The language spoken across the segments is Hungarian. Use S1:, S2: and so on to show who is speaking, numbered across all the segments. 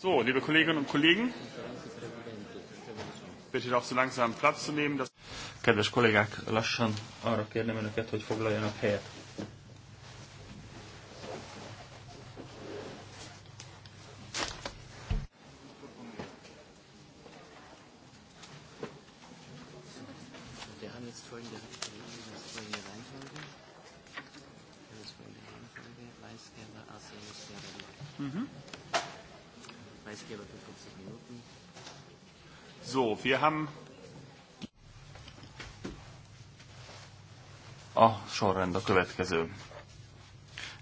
S1: So, liebe Kolleginnen und Kollegen, bitte doch so langsam Platz zu nehmen. Dass Kedves kollégák, lassan arra kérném önöket, hogy foglaljanak helyet. Mm-hmm. So, wir haben a sorrend a következő.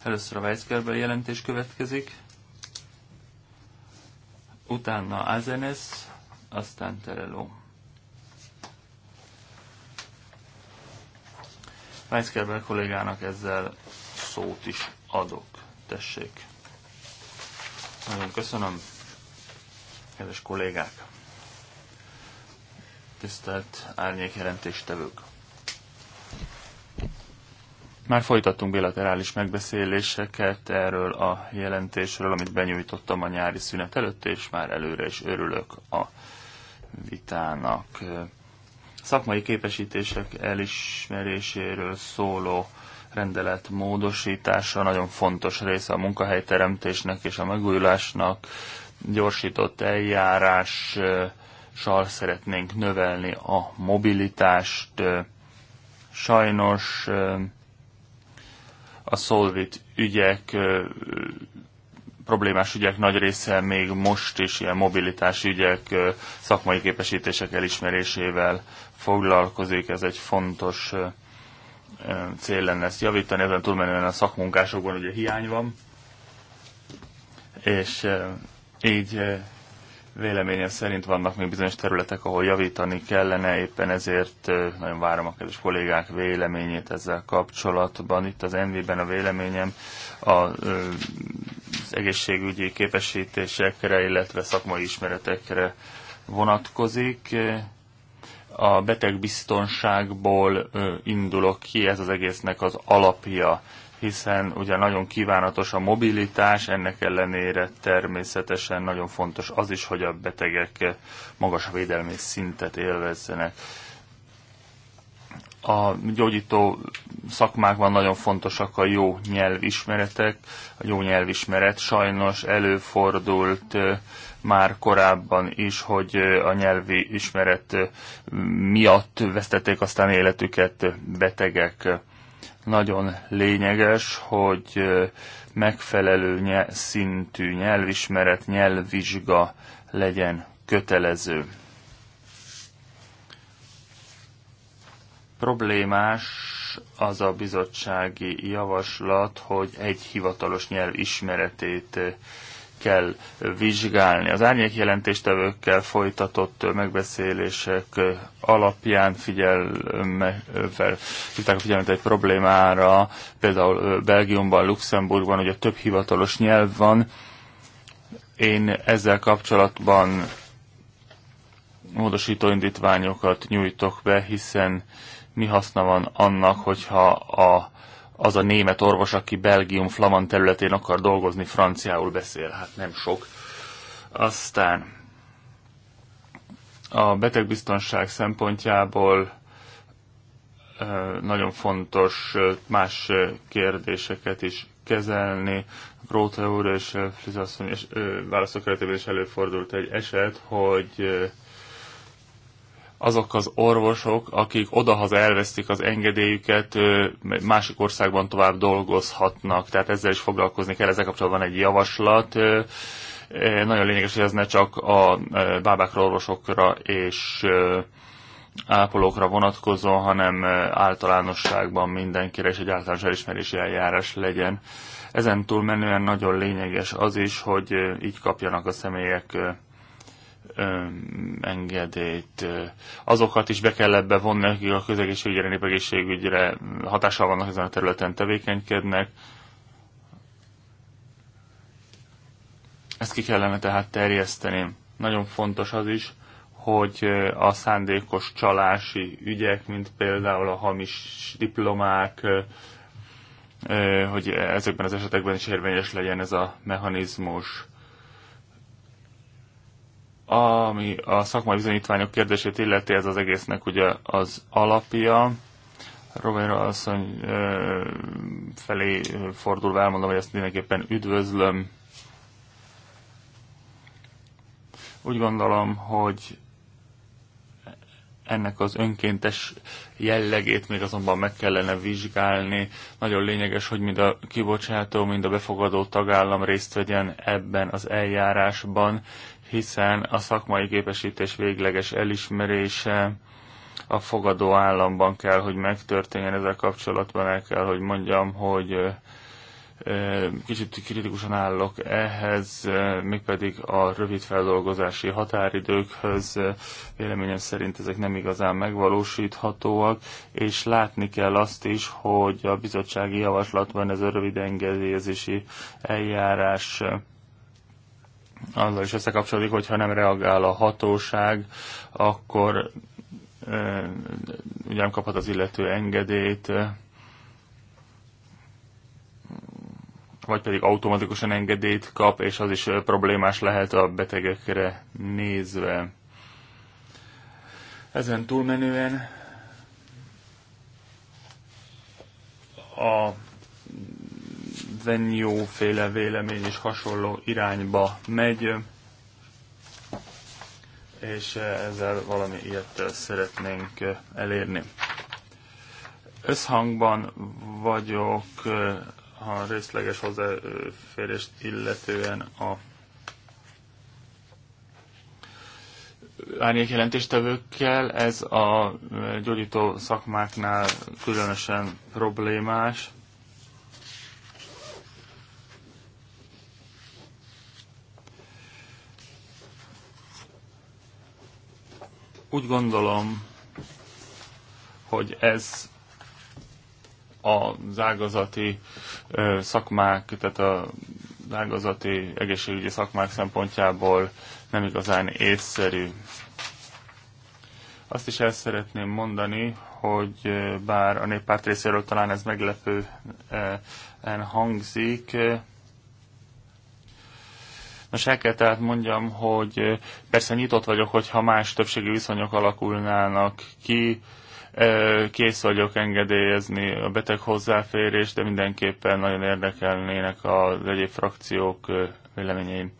S1: Először a Weisgerber jelentés következik, utána Azenes, aztán Tereló. Weisgerber kollégának ezzel szót is adok. Tessék. Nagyon köszönöm. Kedves kollégák! Tisztelt árnyék jelentéstevők! Már folytattunk bilaterális megbeszéléseket erről a jelentésről, amit benyújtottam a nyári szünet előtt, és már előre is örülök a vitának. Szakmai képesítések elismeréséről szóló rendelet módosítása nagyon fontos része a munkahelyteremtésnek és a megújulásnak gyorsított eljárással szeretnénk növelni a mobilitást. Sajnos a Solvit ügyek, problémás ügyek nagy része még most is ilyen mobilitás ügyek szakmai képesítések elismerésével foglalkozik. Ez egy fontos cél lenne ezt javítani, ezen túlmenően a szakmunkásokban ugye hiány van, és így eh, véleményem szerint vannak még bizonyos területek, ahol javítani kellene, éppen ezért eh, nagyon várom a kedves kollégák véleményét ezzel kapcsolatban. Itt az NV-ben a véleményem eh, az egészségügyi képesítésekre, illetve szakmai ismeretekre vonatkozik. A betegbiztonságból indulok ki, ez az egésznek az alapja hiszen ugye nagyon kívánatos a mobilitás, ennek ellenére természetesen nagyon fontos az is, hogy a betegek magas védelmi szintet élvezzenek. A gyógyító szakmákban nagyon fontosak a jó nyelvismeretek. A jó nyelvismeret sajnos előfordult már korábban is, hogy a nyelvi ismeret miatt vesztették aztán életüket betegek nagyon lényeges, hogy megfelelő szintű nyelvismeret, nyelvvizsga legyen kötelező. Problémás az a bizottsági javaslat, hogy egy hivatalos nyelv ismeretét kell vizsgálni. Az árnyék jelentéstevőkkel folytatott megbeszélések alapján figyelmevel hívták a figyelmet egy problémára, például Belgiumban, Luxemburgban hogy a több hivatalos nyelv van. Én ezzel kapcsolatban módosító indítványokat nyújtok be, hiszen mi haszna van annak, hogyha a az a német orvos, aki Belgium flaman területén akar dolgozni, franciául beszél, hát nem sok. Aztán a betegbiztonság szempontjából nagyon fontos más kérdéseket is kezelni. Gróta úr és Frizasszony válaszok keretében is előfordult egy eset, hogy azok az orvosok, akik odahaz elvesztik az engedélyüket, másik országban tovább dolgozhatnak. Tehát ezzel is foglalkozni kell, ezzel kapcsolatban egy javaslat. Nagyon lényeges, hogy ez ne csak a bábákra, orvosokra és ápolókra vonatkozó, hanem általánosságban mindenkire és egy általános elismerési eljárás legyen. Ezen túlmenően nagyon lényeges az is, hogy így kapjanak a személyek engedélyt. Azokat is be kell ebbe vonni, akik a közegészségügyre, népegészségügyre hatással vannak ezen a területen, tevékenykednek. Ezt ki kellene tehát terjeszteni. Nagyon fontos az is, hogy a szándékos csalási ügyek, mint például a hamis diplomák, hogy ezekben az esetekben is érvényes legyen ez a mechanizmus. Ami a szakmai bizonyítványok kérdését illeti, ez az egésznek ugye az alapja. Romero asszony felé fordulva elmondom, hogy ezt mindenképpen üdvözlöm. Úgy gondolom, hogy ennek az önkéntes jellegét még azonban meg kellene vizsgálni. Nagyon lényeges, hogy mind a kibocsátó, mind a befogadó tagállam részt vegyen ebben az eljárásban, hiszen a szakmai képesítés végleges elismerése a fogadó államban kell, hogy megtörténjen ezzel kapcsolatban, el kell, hogy mondjam, hogy kicsit kritikusan állok ehhez, mégpedig a rövid feldolgozási határidőkhöz. Véleményem szerint ezek nem igazán megvalósíthatóak, és látni kell azt is, hogy a bizottsági javaslatban ez a rövid engedélyezési eljárás azzal is összekapcsolódik, hogyha nem reagál a hatóság, akkor ugye nem kaphat az illető engedélyt, vagy pedig automatikusan engedélyt kap, és az is problémás lehet a betegekre nézve. Ezen túlmenően a féle vélemény is hasonló irányba megy, és ezzel valami ilyet szeretnénk elérni. Összhangban vagyok a részleges hozzáférést illetően a árnyék jelentéstevőkkel, ez a gyógyító szakmáknál különösen problémás. Úgy gondolom, hogy ez az ágazati szakmák, tehát a ágazati egészségügyi szakmák szempontjából nem igazán észszerű. Azt is el szeretném mondani, hogy bár a néppárt részéről talán ez meglepően hangzik, Nos, el kell tehát mondjam, hogy persze nyitott vagyok, hogyha más többségi viszonyok alakulnának ki, kész vagyok engedélyezni a beteg hozzáférést, de mindenképpen nagyon érdekelnének az egyéb frakciók véleményeim.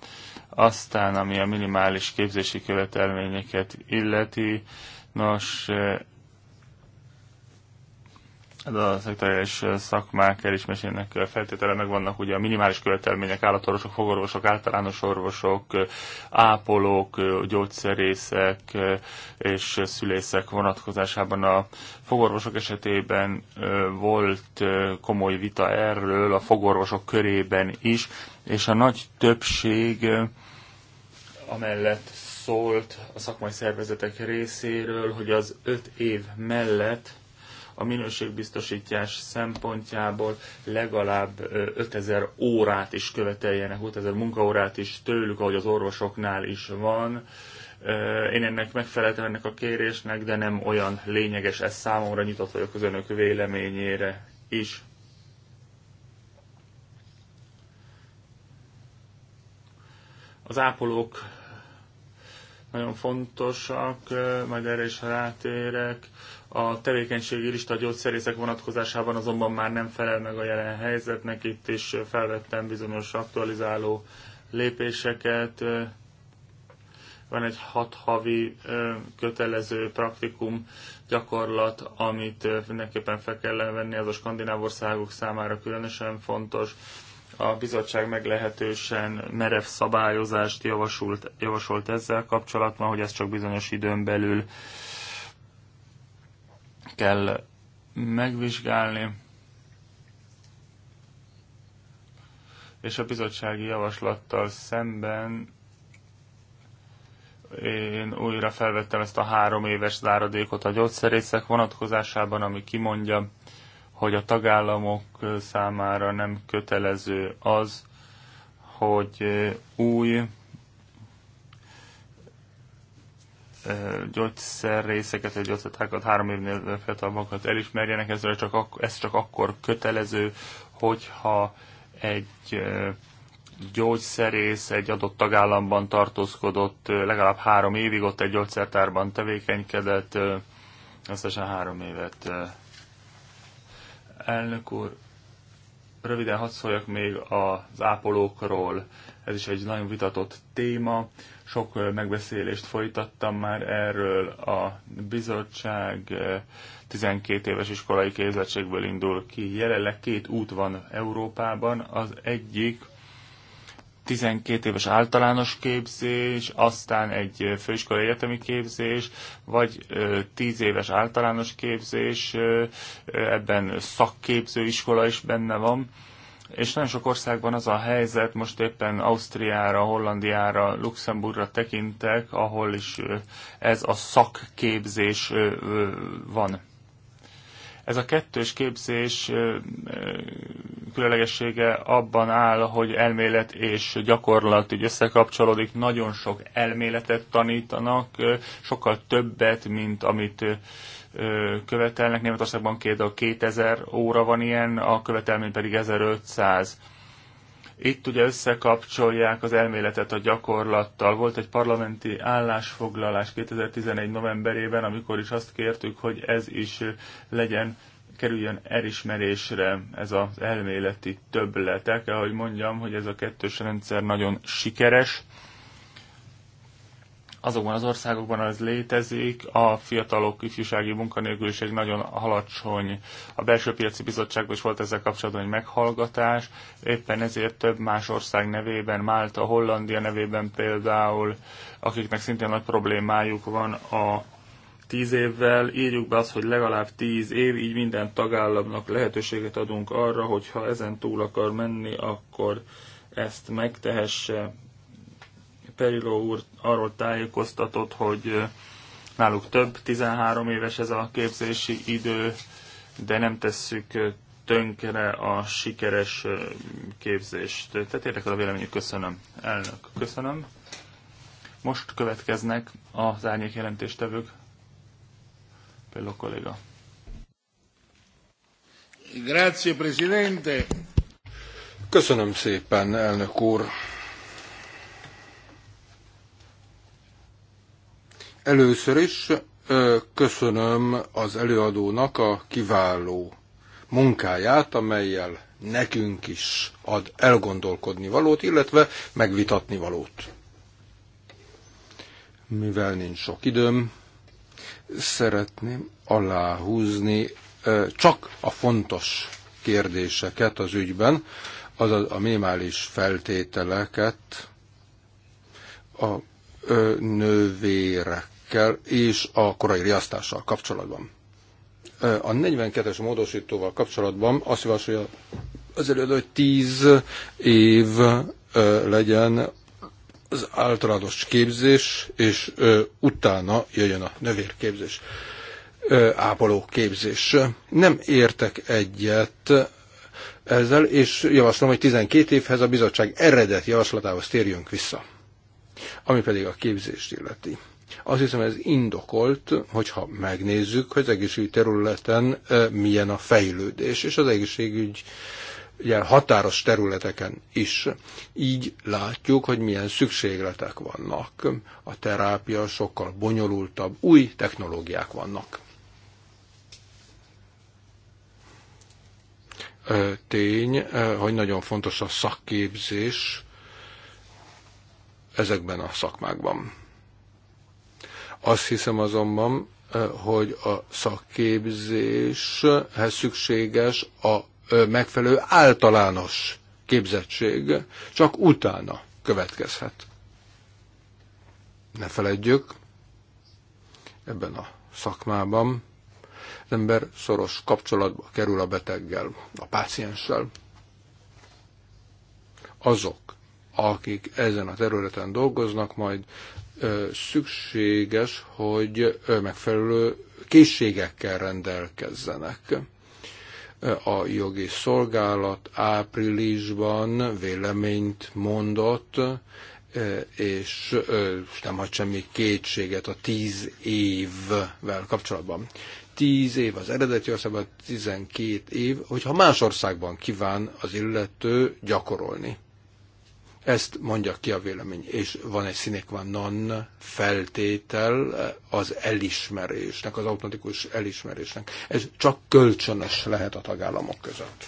S1: Aztán, ami a minimális képzési követelményeket illeti, nos, a szektoriális szakmák elismerésének feltétele megvannak ugye a minimális követelmények, állatorvosok, fogorvosok, általános orvosok, ápolók, gyógyszerészek és szülészek vonatkozásában. A fogorvosok esetében volt komoly vita erről, a fogorvosok körében is, és a nagy többség amellett szólt a szakmai szervezetek részéről, hogy az öt év mellett a minőségbiztosítás szempontjából legalább 5000 órát is követeljenek, 5000 munkaórát is tőlük, ahogy az orvosoknál is van. Én ennek megfeleltem ennek a kérésnek, de nem olyan lényeges, ez számomra nyitott vagyok az önök véleményére is. Az ápolók nagyon fontosak, majd erre is rátérek. A tevékenységi lista a gyógyszerészek vonatkozásában azonban már nem felel meg a jelen helyzetnek, itt is felvettem bizonyos aktualizáló lépéseket. Van egy hat havi kötelező praktikum gyakorlat, amit mindenképpen fel kell venni, az a skandináv országok számára különösen fontos. A bizottság meglehetősen merev szabályozást javasolt ezzel kapcsolatban, hogy ez csak bizonyos időn belül kell megvizsgálni, és a bizottsági javaslattal szemben én újra felvettem ezt a három éves záradékot a gyógyszerészek vonatkozásában, ami kimondja, hogy a tagállamok számára nem kötelező az, hogy új gyógyszerrészeket, egy gyógyszertákat három évnél fiatalabbakat elismerjenek, ez csak, ak- ez csak akkor kötelező, hogyha egy gyógyszerész egy adott tagállamban tartózkodott legalább három évig, ott egy gyógyszertárban tevékenykedett, összesen három évet. Elnök úr, röviden hadd szóljak még az ápolókról. Ez is egy nagyon vitatott téma. Sok megbeszélést folytattam már erről. A bizottság 12 éves iskolai képzettségből indul ki. Jelenleg két út van Európában. Az egyik 12 éves általános képzés, aztán egy főiskolai egyetemi képzés, vagy 10 éves általános képzés, ebben szakképző iskola is benne van és nagyon sok országban az a helyzet, most éppen Ausztriára, Hollandiára, Luxemburgra tekintek, ahol is ez a szakképzés van. Ez a kettős képzés különlegessége abban áll, hogy elmélet és gyakorlat így összekapcsolódik, nagyon sok elméletet tanítanak, sokkal többet, mint amit követelnek. Németországban például 2000 óra van ilyen, a követelmény pedig 1500. Itt ugye összekapcsolják az elméletet a gyakorlattal. Volt egy parlamenti állásfoglalás 2011 novemberében, amikor is azt kértük, hogy ez is legyen kerüljön elismerésre ez az elméleti többletek. Ahogy mondjam, hogy ez a kettős rendszer nagyon sikeres azokban az országokban az létezik, a fiatalok ifjúsági munkanélküliség nagyon alacsony. A belső piaci bizottságban is volt ezzel kapcsolatban egy meghallgatás, éppen ezért több más ország nevében, Málta, Hollandia nevében például, akiknek szintén nagy problémájuk van a tíz évvel, írjuk be azt, hogy legalább tíz év, így minden tagállamnak lehetőséget adunk arra, hogyha ezen túl akar menni, akkor ezt megtehesse Periló úr arról tájékoztatott, hogy náluk több 13 éves ez a képzési idő, de nem tesszük tönkre a sikeres képzést. Tehát érdekel a véleményük, köszönöm. Elnök, köszönöm. Most következnek az árnyék jelentéstevők. Például kolléga. Grazie, Presidente.
S2: Köszönöm szépen, elnök úr. Először is köszönöm az előadónak a kiváló munkáját, amelyel nekünk is ad elgondolkodni valót, illetve megvitatni valót. Mivel nincs sok időm, szeretném aláhúzni csak a fontos kérdéseket az ügyben, azaz a minimális feltételeket a nővérek termékekkel és a korai riasztással kapcsolatban. A 42-es módosítóval kapcsolatban azt javasolja az előadó, hogy 10 év legyen az általános képzés, és utána jöjjön a növérképzés, ápoló képzés. Nem értek egyet ezzel, és javaslom, hogy 12 évhez a bizottság eredeti javaslatához térjünk vissza, ami pedig a képzést illeti. Azt hiszem ez indokolt, hogyha megnézzük, hogy az egészségügyi területen milyen a fejlődés, és az egészségügy ugye, határos területeken is. Így látjuk, hogy milyen szükségletek vannak. A terápia sokkal bonyolultabb, új technológiák vannak. Tény, hogy nagyon fontos a szakképzés ezekben a szakmákban. Azt hiszem azonban, eh, hogy a szakképzéshez szükséges a eh, megfelelő általános képzettség, csak utána következhet. Ne feledjük, ebben a szakmában az ember szoros kapcsolatba kerül a beteggel, a pácienssel. Azok, akik ezen a területen dolgoznak, majd szükséges, hogy megfelelő készségekkel rendelkezzenek. A jogi szolgálat áprilisban véleményt mondott, és nem hagy semmi kétséget a tíz évvel kapcsolatban. Tíz év az eredeti országban, tizenkét év, hogyha más országban kíván az illető gyakorolni. Ezt mondja ki a vélemény, és van egy színek van non feltétel az elismerésnek, az automatikus elismerésnek. Ez csak kölcsönös lehet a tagállamok között.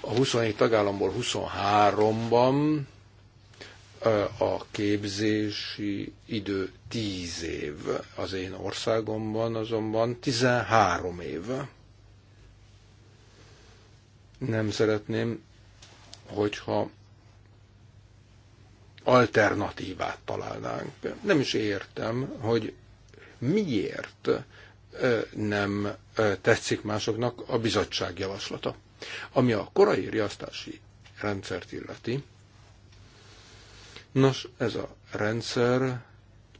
S2: A 27 tagállamból 23-ban a képzési idő 10 év. Az én országomban azonban 13 év. Nem szeretném, hogyha alternatívát találnánk. Nem is értem, hogy miért nem tetszik másoknak a bizottság javaslata. Ami a korai riasztási rendszert illeti, nos, ez a rendszer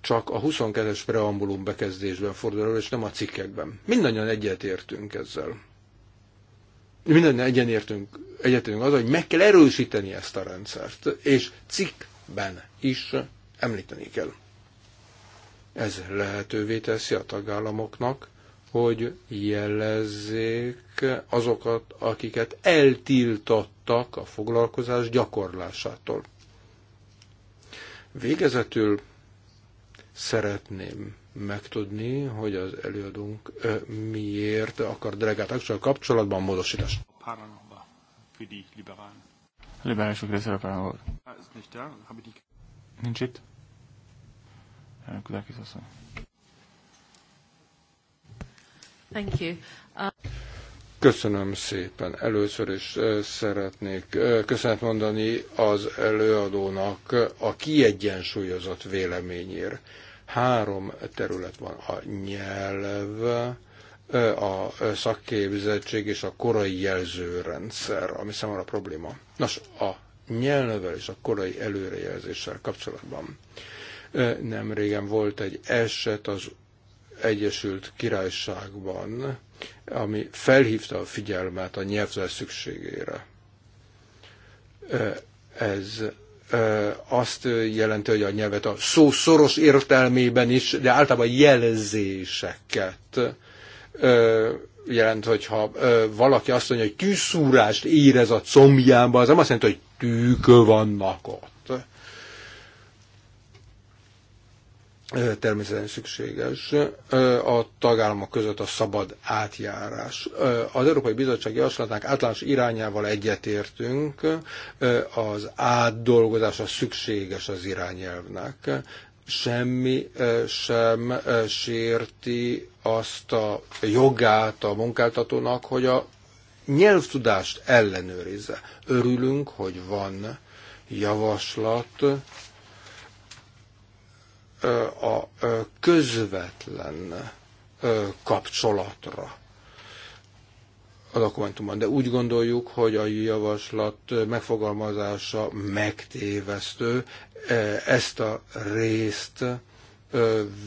S2: csak a 22-es preambulum bekezdésben fordul elő, és nem a cikkekben. Mindannyian egyetértünk ezzel. Mindannyian egyenértünk, egyetértünk az, hogy meg kell erősíteni ezt a rendszert, és cikk ben is említeni kell. Ez lehetővé teszi a tagállamoknak, hogy jelezzék azokat, akiket eltiltottak a foglalkozás gyakorlásától. Végezetül szeretném megtudni, hogy az előadónk ö, miért akar delegált kapcsolatban módosítást.
S1: Paranova, für liberálisok részéről Pálma úr. Nincs itt? Elnök Kudákis asszony.
S3: Thank you. Uh,
S2: Köszönöm szépen. Először is szeretnék köszönet mondani az előadónak a kiegyensúlyozott véleményért. Három terület van. A nyelv, a szakképzettség és a korai jelzőrendszer, ami számomra probléma. Nos, a nyelvvel és a korai előrejelzéssel kapcsolatban nem régen volt egy eset az Egyesült Királyságban, ami felhívta a figyelmet a nyelvvel szükségére. Ez azt jelenti, hogy a nyelvet a szó szoros értelmében is, de általában jelzéseket jelent, hogyha valaki azt mondja, hogy tűzszúrást érez a combjába, az nem azt jelenti, hogy tűk vannak ott. Természetesen szükséges a tagállamok között a szabad átjárás. Az Európai Bizottság javaslatának általános irányával egyetértünk, az átdolgozása szükséges az irányelvnek, semmi sem sérti azt a jogát a munkáltatónak, hogy a nyelvtudást ellenőrizze. Örülünk, hogy van javaslat a közvetlen kapcsolatra a dokumentumban, de úgy gondoljuk, hogy a javaslat megfogalmazása megtévesztő, ezt a részt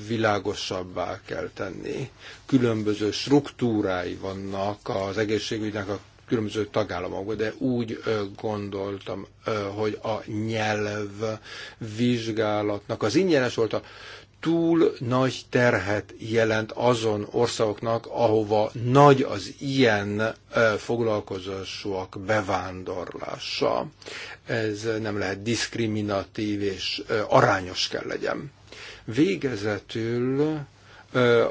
S2: világosabbá kell tenni. Különböző struktúrái vannak az egészségügynek a különböző tagállamokban, de úgy gondoltam, hogy a nyelv vizsgálatnak az ingyenes volt a túl nagy terhet jelent azon országoknak, ahova nagy az ilyen foglalkozásúak bevándorlása. Ez nem lehet diszkriminatív és arányos kell legyen. Végezetül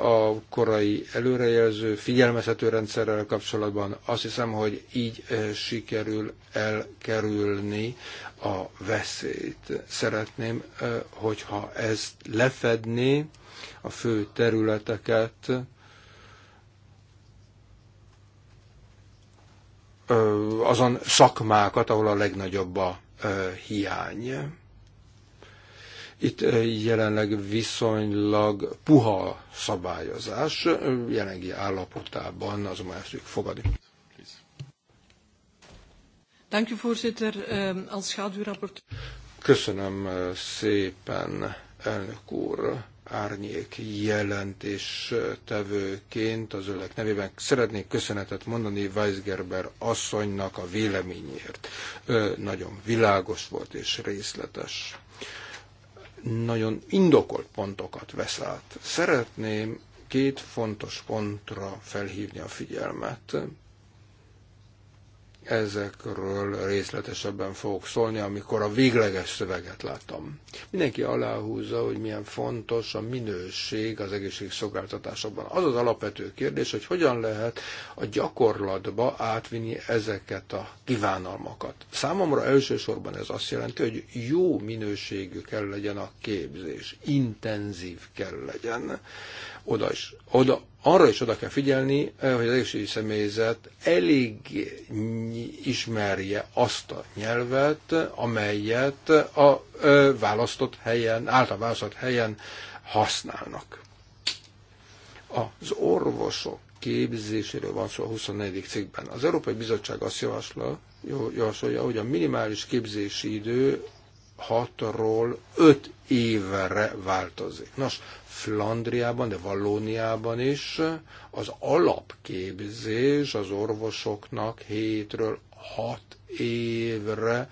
S2: a korai előrejelző figyelmezhető rendszerrel kapcsolatban azt hiszem, hogy így sikerül elkerülni a veszélyt. Szeretném, hogyha ezt lefedné a fő területeket, azon szakmákat, ahol a legnagyobb a hiány itt jelenleg viszonylag puha szabályozás, jelenlegi állapotában azonban ezt tudjuk fogadni.
S3: Ehm,
S2: Köszönöm szépen, elnök úr, árnyék jelentés tevőként az ölek nevében. Szeretnék köszönetet mondani Weisgerber asszonynak a véleményért. Nagyon világos volt és részletes nagyon indokolt pontokat vesz át. Szeretném két fontos pontra felhívni a figyelmet. Ezekről részletesebben fogok szólni, amikor a végleges szöveget látom. Mindenki aláhúzza, hogy milyen fontos a minőség az egészségszolgáltatásokban. Az az alapvető kérdés, hogy hogyan lehet a gyakorlatba átvinni ezeket a kívánalmakat. Számomra elsősorban ez azt jelenti, hogy jó minőségű kell legyen a képzés, intenzív kell legyen. Oda is, oda arra is oda kell figyelni, eh, hogy az egészségügyi személyzet elég ismerje azt a nyelvet, amelyet a választott helyen, által választott helyen használnak. Az orvosok képzéséről van szó a 24. cikkben. Az Európai Bizottság azt javasla, javasolja, hogy a minimális képzési idő 6-ról 5 évre változik. Nos, Flandriában, de Vallóniában is az alapképzés az orvosoknak 7-ről 6 évre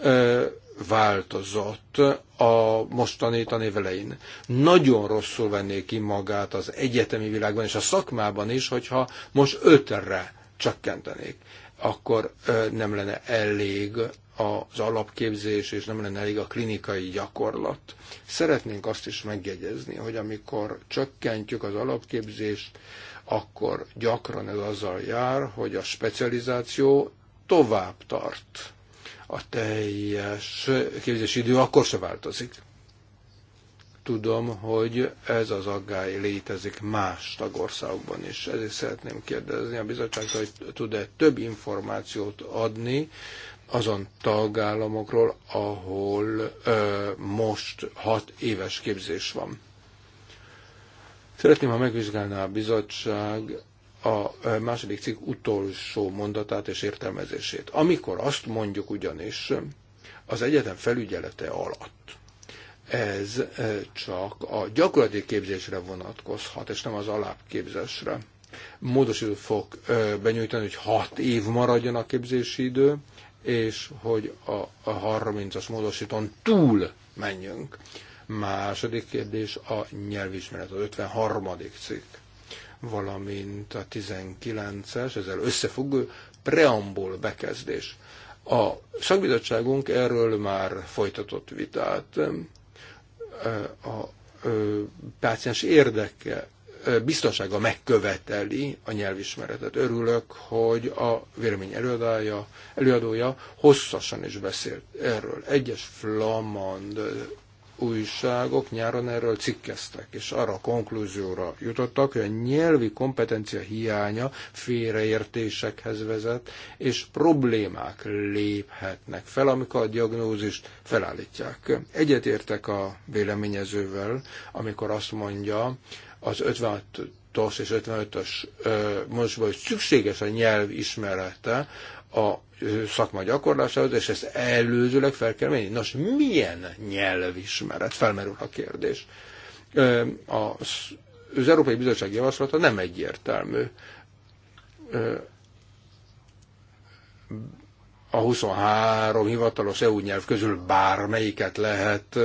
S2: ö, változott a mostani tanévelein. Nagyon rosszul venné ki magát az egyetemi világban és a szakmában is, hogyha most ötre csökkentenék akkor nem lenne elég az alapképzés, és nem lenne elég a klinikai gyakorlat. Szeretnénk azt is megjegyezni, hogy amikor csökkentjük az alapképzést, akkor gyakran ez azzal jár, hogy a specializáció tovább tart. A teljes képzési idő akkor se változik. Tudom, hogy ez az aggály létezik más tagországokban is. Ezért szeretném kérdezni a bizottságtól, hogy tud-e több információt adni azon tagállamokról, ahol ö, most hat éves képzés van. Szeretném, ha megvizsgálná a bizottság a második cikk utolsó mondatát és értelmezését. Amikor azt mondjuk ugyanis, az egyetem felügyelete alatt, ez csak a gyakorlati képzésre vonatkozhat, és nem az alapképzésre. Módosítót fog benyújtani, hogy hat év maradjon a képzési idő, és hogy a 30-as módosíton túl menjünk. Második kérdés a nyelvismeret, az 53. cikk, valamint a 19-es, ezzel összefüggő preambul bekezdés. A szakbizottságunk erről már folytatott vitát. A páciens érdeke biztonsága megköveteli a nyelvismeretet. Örülök, hogy a vélemény előadója, előadója hosszasan is beszélt erről. Egyes flamand újságok nyáron erről cikkeztek, és arra a konklúzióra jutottak, hogy a nyelvi kompetencia hiánya félreértésekhez vezet, és problémák léphetnek fel, amikor a diagnózist felállítják. Egyetértek a véleményezővel, amikor azt mondja, az 56-os és 55-ös mosból, hogy szükséges a nyelv ismerete a szakma gyakorlásához, és ezt előzőleg fel kell menni. Nos, milyen nyelvismeret? Felmerül a kérdés. Az Európai Bizottság javaslata nem egyértelmű a 23 hivatalos EU nyelv közül bármelyiket lehet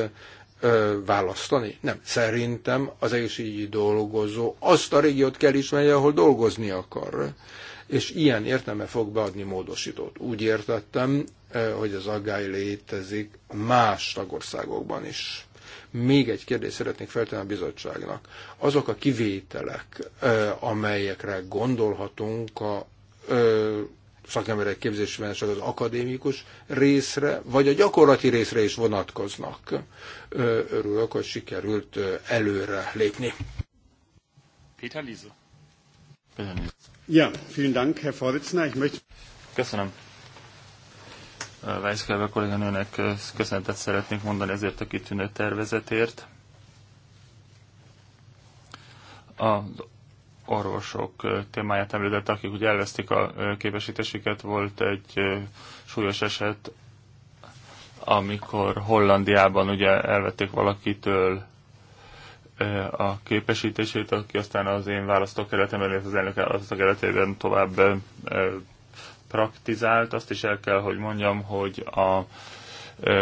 S2: választani? Nem. Szerintem az egészségügyi dolgozó azt a régiót kell ismerni, ahol dolgozni akar. És ilyen értelme fog beadni módosítót. Úgy értettem, hogy az aggály létezik más tagországokban is. Még egy kérdést szeretnék feltenni a bizottságnak. Azok a kivételek, amelyekre gondolhatunk a szakemberek képzésben csak az akadémikus részre, vagy a gyakorlati részre is vonatkoznak. Örülök, hogy sikerült előre lépni.
S1: Péter Liese. Ja, vielen Dank, Herr Vorsitzender. Ich möchte... Köszönöm. Weiskelbe kolléganőnek köszönetet szeretnék mondani ezért a kitűnő tervezetért. A orvosok témáját említett, akik ugye elvesztik a képesítésüket. Volt egy súlyos eset, amikor Hollandiában ugye elvették valakitől a képesítését, aki aztán az én választókerületemben, illetve az elnök választókerületében tovább praktizált. Azt is el kell, hogy mondjam, hogy a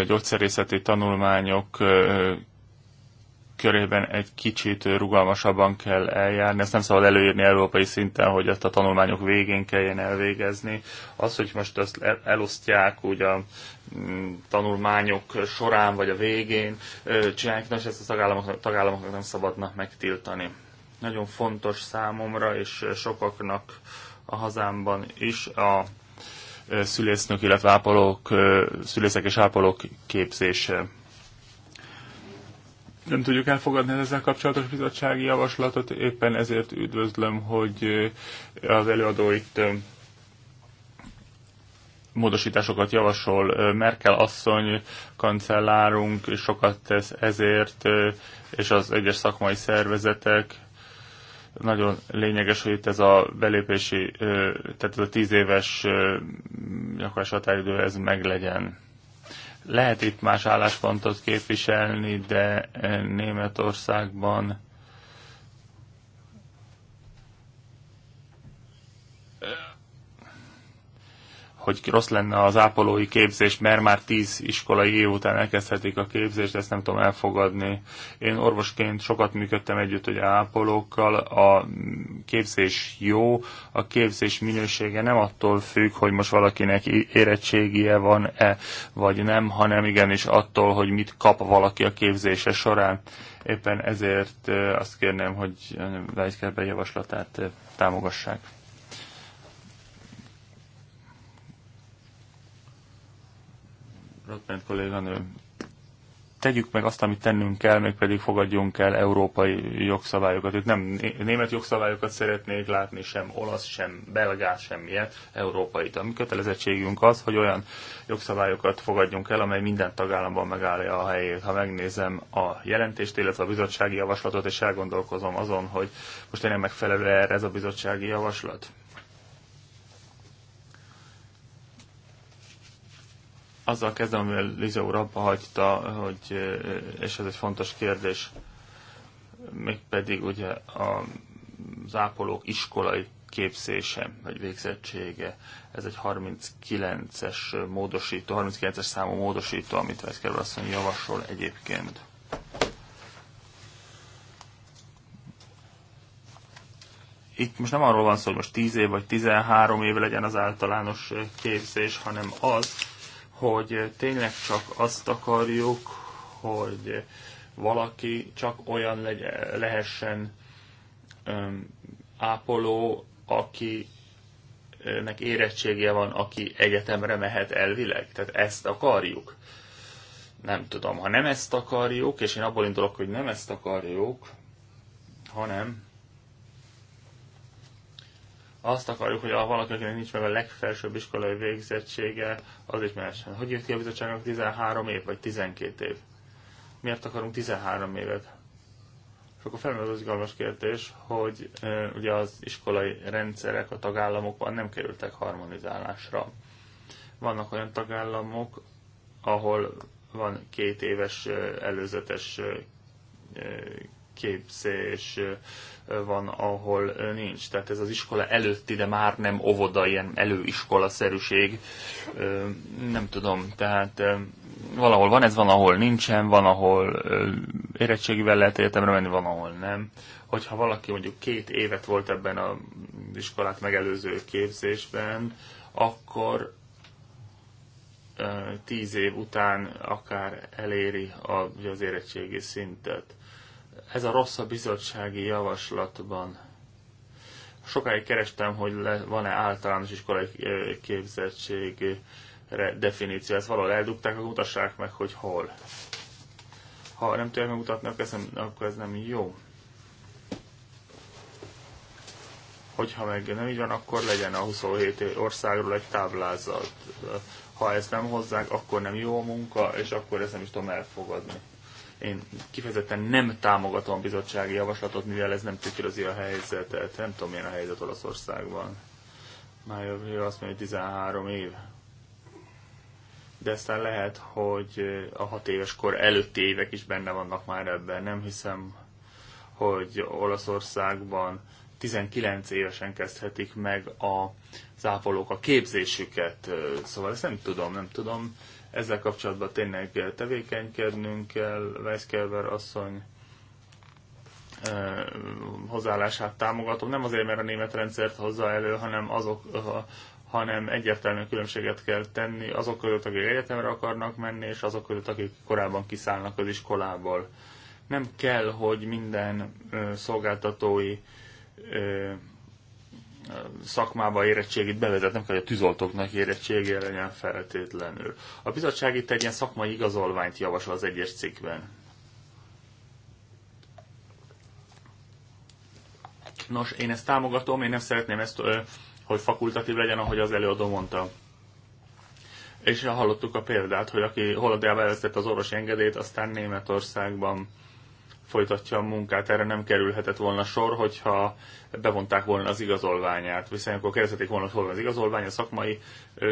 S1: gyógyszerészeti tanulmányok körében egy kicsit rugalmasabban kell eljárni. Ezt nem szabad előírni európai szinten, hogy ezt a tanulmányok végén kelljen elvégezni. Az, hogy most ezt elosztják úgy a mm, tanulmányok során vagy a végén csinálják, és ezt a tagállamoknak, tagállamoknak nem szabadna megtiltani. Nagyon fontos számomra és sokaknak a hazámban is a szülésznök, illetve ápolók, szülészek és ápolók képzése nem tudjuk elfogadni ezzel kapcsolatos bizottsági javaslatot, éppen ezért üdvözlöm, hogy eh, az előadó itt eh, módosításokat javasol. Eh, Merkel asszony, kancellárunk sokat tesz ezért, és az egyes szakmai szervezetek. Nagyon lényeges, hogy itt ez a belépési, tehát ez a tíz éves gyakorlás határidő, ez meglegyen. Lehet itt más álláspontot képviselni, de Németországban hogy rossz lenne az ápolói képzés, mert már tíz iskolai év után elkezdhetik a képzést, ezt nem tudom elfogadni. Én orvosként sokat működtem együtt ugye ápolókkal, a képzés jó, a képzés minősége nem attól függ, hogy most valakinek érettségie van-e, vagy nem, hanem igenis attól, hogy mit kap valaki a képzése során. Éppen ezért azt kérném, hogy Leitkerbe javaslatát támogassák. Rotment kolléganő, tegyük meg azt, amit tennünk kell, még pedig fogadjunk el európai jogszabályokat. Itt nem német jogszabályokat szeretnék látni, sem olasz, sem belgát, sem európai európait. A mi kötelezettségünk az, hogy olyan jogszabályokat fogadjunk el, amely minden tagállamban megállja a helyét. Ha megnézem a jelentést, illetve a bizottsági javaslatot, és elgondolkozom azon, hogy most tényleg megfelelő erre ez a bizottsági javaslat. Azzal kezdem, amivel Liza úr abba hagyta, hogy, és ez egy fontos kérdés, mégpedig ugye a, az ápolók iskolai képzése, vagy végzettsége. Ez egy 39-es módosító, 39-es számú módosító, amit Veszkerül asszony javasol egyébként. Itt most nem arról van szó, hogy most 10 év vagy 13 év legyen az általános képzés, hanem az, hogy tényleg csak azt akarjuk, hogy valaki csak olyan legy- lehessen öm, ápoló, aki nek érettsége van, aki egyetemre mehet elvileg. Tehát ezt akarjuk. Nem tudom, ha nem ezt akarjuk, és én abból indulok, hogy nem ezt akarjuk, hanem azt akarjuk, hogy valaki, valakinek nincs meg a legfelsőbb iskolai végzettsége, az is mehessen. Hogy jött ki a bizottságnak 13 év, vagy 12 év? Miért akarunk 13 évet? És akkor felmerül az igalmas kérdés, hogy e, ugye az iskolai rendszerek a tagállamokban nem kerültek harmonizálásra. Vannak olyan tagállamok, ahol van két éves előzetes képzés van, ahol nincs. Tehát ez az iskola előtti, de már nem óvoda, ilyen előiskolaszerűség. Nem tudom, tehát valahol van ez, van, ahol nincsen, van, ahol érettségivel lehet egyetemre menni, van, ahol nem. Hogyha valaki mondjuk két évet volt ebben az iskolát megelőző képzésben, akkor tíz év után akár eléri az érettségi szintet ez a rossz a bizottsági javaslatban. Sokáig kerestem, hogy van-e általános iskolai képzettség definíció. Ezt valahol eldugták, akkor mutassák meg, hogy hol. Ha nem tudják megmutatni, akkor ez nem, akkor ez nem jó. hogyha meg nem így van, akkor legyen a 27 országról egy táblázat. Ha ezt nem hozzák, akkor nem jó a munka, és akkor ezt nem is tudom elfogadni. Én kifejezetten nem támogatom a bizottsági javaslatot, mivel ez nem tükrözi a helyzetet. Nem tudom, milyen a helyzet Olaszországban. Már azt mondja, hogy 13 év. De aztán lehet, hogy a hat éves kor előtti évek is benne vannak már ebben. Nem hiszem, hogy Olaszországban 19 évesen kezdhetik meg a ápolók a képzésüket. Szóval ezt nem tudom, nem tudom ezzel kapcsolatban tényleg tevékenykednünk kell. Weiskerber asszony hozzáállását támogatom. Nem azért, mert a német rendszert hozza elő, hanem azok, hanem egyértelműen különbséget kell tenni azok között, akik egyetemre akarnak menni, és azok között, akik korábban kiszállnak az iskolából. Nem kell, hogy minden szolgáltatói szakmába érettségét kell, hogy a tűzoltóknak érettsége legyen feltétlenül. A bizottság itt egy ilyen szakmai igazolványt javasol az egyes cikkben. Nos, én ezt támogatom, én nem szeretném ezt, hogy fakultatív legyen, ahogy az előadó mondta. És hallottuk a példát, hogy aki Hollandiában elvesztette az orvosi engedélyt, aztán Németországban folytatja a munkát. Erre nem kerülhetett volna sor, hogyha bevonták volna az igazolványát. Viszont akkor kérdezhetik volna, hogy hol van az igazolvány, a szakmai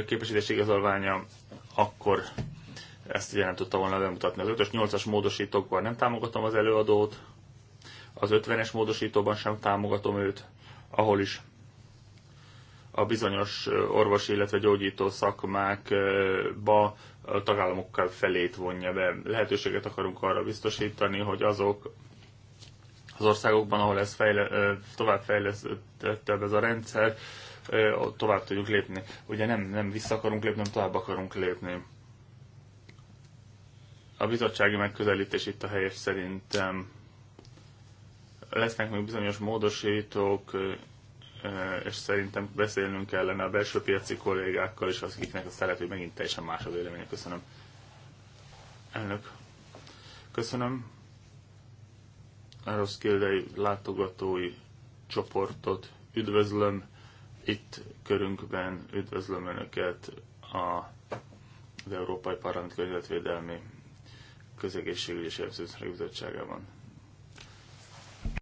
S1: képesítés igazolványa, akkor ezt ugye nem tudta volna bemutatni. Az 5-ös, 8-as módosítókban nem támogatom az előadót, az 50-es módosítóban sem támogatom őt, ahol is a bizonyos orvosi, illetve gyógyító szakmákba a tagállamokkal felét vonja be. Lehetőséget akarunk arra biztosítani, hogy azok az országokban, ahol ez fejle, tovább fejlesztettebb ez a rendszer, tovább tudjuk lépni. Ugye nem, nem vissza akarunk lépni, nem tovább akarunk lépni. A bizottsági megközelítés itt a helyes szerintem. Lesznek még bizonyos módosítók, és szerintem beszélnünk kellene a belső piaci kollégákkal és akiknek a szeret, hogy megint teljesen más a véleménye. Köszönöm. Elnök. Köszönöm. A Roskildei látogatói csoportot üdvözlöm. Itt körünkben üdvözlöm Önöket a, az Európai Parlament Környezetvédelmi Közegészségügyi és Bizottságában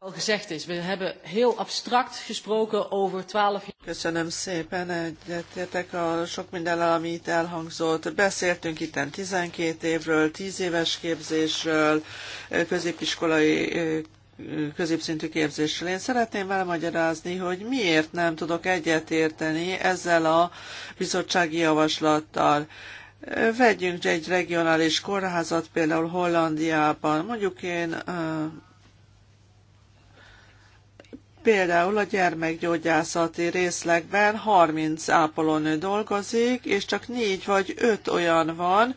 S3: al gezegd is. We hebben heel abstract gesproken over twaalf jaar. Köszönöm szépen, egyetértek a sok minden, ami itt elhangzott. Beszéltünk itt 12 évről, 10 éves képzésről, középiskolai középszintű képzésről. Én szeretném elmagyarázni, hogy miért nem tudok egyetérteni ezzel a bizottsági javaslattal. Vegyünk egy regionális kórházat például Hollandiában. Mondjuk én Például a gyermekgyógyászati részlegben 30 ápolónő dolgozik, és csak 4 vagy 5 olyan van,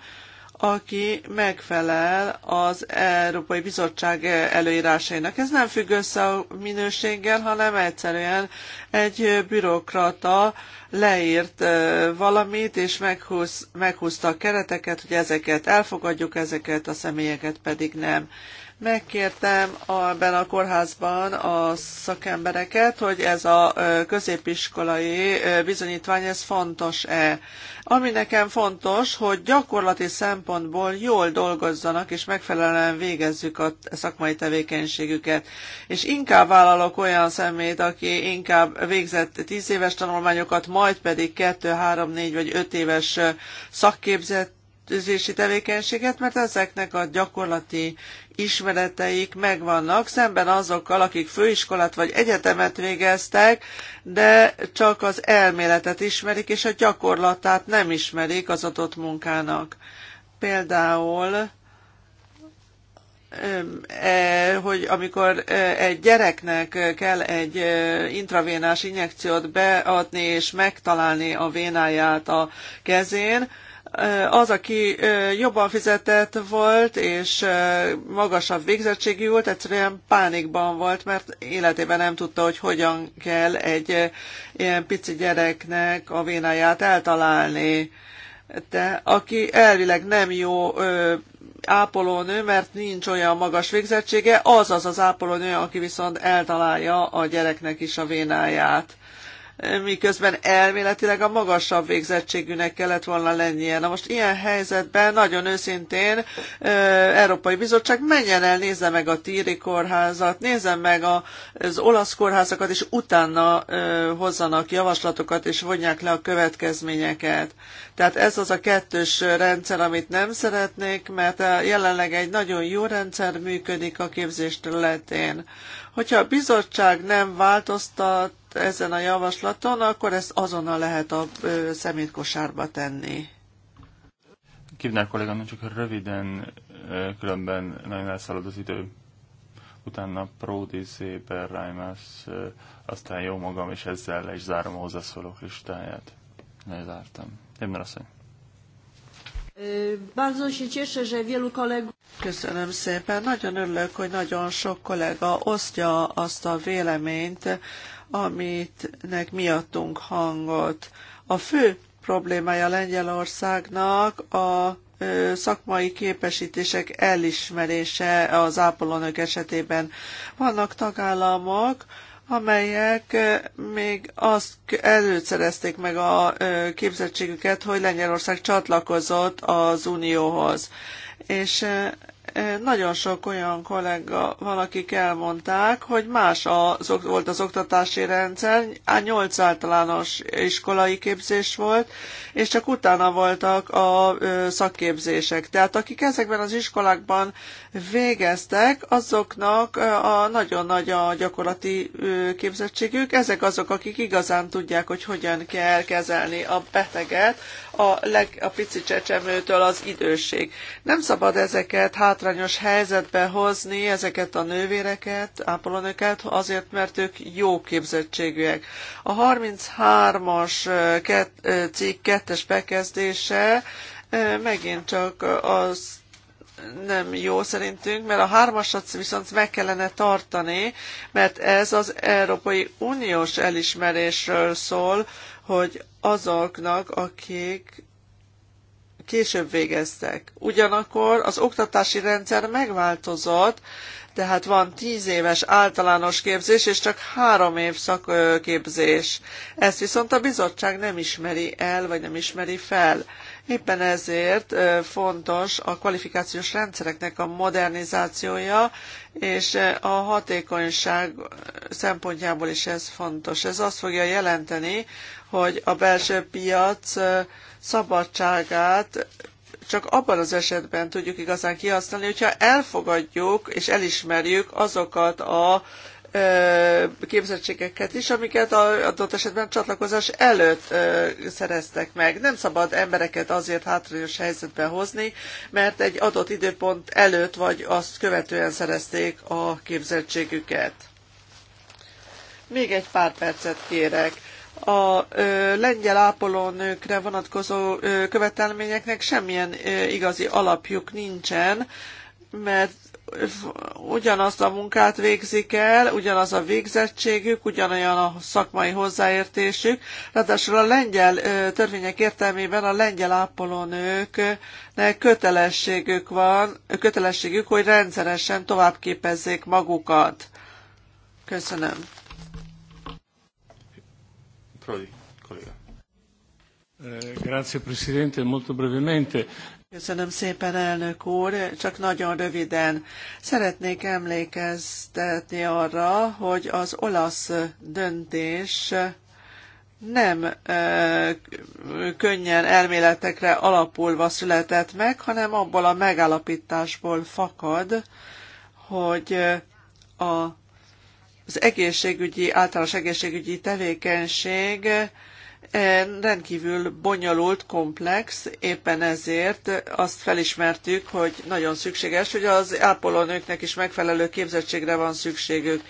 S3: aki megfelel az Európai Bizottság előírásainak. Ez nem függ össze a minőséggel, hanem egyszerűen egy bürokrata leírt valamit, és meghúz, meghúzta a kereteket, hogy ezeket elfogadjuk, ezeket a személyeket pedig nem. Megkértem ebben a kórházban a szakembereket, hogy ez a középiskolai bizonyítvány, ez fontos-e. Ami nekem fontos, hogy gyakorlati szempontból jól dolgozzanak, és megfelelően végezzük a szakmai tevékenységüket. És inkább vállalok olyan szemét, aki inkább végzett 10 éves tanulmányokat, majd pedig 2, 3, 4 vagy 5 éves szakképzett tevékenységet, mert ezeknek a gyakorlati ismereteik megvannak, szemben azokkal, akik főiskolát vagy egyetemet végeztek, de csak az elméletet ismerik, és a gyakorlatát nem ismerik az adott munkának. Például e, hogy amikor e, egy gyereknek kell egy e, intravénás injekciót beadni és megtalálni a vénáját a kezén, az, aki jobban fizetett volt, és magasabb végzettségű volt, egyszerűen pánikban volt, mert életében nem tudta, hogy hogyan kell egy ilyen pici gyereknek a vénáját eltalálni. De aki elvileg nem jó ápolónő, mert nincs olyan magas végzettsége, az az az ápolónő, aki viszont eltalálja a gyereknek is a vénáját miközben elméletileg a magasabb végzettségűnek kellett volna lennie. Na most ilyen helyzetben nagyon őszintén Európai Bizottság menjen el, nézze meg a Tíri kórházat, nézze meg az olasz kórházakat, és utána hozzanak javaslatokat, és vonják le a következményeket. Tehát ez az a kettős rendszer, amit nem szeretnék, mert jelenleg egy nagyon jó rendszer működik a képzés területén. Hogyha a bizottság nem változtat ezen a javaslaton, akkor ezt azonnal lehet a szemétkosárba tenni.
S1: Kívnál kolléganő, csak röviden, különben nagyon elszalad az idő. Utána Pródi, Zéber, Reimers, aztán jó magam, és ezzel le is zárom a hozzászólók listáját. Lezártam. Éppen asszony.
S3: Bardzo się cieszę, że wielu kolegów... Köszönöm szépen. Nagyon örülök, hogy nagyon sok kollega osztja azt a véleményt, amitnek miattunk hangot. A fő problémája Lengyelországnak a szakmai képesítések elismerése az ápolónők esetében. Vannak tagállamok, amelyek még azt előtt szerezték meg a képzettségüket, hogy Lengyelország csatlakozott az Unióhoz. És nagyon sok olyan kollega van, akik elmondták, hogy más az, volt az oktatási rendszer, nyolc általános iskolai képzés volt, és csak utána voltak a szakképzések. Tehát akik ezekben az iskolákban végeztek, azoknak a nagyon nagy a gyakorlati képzettségük, ezek azok, akik igazán tudják, hogy hogyan kell kezelni a beteget, a, leg, a pici csecsemőtől az időség. Nem szabad ezeket hátrányos helyzetbe hozni, ezeket a nővéreket, ápolónőket, azért, mert ők jó képzettségűek. A 33-as cikk kettes bekezdése megint csak az nem jó szerintünk, mert a hármasat viszont meg kellene tartani, mert ez az Európai Uniós elismerésről szól, hogy azoknak, akik később végeztek. Ugyanakkor az oktatási rendszer megváltozott, tehát van tíz éves általános képzés, és csak három év szakképzés. Ezt viszont a bizottság nem ismeri el, vagy nem ismeri fel. Éppen ezért fontos a kvalifikációs rendszereknek a modernizációja, és a hatékonyság szempontjából is ez fontos. Ez azt fogja jelenteni, hogy a belső piac szabadságát csak abban az esetben tudjuk igazán kihasználni, hogyha elfogadjuk és elismerjük azokat a képzettségeket is, amiket adott esetben csatlakozás előtt szereztek meg. Nem szabad embereket azért hátrányos helyzetbe hozni, mert egy adott időpont előtt vagy azt követően szerezték a képzettségüket. Még egy pár percet kérek a ö, lengyel ápolónőkre vonatkozó ö, követelményeknek semmilyen ö, igazi alapjuk nincsen, mert ugyanazt a munkát végzik el, ugyanaz a végzettségük, ugyanolyan a szakmai hozzáértésük. Ráadásul a lengyel törvények értelmében a lengyel ápolónőknek kötelességük van, kötelességük, hogy rendszeresen továbbképezzék magukat. Köszönöm.
S1: Prodi, kolléga.
S3: Köszönöm szépen, elnök úr. Csak nagyon röviden szeretnék emlékeztetni arra, hogy az olasz döntés nem ö, könnyen elméletekre alapulva született meg, hanem abból a megállapításból fakad, hogy a az egészségügyi, általános egészségügyi tevékenység eh, rendkívül bonyolult, komplex, éppen ezért azt felismertük, hogy nagyon szükséges, hogy az ápolónőknek is megfelelő képzettségre van szükségük.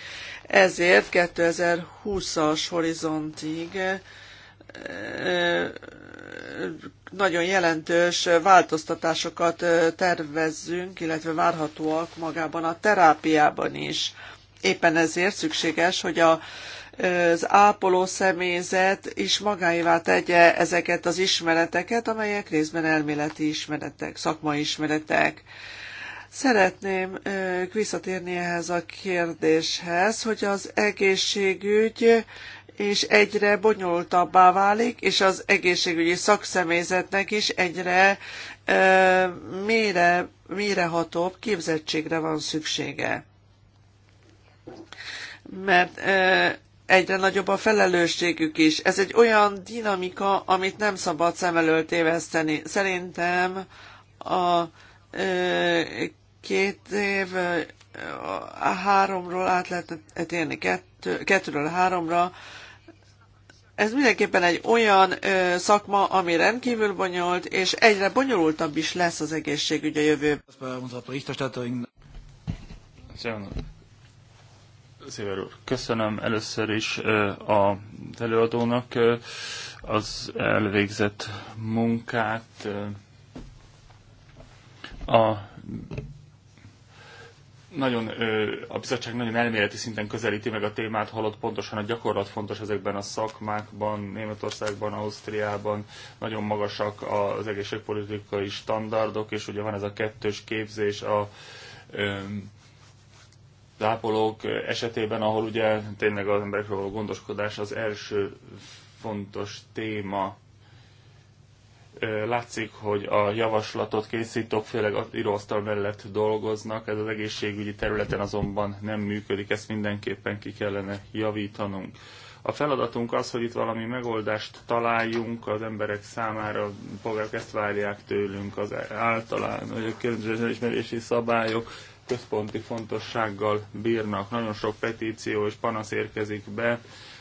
S3: Ezért 2020-as horizontig eh, eh, nagyon jelentős változtatásokat tervezzünk, illetve várhatóak magában a terápiában is. Éppen ezért szükséges, hogy a az ápoló személyzet is magáévá tegye ezeket az ismereteket, amelyek részben elméleti ismeretek, szakmai ismeretek. Szeretném visszatérni ehhez a kérdéshez, hogy az egészségügy és egyre bonyolultabbá válik, és az egészségügyi szakszemélyzetnek is egyre ö, mélyre, képzettségre van szüksége mert egyre nagyobb a felelősségük is. Ez egy olyan dinamika, amit nem szabad szem elől téveszteni. Szerintem a e, két év a háromról át lehet térni kettő, kettőről háromra. Ez mindenképpen egy olyan ö, szakma, ami rendkívül bonyolult, és egyre bonyolultabb is lesz az egészségügy a jövőben.
S1: Széver köszönöm először is a előadónak az elvégzett munkát. A nagyon, a bizottság nagyon elméleti szinten közelíti meg a témát, halott pontosan a gyakorlat fontos ezekben a szakmákban, Németországban, Ausztriában, nagyon magasak az egészségpolitikai standardok, és ugye van ez a kettős képzés, a, ápolók esetében, ahol ugye tényleg az emberekről való gondoskodás az első fontos téma. Látszik, hogy a javaslatot készítők főleg az íróasztal mellett dolgoznak, ez az egészségügyi területen azonban nem működik, ezt mindenképpen ki kellene javítanunk. A feladatunk az, hogy itt valami megoldást találjunk az emberek számára, a polgárok ezt várják tőlünk, az általán, hogy a közösmerési szabályok központi fontossággal bírnak. Nagyon sok petíció és panasz érkezik be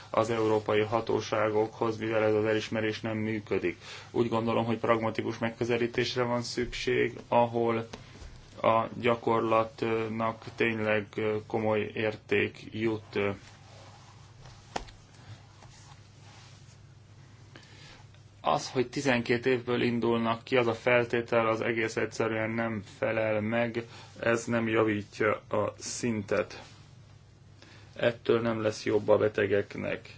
S1: az európai hatóságokhoz, mivel ez az elismerés nem működik. Úgy gondolom, hogy pragmatikus megközelítésre van szükség, ahol a gyakorlatnak tényleg komoly érték jut az, hogy 12 évből indulnak ki, az a feltétel az egész egyszerűen nem felel meg, ez nem javítja a szintet. Ettől nem lesz jobb a betegeknek.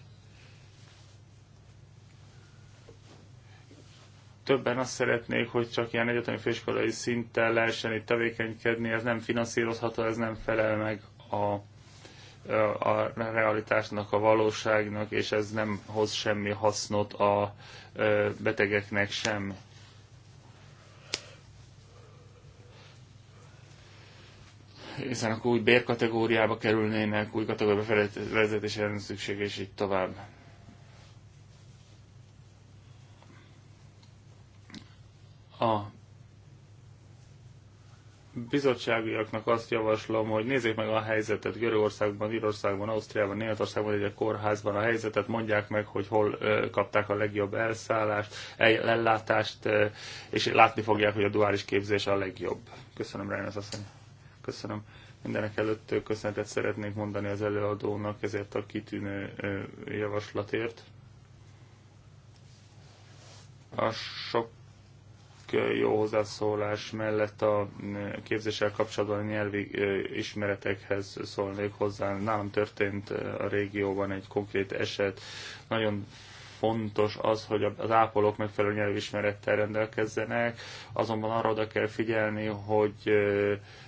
S1: Többen azt szeretnék, hogy csak ilyen egyetemi főiskolai szinten lehessen itt tevékenykedni, ez nem finanszírozható, ez nem felel meg a a realitásnak, a valóságnak, és ez nem hoz semmi hasznot a betegeknek sem. hiszen akkor új bérkategóriába kerülnének, új kategóriába vezetésre lenne szükség, és így tovább. A bizottságiaknak azt javaslom, hogy nézzék meg a helyzetet Görögországban, Írországban, Ausztriában, Németországban, egy kórházban a helyzetet, mondják meg, hogy hol kapták a legjobb elszállást, el, ellátást, és látni fogják, hogy a duális képzés a legjobb. Köszönöm, Reynolds asszony. Köszönöm. Mindenek előtt köszönetet szeretnék mondani az előadónak ezért a kitűnő javaslatért. A sok jó hozzászólás mellett a mm, képzéssel kapcsolatban a nyelvi ismeretekhez szólnék hozzá. Nálam történt a régióban egy konkrét eset. Nagyon fontos az, hogy az ápolók megfelelő nyelvi ismerettel rendelkezzenek, azonban arra oda kell figyelni, hogy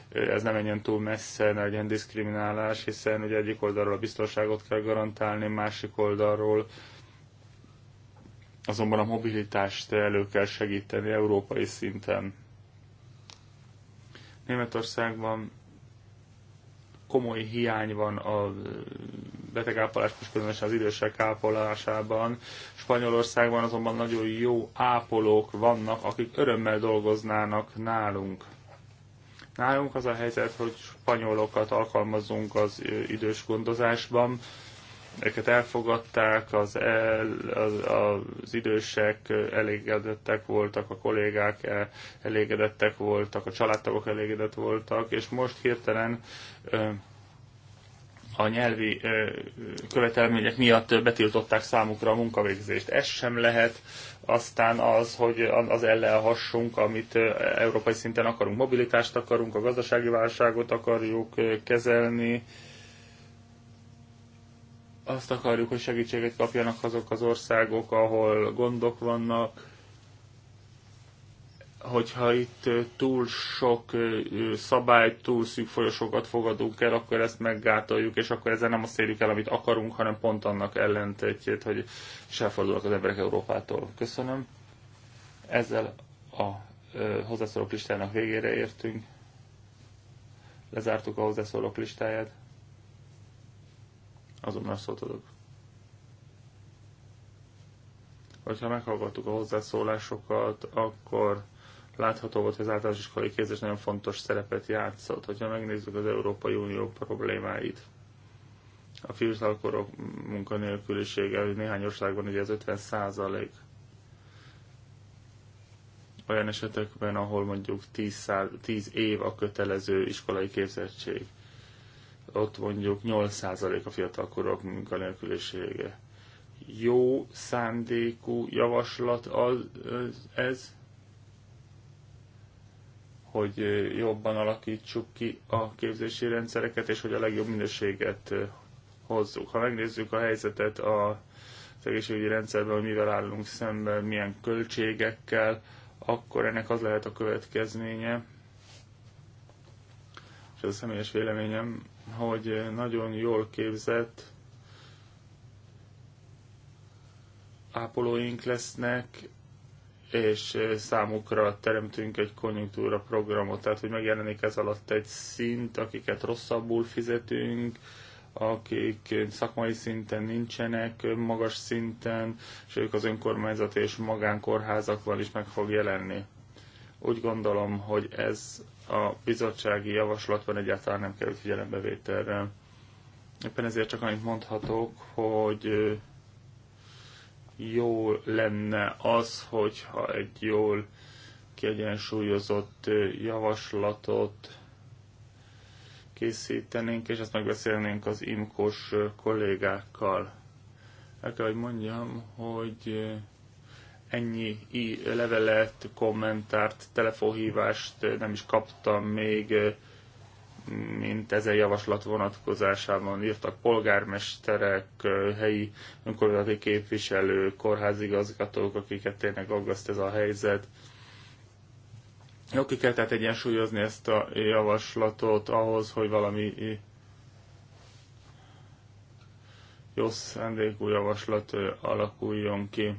S1: ez nem menjen túl messze, ne legyen diszkriminálás, hiszen ugye egyik oldalról a biztonságot kell garantálni, másik oldalról azonban a mobilitást elő kell segíteni európai szinten. Németországban komoly hiány van a betegápolás, és különösen az idősek ápolásában. Spanyolországban azonban nagyon jó ápolók vannak, akik örömmel dolgoznának nálunk. Nálunk az a helyzet, hogy spanyolokat alkalmazunk az idős gondozásban, őket elfogadták, az, el, az, az idősek elégedettek voltak, a kollégák elégedettek voltak, a családtagok elégedett voltak, és most hirtelen a nyelvi követelmények miatt betiltották számukra a munkavégzést. Ez sem lehet, aztán az, hogy az hassunk, amit európai szinten akarunk. Mobilitást akarunk, a gazdasági válságot akarjuk kezelni, azt akarjuk, hogy segítséget kapjanak azok az országok, ahol gondok vannak, hogyha itt túl sok szabályt, túl szűk folyosókat fogadunk el, akkor ezt meggátoljuk, és akkor ezzel nem azt érjük el, amit akarunk, hanem pont annak ellentétjét, hogy és elfordulnak az emberek Európától. Köszönöm. Ezzel a hozzászólók listának végére értünk. Lezártuk a hozzászólók listáját azonnal szót adok. Hogyha meghallgattuk a hozzászólásokat, akkor látható volt, hogy az általános iskolai képzés nagyon fontos szerepet játszott. Hogyha megnézzük az Európai Unió problémáit, a fiatalkorok munkanélkülisége, hogy néhány országban ugye az 50 százalék. Olyan esetekben, ahol mondjuk 10, 10 év a kötelező iskolai képzettség ott mondjuk 8% a fiatalkorok munkanélkülisége. Jó szándékú javaslat az, ez, hogy jobban alakítsuk ki a képzési rendszereket, és hogy a legjobb minőséget eh, hozzuk. Ha megnézzük a helyzetet a egészségügyi rendszerben, hogy mivel állunk szemben, milyen költségekkel, akkor ennek az lehet a következménye, és ez a személyes véleményem, hogy nagyon jól képzett ápolóink lesznek, és számukra teremtünk egy konjunktúra programot, tehát hogy megjelenik ez alatt egy szint, akiket rosszabbul fizetünk, akik szakmai szinten nincsenek, magas szinten, és ők az önkormányzat és magánkórházakban is meg fog jelenni. Úgy gondolom, hogy ez a bizottsági javaslatban egyáltalán nem került figyelembevételre. Éppen ezért csak annyit mondhatok, hogy jó lenne az, hogyha egy jól kiegyensúlyozott javaslatot készítenénk, és ezt megbeszélnénk az imkos kollégákkal. El kell, hogy mondjam, hogy ennyi levelet, kommentárt, telefonhívást nem is kaptam még, mint ezen javaslat vonatkozásában írtak polgármesterek, helyi önkormányzati képviselők, kórházigazgatók, akiket tényleg aggaszt ez a helyzet. Ki kell tehát egyensúlyozni ezt a javaslatot ahhoz, hogy valami jó szándékú javaslat alakuljon ki.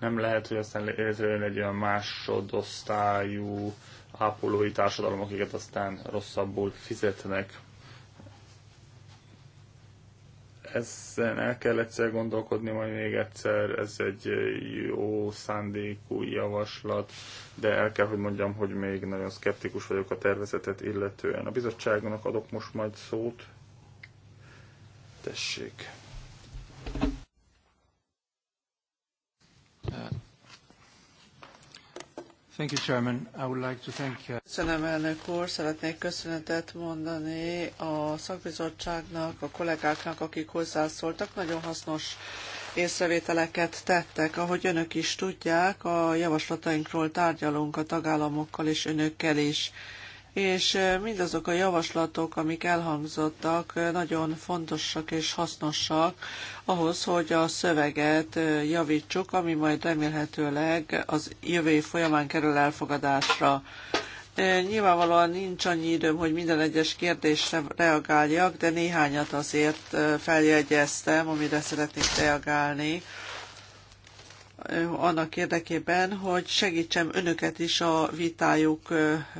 S1: Nem lehet, hogy aztán létrejön egy olyan másodosztályú ápolói társadalom, akiket aztán rosszabbul fizetnek. Ezen el kell egyszer gondolkodni, majd még egyszer, ez egy jó szándékú javaslat, de el kell, hogy mondjam, hogy még nagyon szkeptikus vagyok a tervezetet illetően. A bizottságnak adok most majd szót. Tessék.
S3: Thank you, Chairman. I would like to thank you. Uh, Köszönöm, elnök úr. Szeretnék köszönetet mondani a szakbizottságnak, a kollégáknak, akik hozzászóltak. Nagyon hasznos észrevételeket tettek. Ahogy önök is tudják, a javaslatainkról tárgyalunk a tagállamokkal és önökkel is és mindazok a javaslatok, amik elhangzottak, nagyon fontosak és hasznosak ahhoz, hogy a szöveget javítsuk, ami majd remélhetőleg az jövő folyamán kerül elfogadásra. Nyilvánvalóan nincs annyi időm, hogy minden egyes kérdésre reagáljak, de néhányat azért feljegyeztem, amire szeretnék reagálni annak érdekében, hogy segítsem önöket is a vitájuk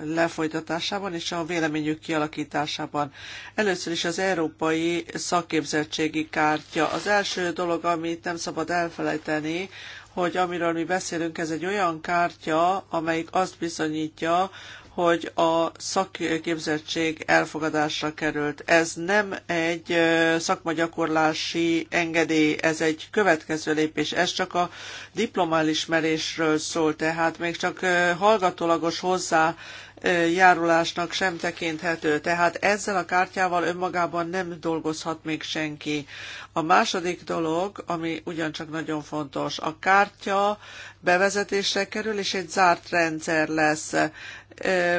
S3: lefolytatásában és a véleményük kialakításában. Először is az Európai Szakképzettségi Kártya. Az első dolog, amit nem szabad elfelejteni, hogy amiről mi beszélünk, ez egy olyan kártya, amelyik azt bizonyítja, hogy a szakképzettség elfogadásra került. Ez nem egy szakmagyakorlási engedély, ez egy következő lépés. Ez csak a diplomálismerésről szól, tehát még csak hallgatólagos hozzá járulásnak sem tekinthető. Tehát ezzel a kártyával önmagában nem dolgozhat még senki. A második dolog, ami ugyancsak nagyon fontos, a kártya bevezetésre kerül, és egy zárt rendszer lesz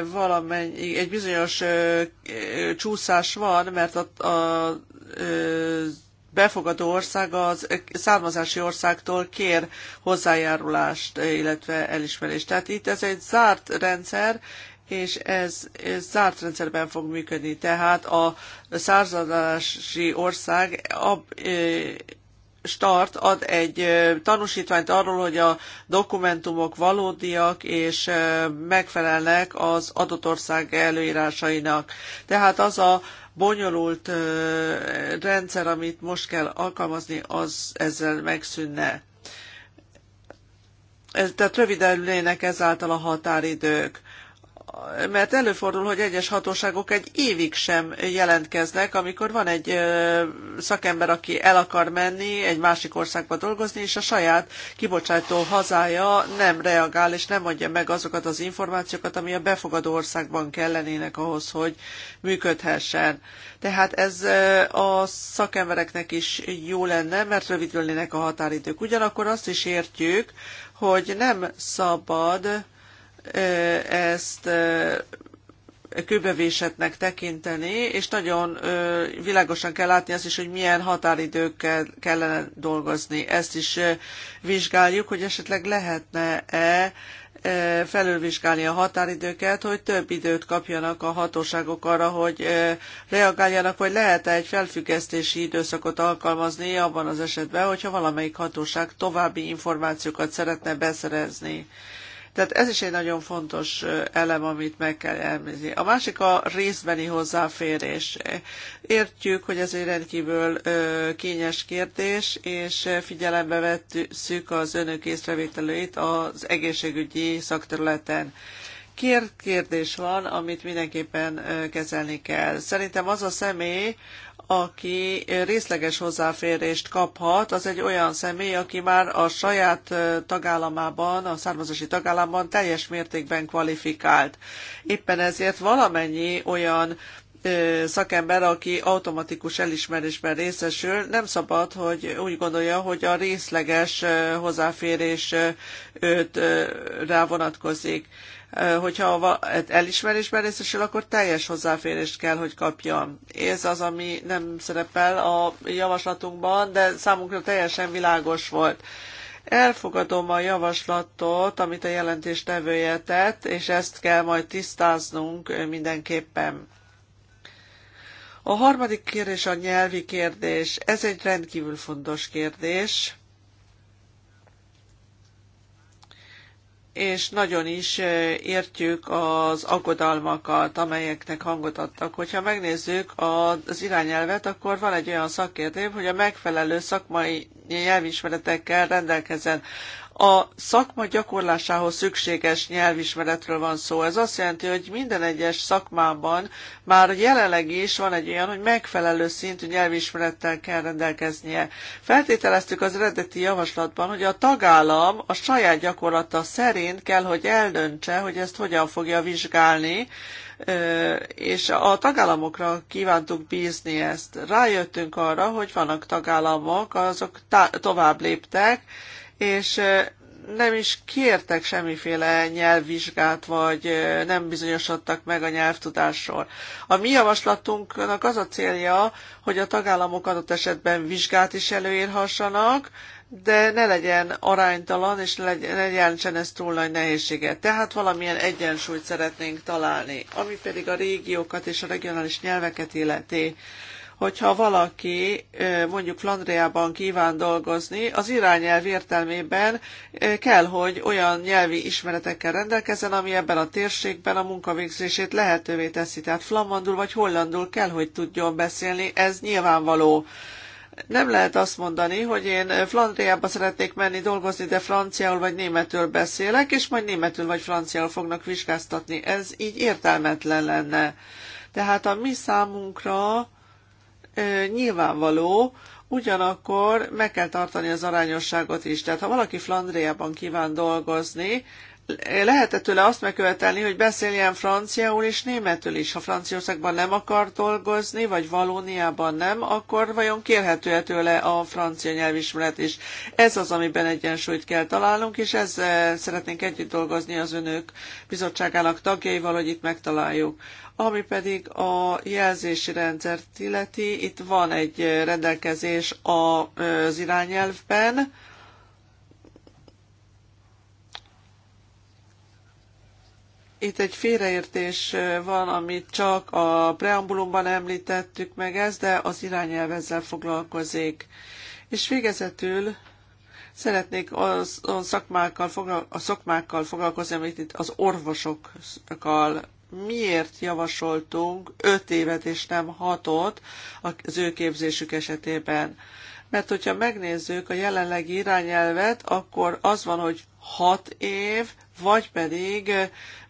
S3: valamennyi, egy bizonyos csúszás van, mert a, a befogadó ország az származási országtól kér hozzájárulást, illetve elismerést. Tehát itt ez egy zárt rendszer, és ez, ez zárt rendszerben fog működni. Tehát a származási ország ab, start ad egy tanúsítványt arról, hogy a dokumentumok valódiak és megfelelnek az adott ország előírásainak. Tehát az a bonyolult rendszer, amit most kell alkalmazni, az ezzel megszűnne. Ez, tehát rövidelnének ezáltal a határidők mert előfordul, hogy egyes hatóságok egy évig sem jelentkeznek, amikor van egy szakember, aki el akar menni egy másik országba dolgozni, és a saját kibocsátó hazája nem reagál, és nem adja meg azokat az információkat, ami a befogadó országban kellenének ahhoz, hogy működhessen. Tehát ez a szakembereknek is jó lenne, mert rövidülnének a határidők. Ugyanakkor azt is értjük, hogy nem szabad ezt kőbevésetnek tekinteni, és nagyon világosan kell látni azt is, hogy milyen határidőkkel kellene dolgozni. Ezt is vizsgáljuk, hogy esetleg lehetne-e felülvizsgálni a határidőket, hogy több időt kapjanak a hatóságok arra, hogy reagáljanak, vagy lehet-e egy felfüggesztési időszakot alkalmazni abban az esetben, hogyha valamelyik hatóság további információkat szeretne beszerezni. Tehát ez is egy nagyon fontos elem, amit meg kell elmézni. A másik a részbeni hozzáférés. Értjük, hogy ez egy rendkívül kényes kérdés, és figyelembe vettük az önök észrevételőit az egészségügyi szakterületen két kérdés van, amit mindenképpen kezelni kell. Szerintem az a személy, aki részleges hozzáférést kaphat, az egy olyan személy, aki már a saját tagállamában, a származási tagállamban teljes mértékben kvalifikált. Éppen ezért valamennyi olyan szakember, aki automatikus elismerésben részesül, nem szabad, hogy úgy gondolja, hogy a részleges hozzáférés őt rá vonatkozik. Eh, hogyha elismerésben részesül, akkor teljes hozzáférést kell, hogy kapja. Ez az, ami nem szerepel a javaslatunkban, de számunkra teljesen világos volt. Elfogadom a javaslatot, amit a jelentés tevője tett, és ezt kell majd tisztáznunk eh, mindenképpen. A harmadik kérdés a nyelvi kérdés. Ez egy rendkívül fontos kérdés és nagyon is értjük az aggodalmakat, amelyeknek hangot adtak. Hogyha megnézzük az irányelvet, akkor van egy olyan szakértő, hogy a megfelelő szakmai nyelvismeretekkel rendelkezzen. A szakma gyakorlásához szükséges nyelvismeretről van szó. Ez azt jelenti, hogy minden egyes szakmában már jelenleg is van egy olyan, hogy megfelelő szintű nyelvismerettel kell rendelkeznie. Feltételeztük az eredeti javaslatban, hogy a tagállam a saját gyakorlata szerint kell, hogy eldöntse, hogy ezt hogyan fogja vizsgálni, és a tagállamokra kívántuk bízni ezt. Rájöttünk arra, hogy vannak tagállamok, azok tovább léptek, és nem is kértek semmiféle nyelvvizsgát, vagy nem bizonyosodtak meg a nyelvtudásról. A mi javaslatunknak az a célja, hogy a tagállamok adott esetben vizsgát is előírhassanak, de ne legyen aránytalan, és ne jelentsen ez túl nagy nehézséget. Tehát valamilyen egyensúlyt szeretnénk találni, ami pedig a régiókat és a regionális nyelveket illeti hogyha valaki mondjuk Flandriában kíván dolgozni, az irányelv értelmében kell, hogy olyan nyelvi ismeretekkel rendelkezzen, ami ebben a térségben a munkavégzését lehetővé teszi. Tehát flamandul vagy hollandul kell, hogy tudjon beszélni, ez nyilvánvaló
S1: nem lehet azt
S3: mondani, hogy én Flandriába szeretnék menni dolgozni, de franciául vagy németül beszélek, és majd németül vagy franciául fognak vizsgáztatni. Ez így értelmetlen lenne. Tehát a mi számunkra nyilvánvaló, ugyanakkor meg kell tartani az arányosságot is. Tehát ha valaki Flandriában kíván dolgozni, lehetett tőle azt megkövetelni, hogy beszéljen franciául és németül is. Ha Franciaországban nem akar dolgozni, vagy Valóniában nem, akkor vajon kérhető -e tőle a francia nyelvismeret is? Ez az, amiben egyensúlyt kell találnunk, és ezzel szeretnénk együtt dolgozni az önök bizottságának tagjaival, hogy itt megtaláljuk. Ami pedig a jelzési rendszert illeti, itt van egy rendelkezés az irányelvben, itt egy félreértés van, amit csak a preambulumban említettük meg ez, de az irányelv ezzel foglalkozik. És végezetül szeretnék az, a, szakmákkal a szakmákkal foglalkozni, amit itt az orvosokkal miért javasoltunk 5 évet és nem 6-ot az ő képzésük esetében. Mert hogyha megnézzük a jelenlegi irányelvet, akkor az van, hogy 6 év, vagy pedig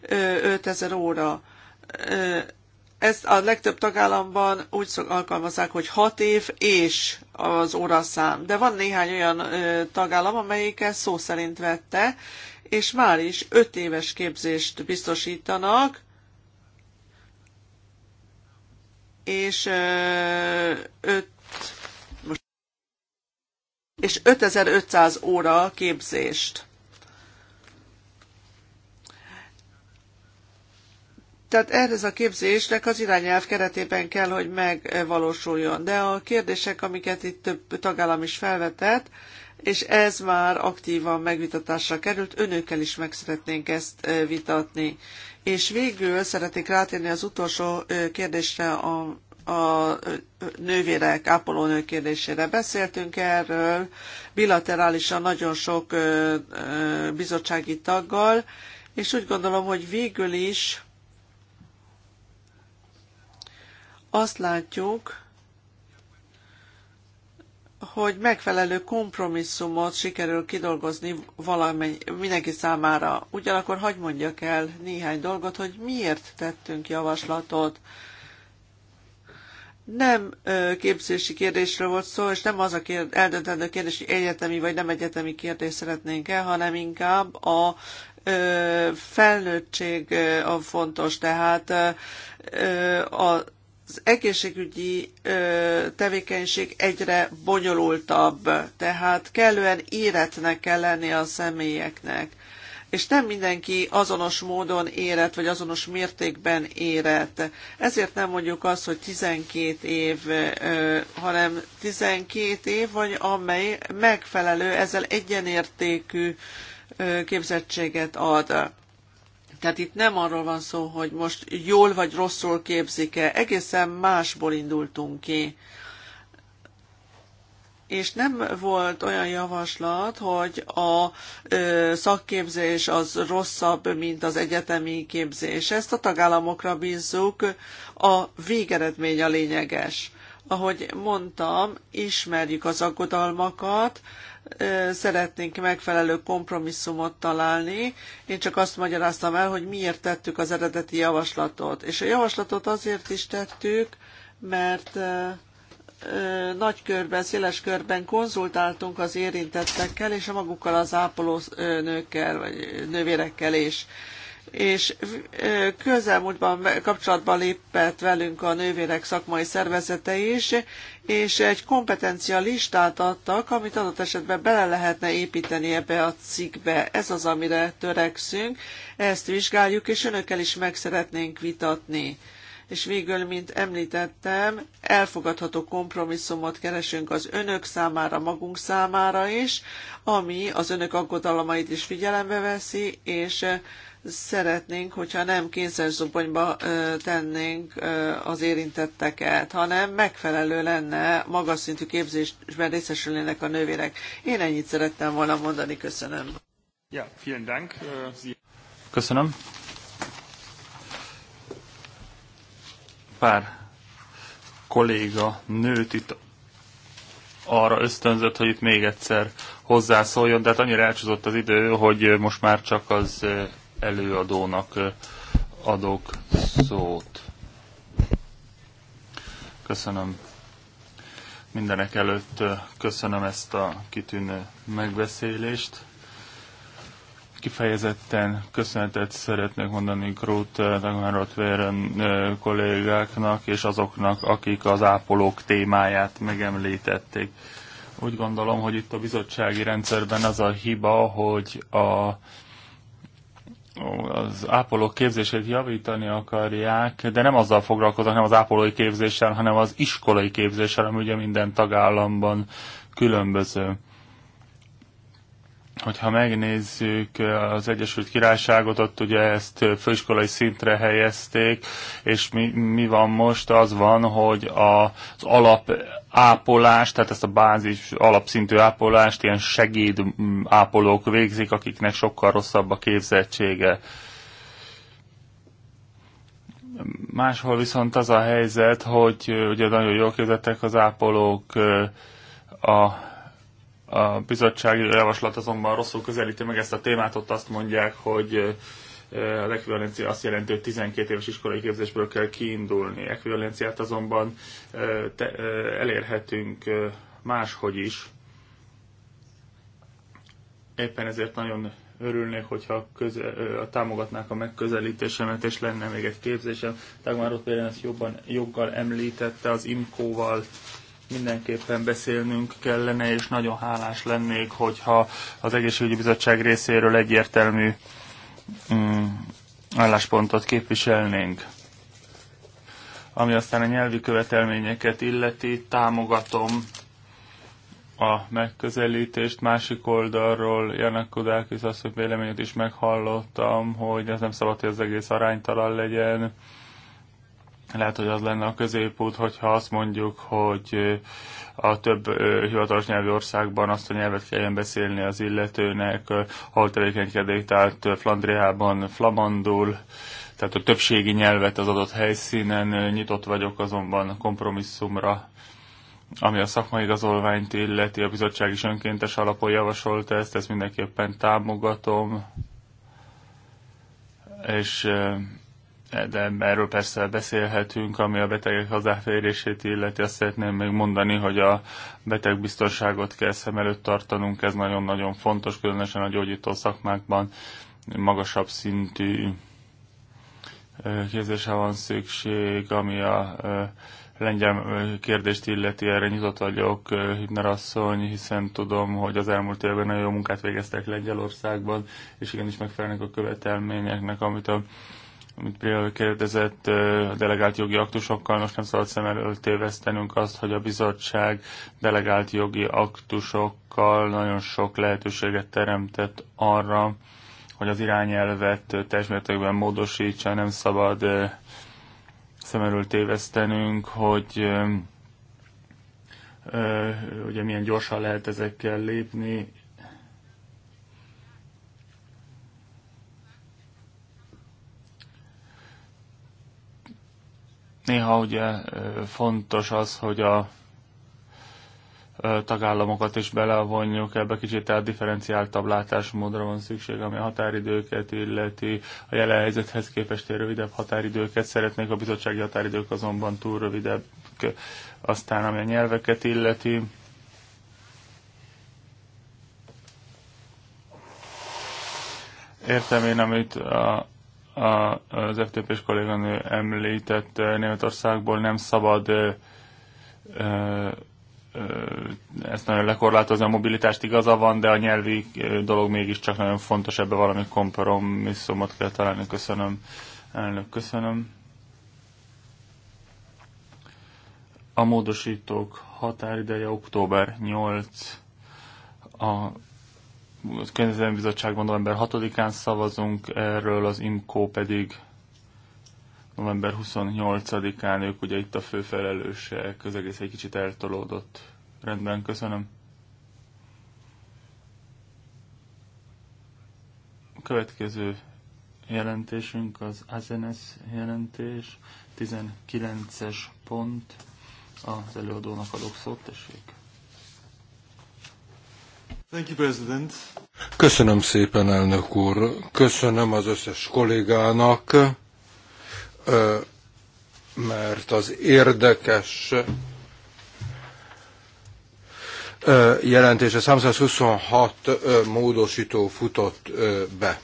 S3: 5000 óra. Ezt a legtöbb tagállamban úgy szok, alkalmazzák, hogy 6 év és az óraszám. De van néhány olyan tagállam, amelyik ezt szó szerint vette, és már is 5 éves képzést biztosítanak, és 5 és 5500 óra képzést. Tehát ehhez a képzésnek az irányelv keretében kell, hogy megvalósuljon. De a kérdések, amiket itt több tagállam is felvetett, és ez már aktívan megvitatásra került, önökkel is meg szeretnénk ezt vitatni. És végül szeretnék rátérni az utolsó kérdésre, a nővérek, ápolónő kérdésére beszéltünk erről, bilaterálisan nagyon sok bizottsági taggal, és úgy gondolom, hogy végül is azt látjuk, hogy megfelelő kompromisszumot sikerül kidolgozni valamennyi, mindenki számára. Ugyanakkor hagy mondjak el néhány dolgot, hogy miért tettünk javaslatot nem képzési kérdésről volt szó, és nem az a kérd, eldöntendő kérdés, hogy egyetemi vagy nem egyetemi kérdést szeretnénk el, hanem inkább a ö, felnőttség a fontos, tehát ö, az egészségügyi ö, tevékenység egyre bonyolultabb, tehát kellően éretnek kell lenni a személyeknek és nem mindenki azonos módon érett, vagy azonos mértékben érett. Ezért nem mondjuk azt, hogy 12 év, hanem 12 év, vagy amely megfelelő, ezzel egyenértékű képzettséget ad. Tehát itt nem arról van szó, hogy most jól vagy rosszul képzik-e, egészen másból indultunk ki és nem volt olyan javaslat, hogy a ö, szakképzés az rosszabb, mint az egyetemi képzés. Ezt a tagállamokra bízzuk, a végeredmény a lényeges. Ahogy mondtam, ismerjük az aggodalmakat, szeretnénk megfelelő kompromisszumot találni. Én csak azt magyaráztam el, hogy miért tettük az eredeti javaslatot. És a javaslatot azért is tettük, mert nagy körben, széles körben konzultáltunk az érintettekkel és a magukkal az ápolónőkkel vagy nővérekkel is. És közelmúltban kapcsolatban lépett velünk a nővérek szakmai szervezete is, és egy kompetencia listát adtak, amit adott esetben bele lehetne építeni ebbe a cikkbe. Ez az, amire törekszünk, ezt vizsgáljuk, és önökkel is meg szeretnénk vitatni és végül, mint említettem, elfogadható kompromisszumot keresünk az önök számára, magunk számára is, ami az önök aggodalmait is figyelembe veszi, és szeretnénk, hogyha nem zubonyba tennénk az érintetteket, hanem megfelelő lenne magas szintű képzésben részesülnének a nővérek. Én ennyit szerettem volna mondani, köszönöm. Ja, vielen Dank.
S1: Köszönöm. pár kolléga nőt itt arra ösztönzött, hogy itt még egyszer hozzászóljon, de hát annyira elcsúszott az idő, hogy most már csak az előadónak adok szót. Köszönöm. Mindenek előtt köszönöm ezt a kitűnő megbeszélést kifejezetten köszönetet szeretnék mondani Krót eh, Rotvéren eh, kollégáknak és azoknak, akik az ápolók témáját megemlítették. Úgy gondolom, hogy itt a bizottsági rendszerben az a hiba, hogy a, az ápolók képzését javítani akarják, de nem azzal foglalkoznak, nem az ápolói képzéssel, hanem az iskolai képzéssel, ami ugye minden tagállamban különböző hogyha megnézzük eh, az Egyesült Királyságot, ott ugye ezt eh, főiskolai szintre helyezték, és mi, mi van most, az van, hogy a, az alap ápolás, tehát ezt a bázis alapszintű ápolást ilyen segéd mm, ápolók végzik, akiknek sokkal rosszabb a képzettsége. Máshol viszont az a helyzet, hogy eh, ugye nagyon jól képzettek az ápolók, a a bizottság javaslat azonban rosszul közelíti meg ezt a témát, ott azt mondják, hogy az ekvivalencia azt jelenti, hogy 12 éves iskolai képzésből kell kiindulni. Ekvivalenciát azonban elérhetünk máshogy is. Éppen ezért nagyon örülnék, hogyha köze, a támogatnák a megközelítésemet, és lenne még egy képzésem. Dagmar például ezt jobban, joggal említette az IMCO-val mindenképpen beszélnünk kellene, és nagyon hálás lennék, hogyha az Egészségügyi Bizottság részéről egyértelmű mm, álláspontot képviselnénk. Ami aztán a nyelvi követelményeket illeti, támogatom a megközelítést másik oldalról. Janak Kudákis azt, hogy véleményét is meghallottam, hogy ez nem szabad, hogy az egész aránytalan legyen lehet, hogy az lenne a középút, hogyha azt mondjuk, hogy a több hivatalos nyelvi országban azt a nyelvet kelljen beszélni az illetőnek, ahol tevékenykedik, tehát Flandriában flamandul, tehát a többségi nyelvet az adott helyszínen nyitott vagyok azonban kompromisszumra, ami a szakmai igazolványt illeti, a bizottság is önkéntes alapon javasolta ezt, ezt mindenképpen támogatom, és de erről persze beszélhetünk, ami a betegek hozzáférését illeti. Azt szeretném még mondani, hogy a betegbiztonságot kell szem előtt tartanunk, ez nagyon-nagyon fontos, különösen a gyógyító szakmákban magasabb szintű kérdése van szükség, ami a lengyel kérdést illeti, erre nyitott vagyok, Hübner asszony, hiszen tudom, hogy az elmúlt évben nagyon jó munkát végeztek Lengyelországban, és igenis megfelelnek a követelményeknek, amit a amit például kérdezett a delegált jogi aktusokkal, most nem szabad szem előtt tévesztenünk azt, hogy a bizottság delegált jogi aktusokkal nagyon sok lehetőséget teremtett arra, hogy az irányelvet teljes mértékben módosítsa, nem szabad szem előtt tévesztenünk, hogy ugye milyen gyorsan lehet ezekkel lépni, Néha ugye fontos az, hogy a tagállamokat is belevonjuk, ebbe kicsit tehát differenciáltabb látásmódra van szükség, ami a határidőket illeti, a jelen helyzethez képest rövidebb határidőket szeretnék, a bizottsági határidők azonban túl rövidebb, aztán ami a nyelveket illeti, Értem én, amit a a, az FTP-s kolléganő említett eh, Németországból nem szabad ö, eh, ö, eh, ezt nagyon lekorlátozni a mobilitást, igaza van, de a nyelvi dolog mégiscsak nagyon fontos, ebbe valami kompromisszumot kell találni. Köszönöm, elnök, köszönöm. A módosítók határideje október 8 a Környezetvédelmi Bizottságban november 6-án szavazunk, erről az IMCO pedig november 28-án, ők ugye itt a fő felelősek, az egész egy kicsit eltolódott. Rendben, köszönöm. A következő jelentésünk az AZNS jelentés, 19-es pont, az előadónak adok szót, tessék.
S2: Köszönöm szépen, elnök úr. Köszönöm az összes kollégának, mert az érdekes jelentése 326 módosító futott be.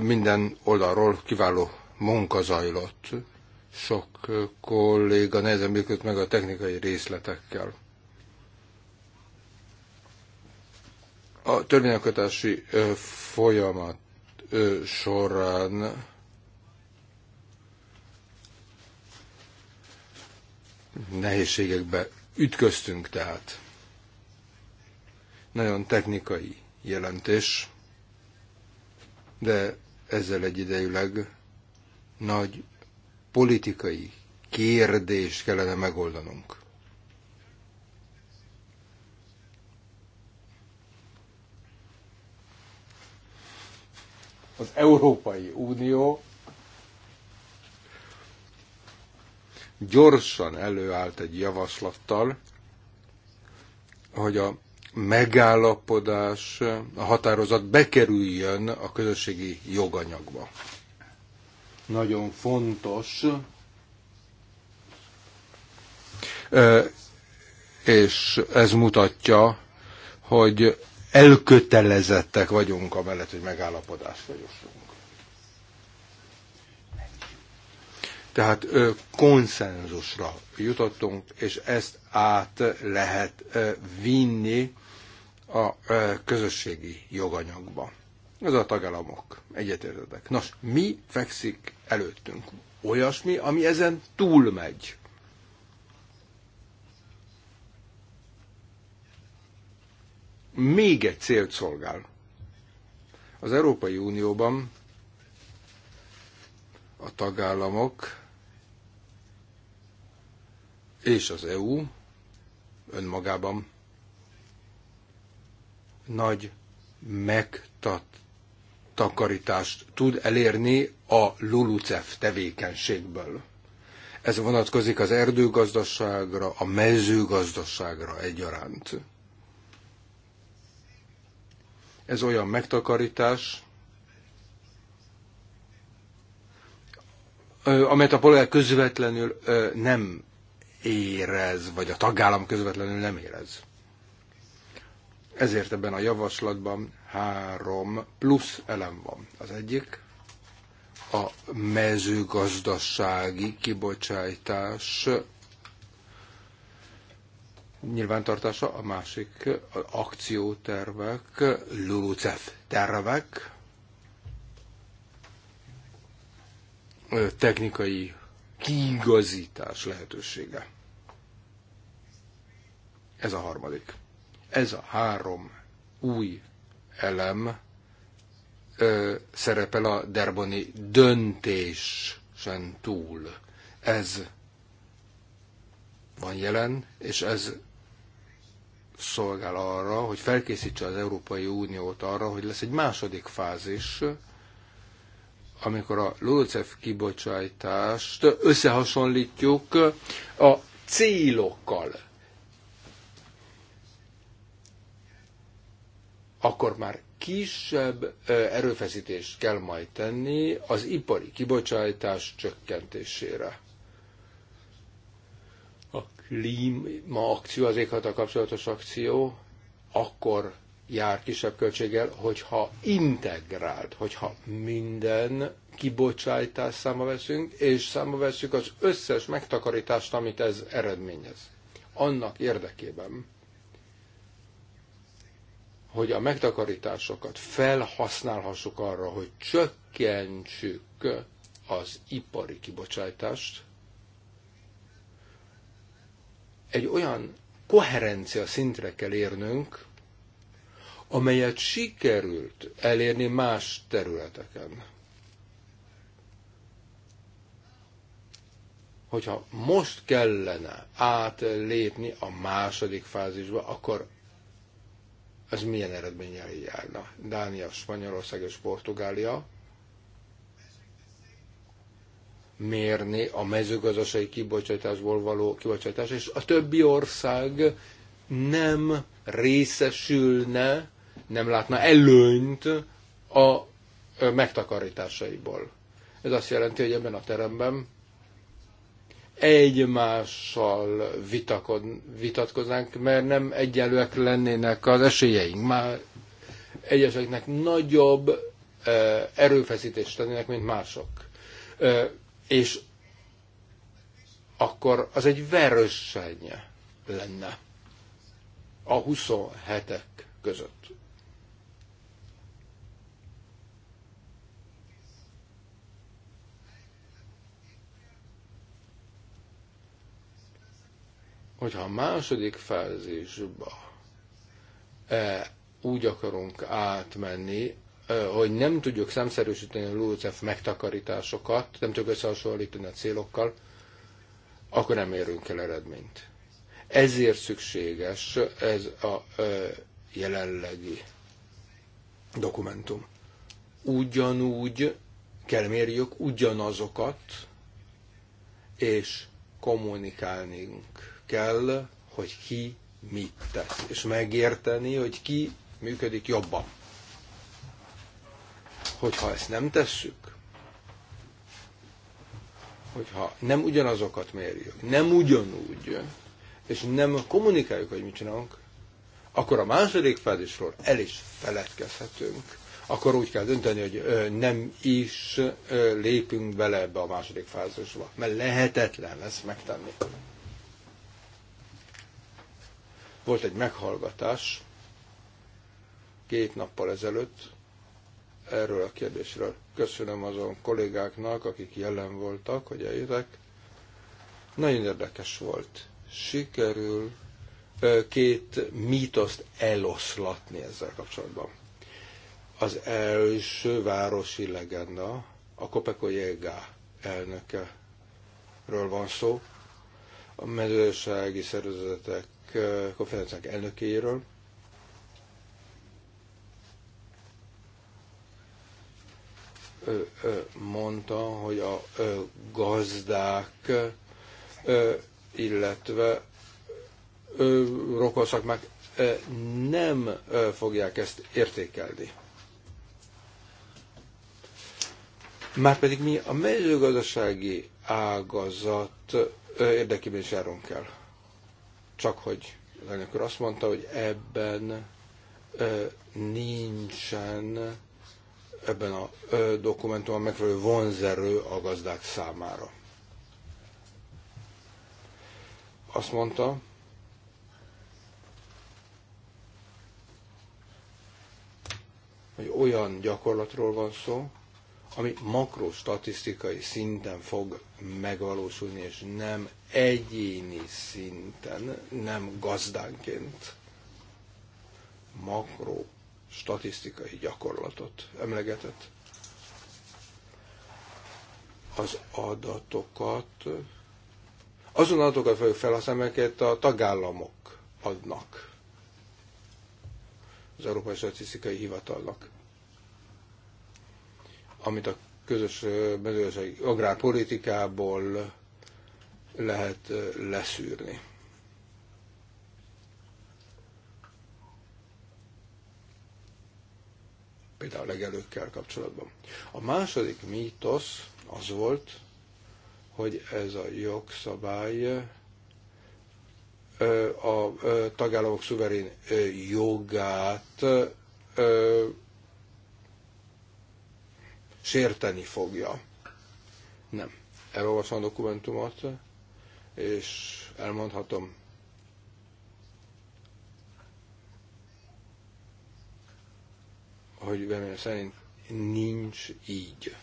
S2: Minden oldalról kiváló munka zajlott. Sok kolléga nehezen működött meg a technikai részletekkel A törvényalkotási folyamat során nehézségekbe ütköztünk tehát. Nagyon technikai jelentés, de ezzel egyidejűleg nagy politikai kérdést kellene megoldanunk. az Európai Unió gyorsan előállt egy javaslattal, hogy a megállapodás, a határozat bekerüljön a közösségi joganyagba. Nagyon fontos, és ez mutatja, hogy elkötelezettek vagyunk amellett, hogy megállapodást vagyossunk. Tehát ö, konszenzusra jutottunk, és ezt át lehet ö, vinni a ö, közösségi joganyagba. Ez a tagállamok egyetértetek. Nos, mi fekszik előttünk? Olyasmi, ami ezen túlmegy. még egy célt szolgál. Az Európai Unióban a tagállamok és az EU önmagában nagy megtakarítást tud elérni a LULUCEF tevékenységből. Ez vonatkozik az erdőgazdaságra, a mezőgazdaságra egyaránt. Ez olyan megtakarítás, amelyet a polgár közvetlenül nem érez, vagy a tagállam közvetlenül nem érez. Ezért ebben a javaslatban három plusz elem van. Az egyik a mezőgazdasági kibocsátás nyilvántartása, a másik az akciótervek, LULUCEF tervek, technikai kiigazítás lehetősége. Ez a harmadik. Ez a három új elem ö, szerepel a Derboni döntésen túl. Ez van jelen, és ez szolgál arra, hogy felkészítse az Európai Uniót arra, hogy lesz egy második fázis, amikor a LULCEF kibocsátást összehasonlítjuk a célokkal. Akkor már kisebb erőfeszítést kell majd tenni az ipari kibocsátás csökkentésére ma akció, az éghajlattal kapcsolatos akció akkor jár kisebb költséggel, hogyha integrált, hogyha minden kibocsátás száma veszünk, és száma veszünk az összes megtakarítást, amit ez eredményez. Annak érdekében, hogy a megtakarításokat felhasználhassuk arra, hogy csökkentsük az ipari kibocsátást, egy olyan koherencia szintre kell érnünk, amelyet sikerült elérni más területeken. Hogyha most kellene átlépni a második fázisba, akkor ez milyen eredménnyel járna? Dánia, Spanyolország és Portugália mérni a mezőgazdasági kibocsátásból való kibocsátás, és a többi ország nem részesülne, nem látna előnyt a megtakarításaiból. Ez azt jelenti, hogy ebben a teremben egymással vitakod, vitatkoznánk, mert nem egyenlőek lennének az esélyeink. Már egyeseknek nagyobb erőfeszítést tennének, mint mások és akkor az egy verseny lenne a 27-ek között. Hogyha a második fázisba e, úgy akarunk átmenni, hogy nem tudjuk szemszerűsíteni a LULUCF megtakarításokat, nem tudjuk összehasonlítani a célokkal, akkor nem érünk el eredményt. Ezért szükséges ez a jelenlegi dokumentum. Ugyanúgy kell mérjük ugyanazokat, és kommunikálnunk kell, hogy ki mit tesz, és megérteni, hogy ki működik jobban. Hogyha ezt nem tesszük, hogyha nem ugyanazokat mérjük, nem ugyanúgy, és nem kommunikáljuk, hogy mit csinálunk, akkor a második fázisról el is feledkezhetünk. Akkor úgy kell dönteni, hogy nem is lépünk bele ebbe a második fázisba, mert lehetetlen lesz megtenni. Volt egy meghallgatás két nappal ezelőtt erről a kérdésről. Köszönöm azon kollégáknak, akik jelen voltak, hogy eljöttek. Nagyon érdekes volt. Sikerül két mítoszt eloszlatni ezzel kapcsolatban. Az első városi legenda, a Kopeko Jégá ről van szó, a mezősági szervezetek konferenciák elnökéről, mondta, hogy a gazdák, illetve meg nem fogják ezt értékelni. Márpedig mi a mezőgazdasági ágazat érdekében is járunk el. Csak hogy az elnök azt mondta, hogy ebben nincsen ebben a dokumentumban megfelelő vonzerő a gazdák számára. Azt mondta, hogy olyan gyakorlatról van szó, ami makrostatisztikai szinten fog megvalósulni, és nem egyéni szinten, nem gazdánként. Makro statisztikai gyakorlatot emlegetett. Az adatokat, azon adatokat fogjuk felhasználni, amelyeket a tagállamok adnak az Európai Statisztikai Hivatalnak, amit a közös mezőgazdasági agrárpolitikából lehet leszűrni. például a legelőkkel kapcsolatban. A második mítosz az volt, hogy ez a jogszabály a tagállamok szuverén jogát sérteni fogja. Nem. Elolvasom a dokumentumot, és elmondhatom, hogy velem szerint nincs így.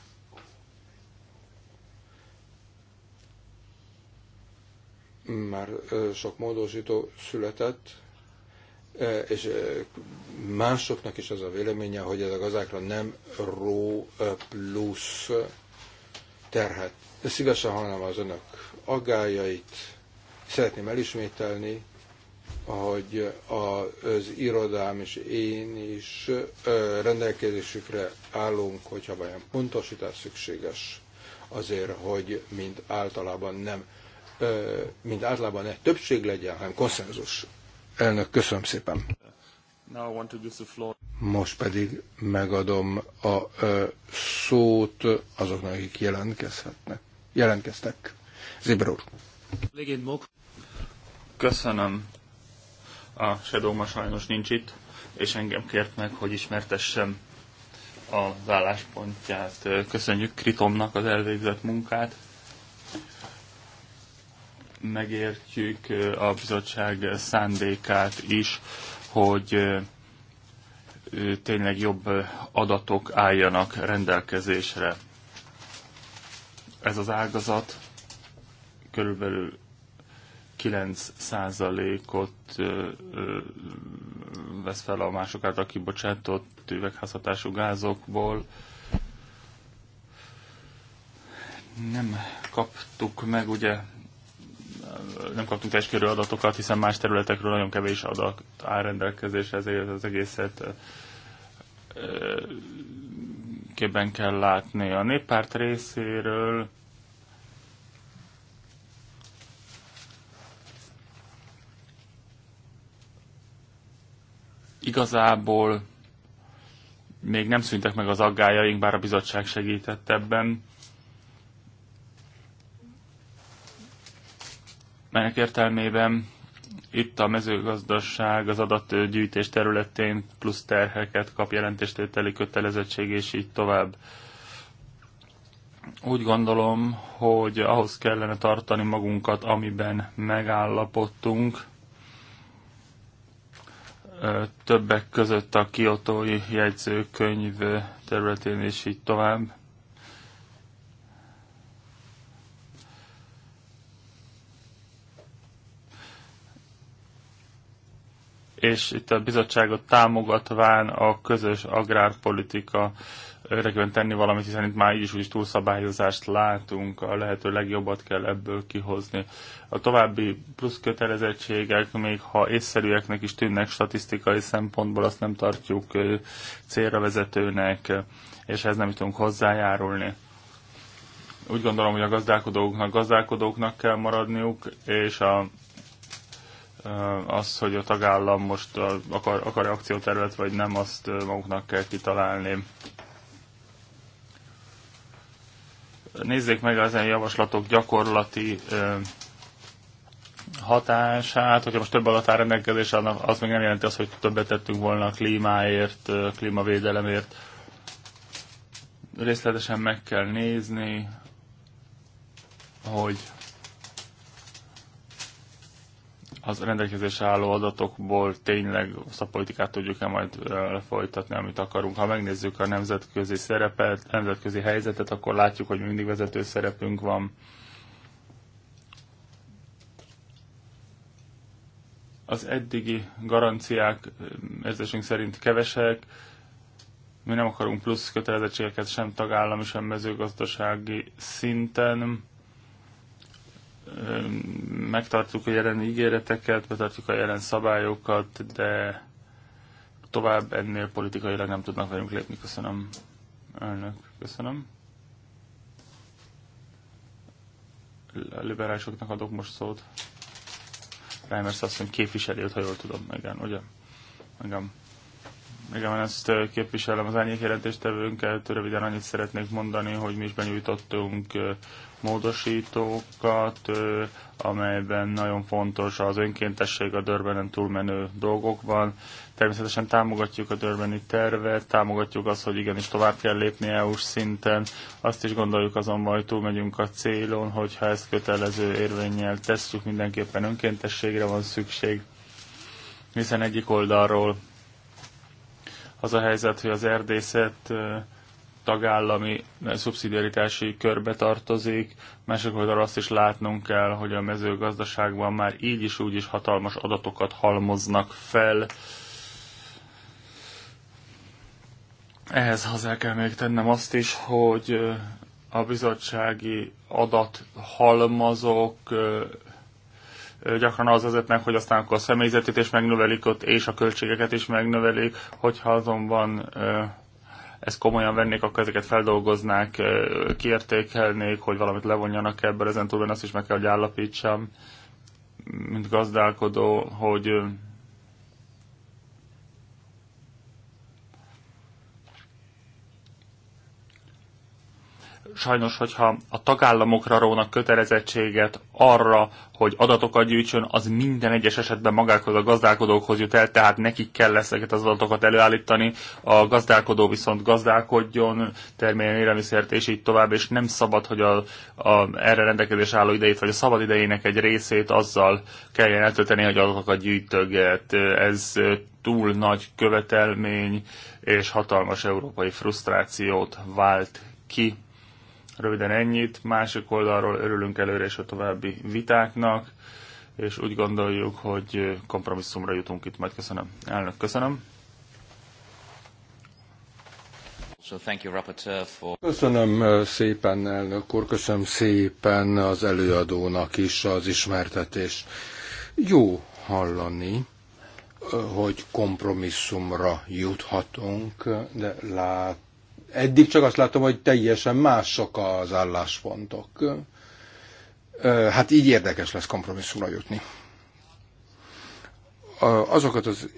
S2: Már sok módosító született, és másoknak is az a véleménye, hogy ez a gazákra nem ró plusz terhet. Szívesen hallom az önök aggájait, szeretném elismételni, hogy az irodám és én is rendelkezésükre állunk, hogyha vajon pontosítás szükséges azért, hogy mint általában nem, mint általában ne többség legyen, hanem konszenzus. Elnök, köszönöm szépen. Most pedig megadom a szót azoknak, akik jelentkezhetnek. Jelentkeztek. Zibr úr.
S1: Köszönöm a Shadow ma sajnos nincs itt, és engem kért meg, hogy ismertessem az álláspontját. Köszönjük Kritomnak az elvégzett munkát. Megértjük a bizottság szándékát is, hogy tényleg jobb adatok álljanak rendelkezésre. Ez az ágazat körülbelül 9%-ot vesz fel a mások által kibocsátott üvegházhatású gázokból. Nem kaptuk meg ugye nem kaptunk teljes adatokat, hiszen más területekről nagyon kevés adat áll rendelkezésre, ezért az egészet képben kell látni. A néppárt részéről Igazából még nem szűntek meg az aggájaink, bár a bizottság segített ebben. Melyek értelmében itt a mezőgazdaság az adatgyűjtés területén plusz terheket kap jelentéstételi kötelezettség, és így tovább. Úgy gondolom, hogy ahhoz kellene tartani magunkat, amiben megállapodtunk, többek között a kiotói jegyzőkönyv területén és így tovább. És itt a bizottságot támogatván a közös agrárpolitika érdekében tenni valamit, hiszen itt már így is úgy túlszabályozást látunk, a lehető legjobbat kell ebből kihozni. A további plusz kötelezettségek, még ha észszerűeknek is tűnnek statisztikai szempontból, azt nem tartjuk célra vezetőnek, és ez nem tudunk hozzájárulni. Úgy gondolom, hogy a gazdálkodóknak gazdálkodóknak kell maradniuk, és a az, hogy a tagállam most akar, akar akciótervet vagy nem, azt maguknak kell kitalálni. nézzék meg az ilyen javaslatok gyakorlati hatását, hogyha most több alatt áll rendelkezés, az még nem jelenti azt, hogy többet tettünk volna a klímáért, klímavédelemért. Részletesen meg kell nézni, hogy az rendelkezésre álló adatokból tényleg a politikát tudjuk-e majd folytatni, amit akarunk. Ha megnézzük a nemzetközi szerepet, nemzetközi helyzetet, akkor látjuk, hogy mindig vezető szerepünk van. Az eddigi garanciák érzésünk szerint kevesek, mi nem akarunk plusz kötelezettségeket sem tagállami, sem mezőgazdasági szinten megtartjuk a jelen ígéreteket, betartjuk a jelen szabályokat, de tovább ennél politikailag nem tudnak velünk lépni. Köszönöm, elnök. Köszönöm. A liberálisoknak adok most szót. Reimers azt mondja, képviselőt, ha jól tudom. Igen, ugye? Igen. Igen, ezt képviselem az árnyék jelentéstevőnkkel. Röviden annyit szeretnék mondani, hogy mi is benyújtottunk módosítókat, amelyben nagyon fontos az önkéntesség a Dörbenen túlmenő dolgokban. Természetesen támogatjuk a Dörbeni tervet, támogatjuk azt, hogy igenis tovább kell lépni EU-s szinten. Azt is gondoljuk azonban, hogy túlmegyünk a célon, hogyha ezt kötelező érvényel tesszük, mindenképpen önkéntességre van szükség, hiszen egyik oldalról az a helyzet, hogy az erdészet tagállami eh, szubszidiaritási körbe tartozik, másik oldalra azt is látnunk kell, hogy a mezőgazdaságban már így is úgy is hatalmas adatokat halmoznak fel. Ehhez hozzá kell még tennem azt is, hogy eh, a bizottsági adathalmazok eh, gyakran az vezetnek, hogy aztán akkor a személyzetét is megnövelik ott, és a költségeket is megnövelik, hogyha azonban ezt komolyan vennék, akkor ezeket feldolgoznák, kiértékelnék, hogy valamit levonjanak ebből, ezen túl azt is meg kell, hogy állapítsam, mint gazdálkodó, hogy sajnos, hogyha a tagállamokra rónak kötelezettséget arra, hogy adatokat gyűjtsön, az minden egyes esetben magákhoz, a gazdálkodókhoz jut el, tehát nekik kell ezeket az adatokat előállítani, a gazdálkodó viszont gazdálkodjon, termeljen élelmiszert, és így tovább, és nem szabad, hogy a, a erre rendelkezés álló idejét, vagy a szabad idejének egy részét azzal kelljen eltölteni, hogy adatokat gyűjtöget. Ez túl nagy követelmény, és hatalmas európai frusztrációt vált ki Röviden ennyit. Másik oldalról örülünk előre és a további vitáknak, és úgy gondoljuk, hogy kompromisszumra jutunk itt majd. Köszönöm. Elnök, köszönöm.
S2: Köszönöm eh, szépen, elnök úr, köszönöm szépen az előadónak is az ismertetés. Jó hallani, eh, hogy kompromisszumra juthatunk, de lát Eddig csak azt látom, hogy teljesen mások az álláspontok. Hát így érdekes lesz kompromisszumra jutni. Azokat az...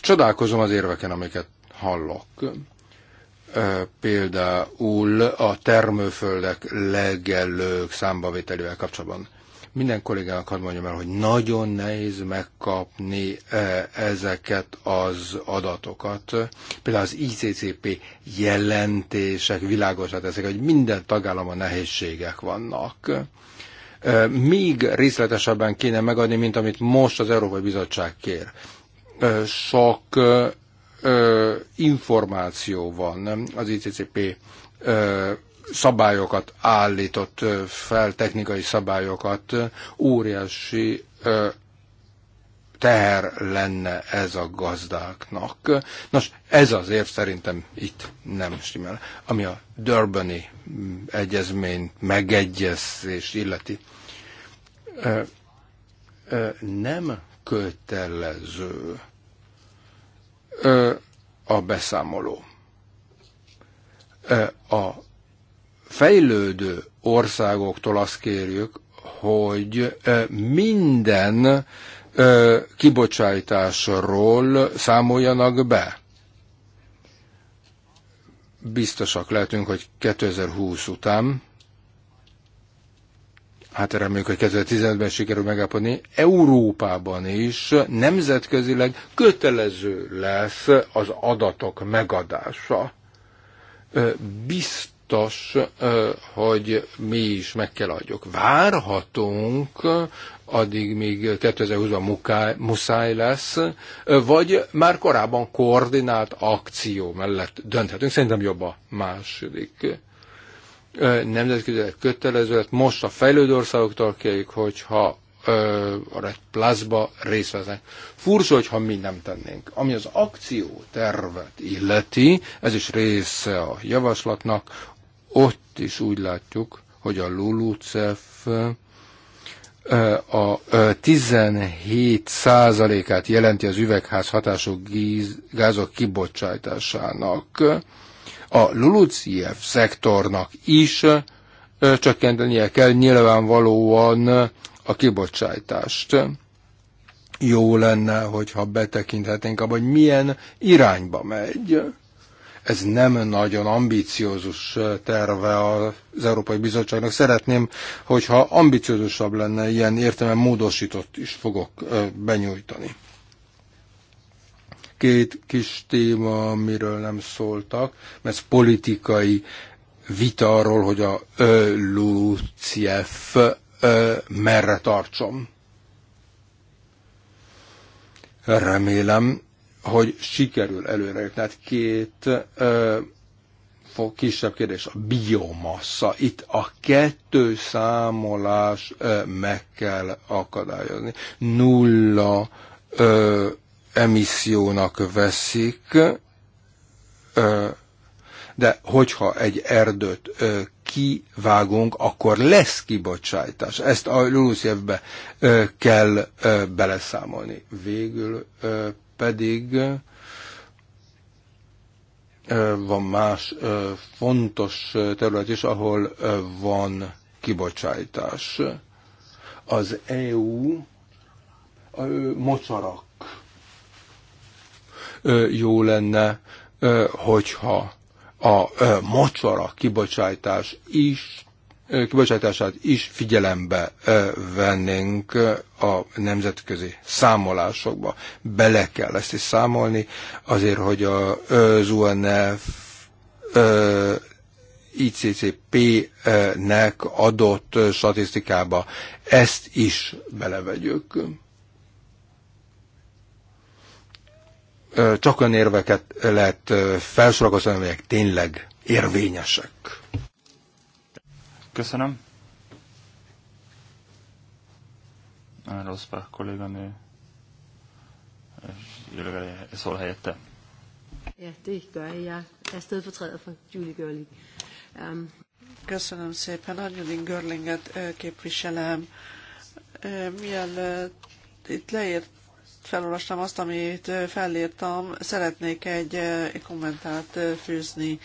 S2: Csodálkozom az érveken, amiket hallok például a termőföldek legelők számbavételével kapcsolatban. Minden kollégának hadd mondjam el, hogy nagyon nehéz megkapni eh, ezeket az adatokat. Például az ICCP jelentések világosra teszik, hogy minden tagállamban nehézségek vannak eh, még részletesebben kéne megadni, mint amit most az Európai Bizottság kér. Eh, sok információ van az ICCP szabályokat állított fel, technikai szabályokat, óriási teher lenne ez a gazdáknak. Nos, ez az év szerintem itt nem stimmel. Ami a Durbani mm, egyezmény megegyezés illeti, nem kötelező a beszámoló. A fejlődő országoktól azt kérjük, hogy minden kibocsátásról számoljanak be. Biztosak lehetünk, hogy 2020 után, hát reméljük, hogy 2015-ben sikerül megállapodni, Európában is nemzetközileg kötelező lesz az adatok megadása. Biztos fontos, hogy mi is meg kell adjuk. Várhatunk, addig még 2020-ban muszáj lesz, vagy már korábban koordinált akció mellett dönthetünk. Szerintem jobb a második Nemzetközi kötelező hát Most a fejlődő országoktól kérjük, hogyha a plazba részt vesznek. Furcsa, hogyha mi nem tennénk. Ami az akciótervet illeti, ez is része a javaslatnak, ott is úgy látjuk, hogy a LULUCEF a 17 százalékát jelenti az üvegház hatású gázok kibocsátásának. A Lulucef szektornak is csökkentenie kell nyilvánvalóan a kibocsátást. Jó lenne, hogyha betekinthetnénk abban, hogy milyen irányba megy ez nem nagyon ambiciózus terve az Európai Bizottságnak. Szeretném, hogyha ambiciózusabb lenne, ilyen értelemben módosított is fogok benyújtani. Két kis téma, amiről nem szóltak, mert ez politikai vita arról, hogy a LUCF merre tartsom. Remélem, hogy sikerül előre Tehát két ö, kisebb kérdés, a biomassa. Itt a kettő számolás ö, meg kell akadályozni. Nulla ö, emissziónak veszik, ö, de hogyha egy erdőt ö, kivágunk, akkor lesz kibocsátás. Ezt a Lulusz kell ö, beleszámolni. Végül ö, pedig van más fontos terület is, ahol van kibocsátás. Az EU a mocsarak jó lenne, hogyha a mocsarak kibocsátás is kibocsátását is figyelembe vennénk a nemzetközi számolásokba. Bele kell ezt is számolni, azért, hogy az UNF ICCP-nek adott statisztikába ezt is belevegyük. Csak olyan érveket lehet felsorakozni, amelyek tényleg érvényesek.
S1: Köszönöm. Rosbach kolléganő Jövőre szól helyette.
S3: Ja, det gør jeg. Jeg er stedfortræder for Julie Görling. Um. Köszönöm szépen. A Julie Görlinget képviselem. Mielőtt itt leírt felolvastam azt, amit felírtam, szeretnék egy kommentát fűzni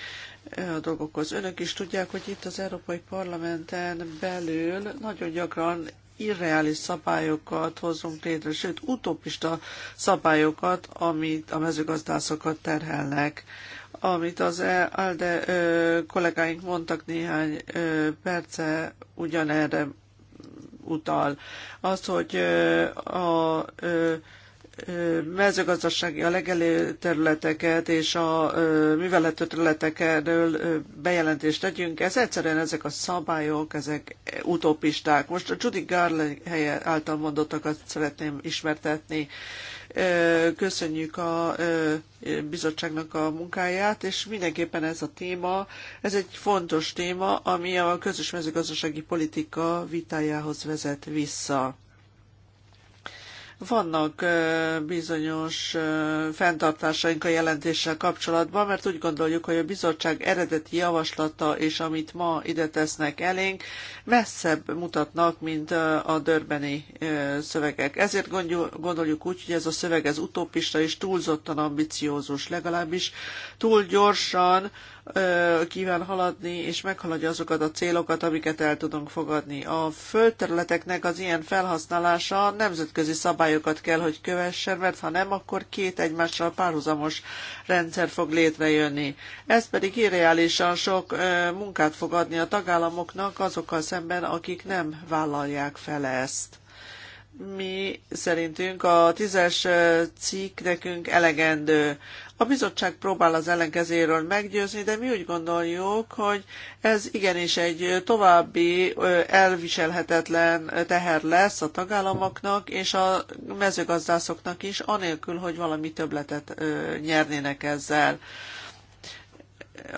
S3: a dolgokhoz. Önök is tudják, hogy itt az Európai Parlamenten belül nagyon gyakran irreális szabályokat hozunk létre, sőt, utopista szabályokat, amit a mezőgazdászokat terhelnek. Amit az ALDE kollégáink mondtak néhány perce, ugyanerre utal. Az, hogy a mezőgazdasági, a legelő területeket és a művelhető területekről bejelentést tegyünk. Ez egyszerűen ezek a szabályok, ezek utopisták. Most a Judy Garland helye által mondottakat szeretném ismertetni. Köszönjük a bizottságnak a munkáját, és mindenképpen ez a téma, ez egy fontos téma, ami a közös mezőgazdasági politika vitájához vezet vissza. Vannak bizonyos fenntartásaink a jelentéssel kapcsolatban, mert úgy gondoljuk, hogy a bizottság eredeti javaslata és amit ma ide tesznek elénk, messzebb mutatnak, mint a dörbeni szövegek. Ezért gondoljuk úgy, hogy ez a szöveg ez utópista és túlzottan ambiciózus, legalábbis túl gyorsan kíván haladni, és meghaladja azokat a célokat, amiket el tudunk fogadni. A földterületeknek az ilyen felhasználása nemzetközi szabályokat kell, hogy kövessen, mert ha nem, akkor két egymással párhuzamos rendszer fog létrejönni. Ez pedig irreálisan sok munkát fog adni a tagállamoknak azokkal szemben, akik nem vállalják fel ezt mi szerintünk a tízes cikk nekünk elegendő. A bizottság próbál az ellenkezéről meggyőzni, de mi úgy gondoljuk, hogy ez igenis egy további elviselhetetlen teher lesz a tagállamoknak és a mezőgazdászoknak is, anélkül, hogy valami többletet nyernének ezzel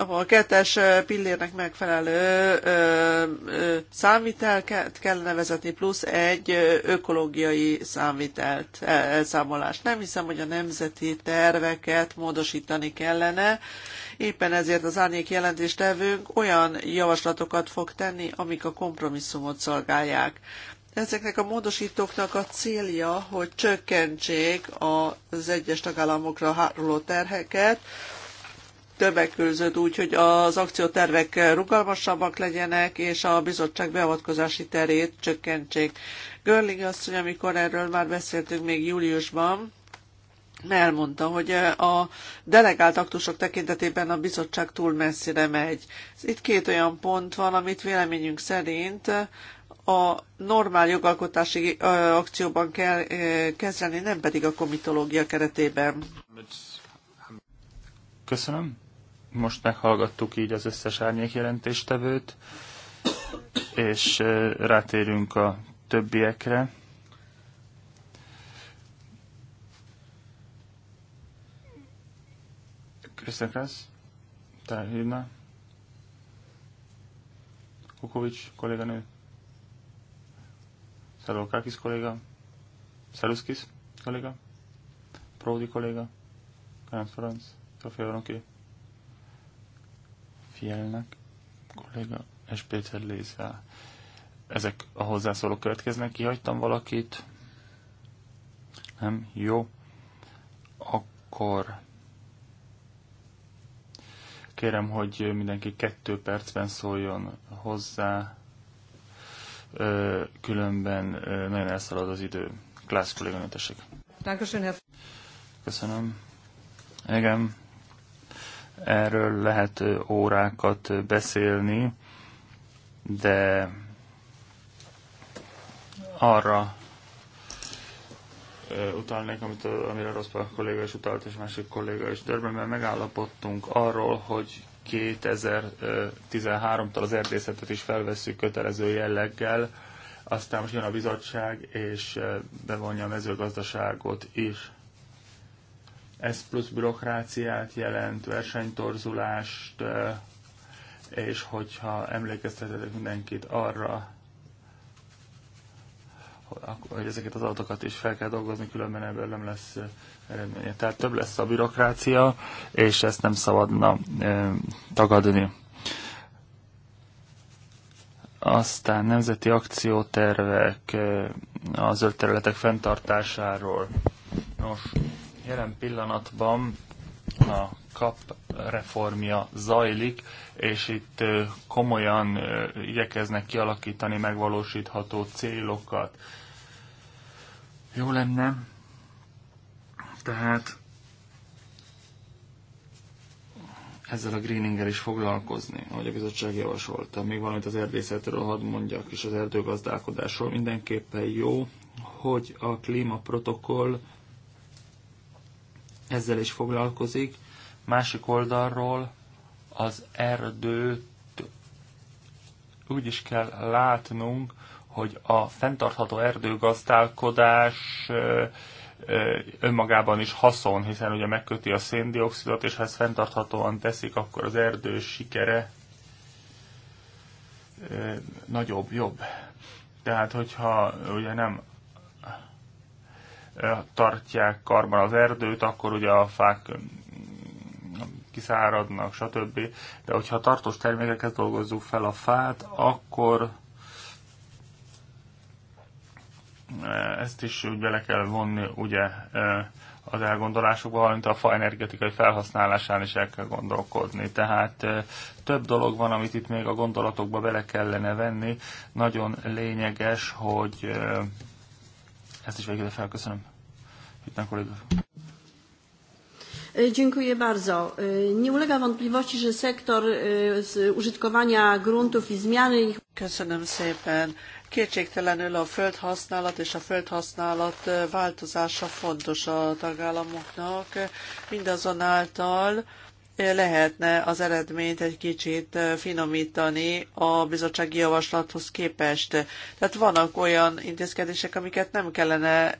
S3: a kettes pillérnek megfelelő ö, ö, számvitelt kellene vezetni, plusz egy ökológiai számvitelt, e, elszámolást. Nem hiszem, hogy a nemzeti terveket módosítani kellene. Éppen ezért az árnyék jelentéstevőnk olyan javaslatokat fog tenni, amik a kompromisszumot szolgálják. Ezeknek a módosítóknak a célja, hogy csökkentsék az egyes tagállamokra háruló terheket, többek között úgy, hogy az akciótervek rugalmasabbak legyenek, és a bizottság beavatkozási terét csökkentsék. Görling asszony, amikor erről már beszéltünk még júliusban, elmondta, hogy a delegált aktusok tekintetében a bizottság túl messzire megy. Itt két olyan pont van, amit véleményünk szerint a normál jogalkotási akcióban kell kezelni, nem pedig a komitológia keretében.
S1: Köszönöm. Most meghallgattuk így az összes árnyék jelentéstevőt, és rátérünk a többiekre. Krisztián Krász, Tár Hírna, Kukovics kolléganő, Szalókákis kolléga, Szaluszkis kolléga, Pródi kolléga, Kánc Ferenc, Sofia Ronki, figyelnek, kolléga, és Péter Lézvel. Ezek a hozzászólók következnek. Kihagytam valakit? Nem? Jó. Akkor kérem, hogy mindenki kettő percben szóljon hozzá, különben nagyon elszalad az idő. Klász kolléganő, Köszönöm. Igen, Erről lehet órákat beszélni, de arra utalnék, amit, amire Rosszpa kolléga is utalt, és másik kolléga is. Dörbenben megállapodtunk arról, hogy 2013 tal az erdészetet is felveszük kötelező jelleggel, aztán most jön a bizottság, és bevonja a mezőgazdaságot is. Ez plusz bürokráciát jelent, versenytorzulást, és hogyha emlékeztetetek mindenkit arra, hogy ezeket az adatokat is fel kell dolgozni, különben ebből nem lesz eredménye. Tehát több lesz a bürokrácia, és ezt nem szabadna tagadni. Aztán nemzeti akciótervek az zöld területek fenntartásáról. Nos, Jelen pillanatban a kap reformja zajlik, és itt komolyan igyekeznek kialakítani megvalósítható célokat. Jó lenne, tehát ezzel a greeninggel is foglalkozni, ahogy a bizottság javasolta. Még valamit az erdészetről hadd mondjak, és az erdőgazdálkodásról mindenképpen jó, hogy a klímaprotokoll ezzel is foglalkozik. Másik oldalról az erdőt úgy is kell látnunk, hogy a fenntartható erdőgazdálkodás önmagában is haszon, hiszen ugye megköti a széndiokszidot, és ha ezt fenntarthatóan teszik, akkor az erdő sikere nagyobb, jobb. Tehát, hogyha ugye nem tartják karban az erdőt, akkor ugye a fák kiszáradnak, stb. De hogyha tartós termékeket dolgozzuk fel a fát, akkor ezt is úgy bele kell vonni ugye az elgondolásokba, valamint a fa energetikai felhasználásán is el kell gondolkodni. Tehát több dolog van, amit itt még a gondolatokba bele kellene venni. Nagyon lényeges, hogy ezt is végül felköszönöm. Hittem kolléga.
S3: E, dziękuję bardzo. E, nie ulega wątpliwości, że sektor e, z użytkowania gruntów i zmiany ich... Köszönöm szépen. Kétségtelenül a földhasználat és a földhasználat változása fontos a tagállamoknak. Mindazonáltal lehetne az eredményt egy kicsit finomítani a bizottsági javaslathoz képest. Tehát vannak olyan intézkedések, amiket nem kellene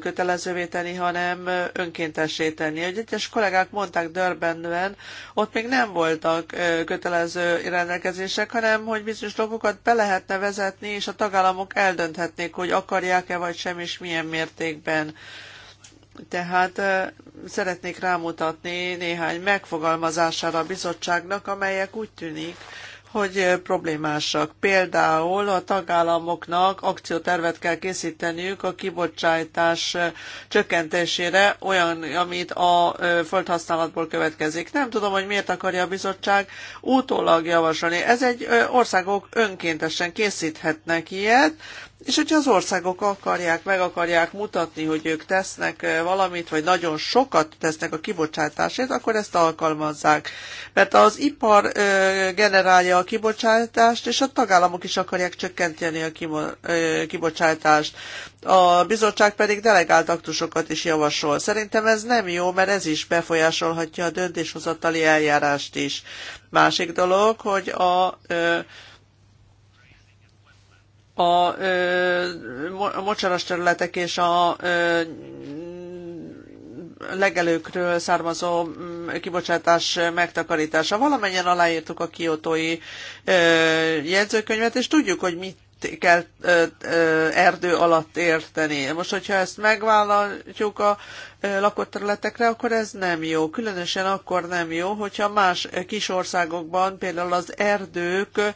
S3: kötelezővé tenni, hanem önkéntessé tenni. Egy egyes kollégák mondták Dörbenben, ott még nem voltak kötelező rendelkezések, hanem hogy bizonyos dolgokat be lehetne vezetni, és a tagállamok eldönthetnék, hogy akarják-e vagy sem, és milyen mértékben tehát szeretnék rámutatni néhány megfogalmazására a bizottságnak, amelyek úgy tűnik, hogy problémásak. Például a tagállamoknak akciótervet kell készíteniük a kibocsátás csökkentésére, olyan, amit a földhasználatból következik. Nem tudom, hogy miért akarja a bizottság utólag javasolni. Ez egy országok önkéntesen készíthetnek ilyet, és hogyha az országok akarják, meg akarják mutatni, hogy ők tesznek eh, valamit, vagy nagyon sokat tesznek a kibocsátásért, akkor ezt alkalmazzák. Mert az ipar eh, generálja a kibocsátást, és a tagállamok is akarják csökkenteni a eh, kibocsátást. A bizottság pedig delegált aktusokat is javasol. Szerintem ez nem jó, mert ez is befolyásolhatja a döntéshozatali eljárást is. Másik dolog, hogy a a, a mocsaras területek és a legelőkről származó mm, kibocsátás megtakarítása. Valamennyien aláírtuk a kiotói jegyzőkönyvet, és tudjuk, hogy mit kell ö, ö, erdő alatt érteni. Most, hogyha ezt megvállaljuk a ö, lakott területekre, akkor ez nem jó. Különösen akkor nem jó, hogyha más kis országokban például az erdők ö,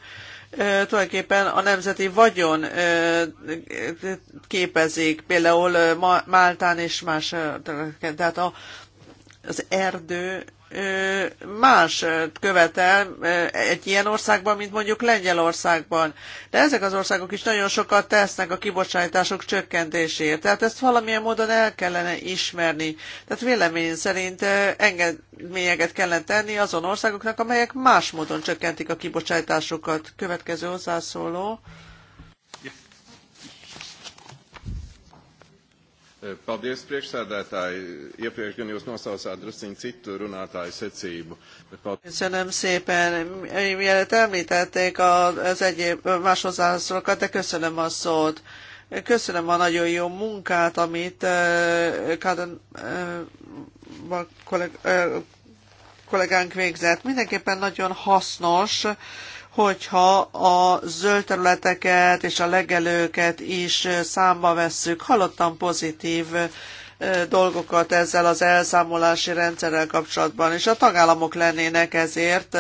S3: tulajdonképpen a nemzeti vagyon képezik, például Máltán és más Tehát az erdő más követel egy ilyen országban, mint mondjuk Lengyelországban. De ezek az országok is nagyon sokat tesznek a kibocsátások csökkentéséért. Tehát ezt valamilyen módon el kellene ismerni. Tehát vélemény szerint engedményeket kellene tenni azon országoknak, amelyek más módon csökkentik a kibocsátásokat. Következő hozzászóló.
S2: Eh, paldies, priekšsēdētāji.
S3: Iepriekš gan jūs nosaucāt drusciņu citu runātāju secību. Paldies. Köszönöm szépen. Mielőtt említették az egyéb más hozzászólókat, de köszönöm a szót. Köszönöm a nagyon jó munkát, amit eh, Káden eh, kollégánk végzett. Mindenképpen nagyon hasznos hogyha a zöld területeket és a legelőket is számba vesszük. Hallottam pozitív dolgokat ezzel az elszámolási rendszerrel kapcsolatban, és a tagállamok lennének ezért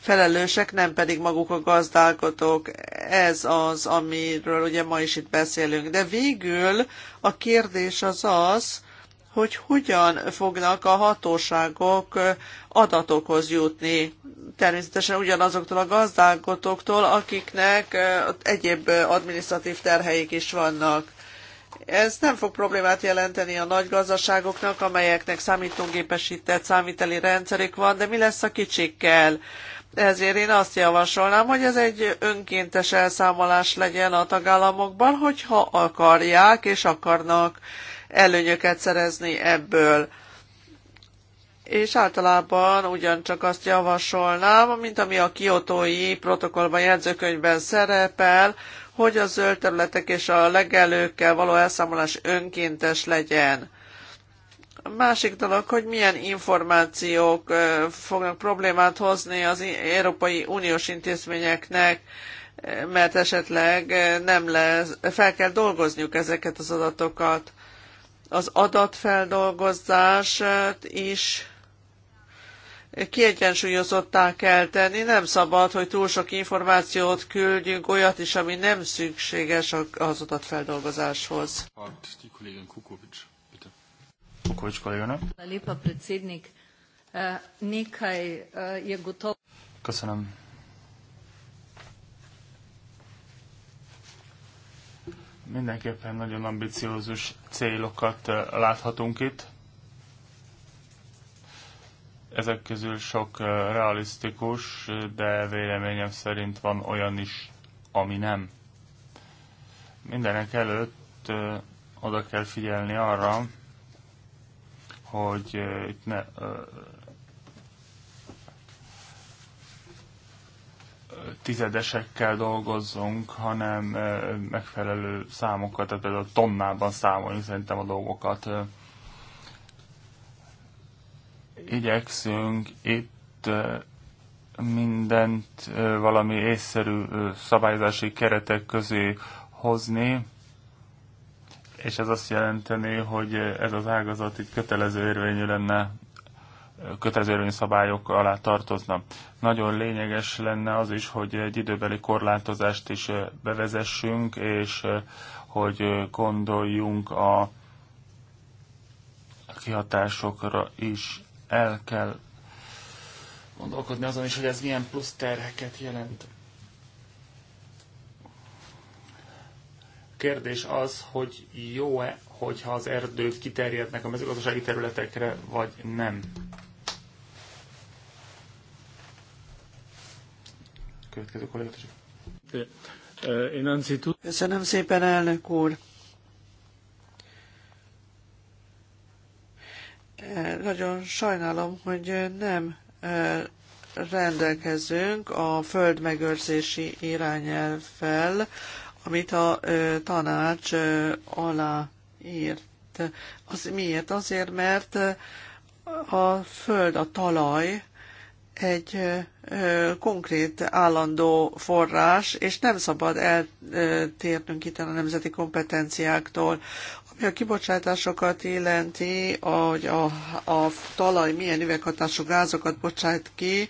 S3: felelősek, nem pedig maguk a gazdálkodók. Ez az, amiről ugye ma is itt beszélünk. De végül a kérdés az az, hogy hogyan fognak a hatóságok adatokhoz jutni természetesen ugyanazoktól a gazdálkodóktól, akiknek egyéb administratív terheik is vannak. Ez nem fog problémát jelenteni a nagy gazdaságoknak, amelyeknek számítógépesített számviteli rendszerük van, de mi lesz a kicsikkel? Ezért én azt javasolnám, hogy ez egy önkéntes elszámolás legyen a tagállamokban, hogyha akarják és akarnak előnyöket szerezni ebből és általában ugyancsak azt javasolnám, mint ami a kiotói protokollban jegyzőkönyvben szerepel, hogy a zöld területek és a legelőkkel való elszámolás önkéntes legyen. A másik dolog, hogy milyen információk fognak problémát hozni az Európai Uniós intézményeknek, mert esetleg nem lesz, fel kell dolgozniuk ezeket az adatokat. Az adatfeldolgozást is kiegyensúlyozottá kell tenni, nem szabad, hogy túl sok információt küldjünk, olyat is, ami nem szükséges az adatfeldolgozáshoz.
S1: Kukovics eh, eh, Köszönöm. Mindenképpen nagyon ambiciózus célokat eh, láthatunk itt. Ezek közül sok realisztikus, de véleményem szerint van olyan is, ami nem. Mindenek előtt oda kell figyelni arra, hogy itt ne, tizedesekkel dolgozzunk, hanem megfelelő számokat, tehát például tonnában számolni szerintem a dolgokat igyekszünk itt mindent valami észszerű szabályzási keretek közé hozni, és ez azt jelenteni, hogy ez az ágazat itt kötelező érvényű lenne, kötelező érvényű szabályok alá tartozna. Nagyon lényeges lenne az is, hogy egy időbeli korlátozást is bevezessünk, és hogy gondoljunk a kihatásokra is el kell gondolkodni azon is, hogy ez milyen plusz terheket jelent. kérdés az, hogy jó-e, hogyha az erdők kiterjednek a mezőgazdasági területekre, vagy nem. Következő is.
S3: Köszönöm szépen, elnök úr! Eh, nagyon sajnálom, hogy eh, nem eh, rendelkezünk a földmegőrzési irányelvvel, amit a tanács alá írt. Az miért? Azért, mert a föld, a talaj egy konkrét állandó forrás, és nem szabad eltérnünk itt a nemzeti kompetenciáktól. Ami a kibocsátásokat jelenti, hogy a, a talaj milyen üveghatású gázokat bocsát ki,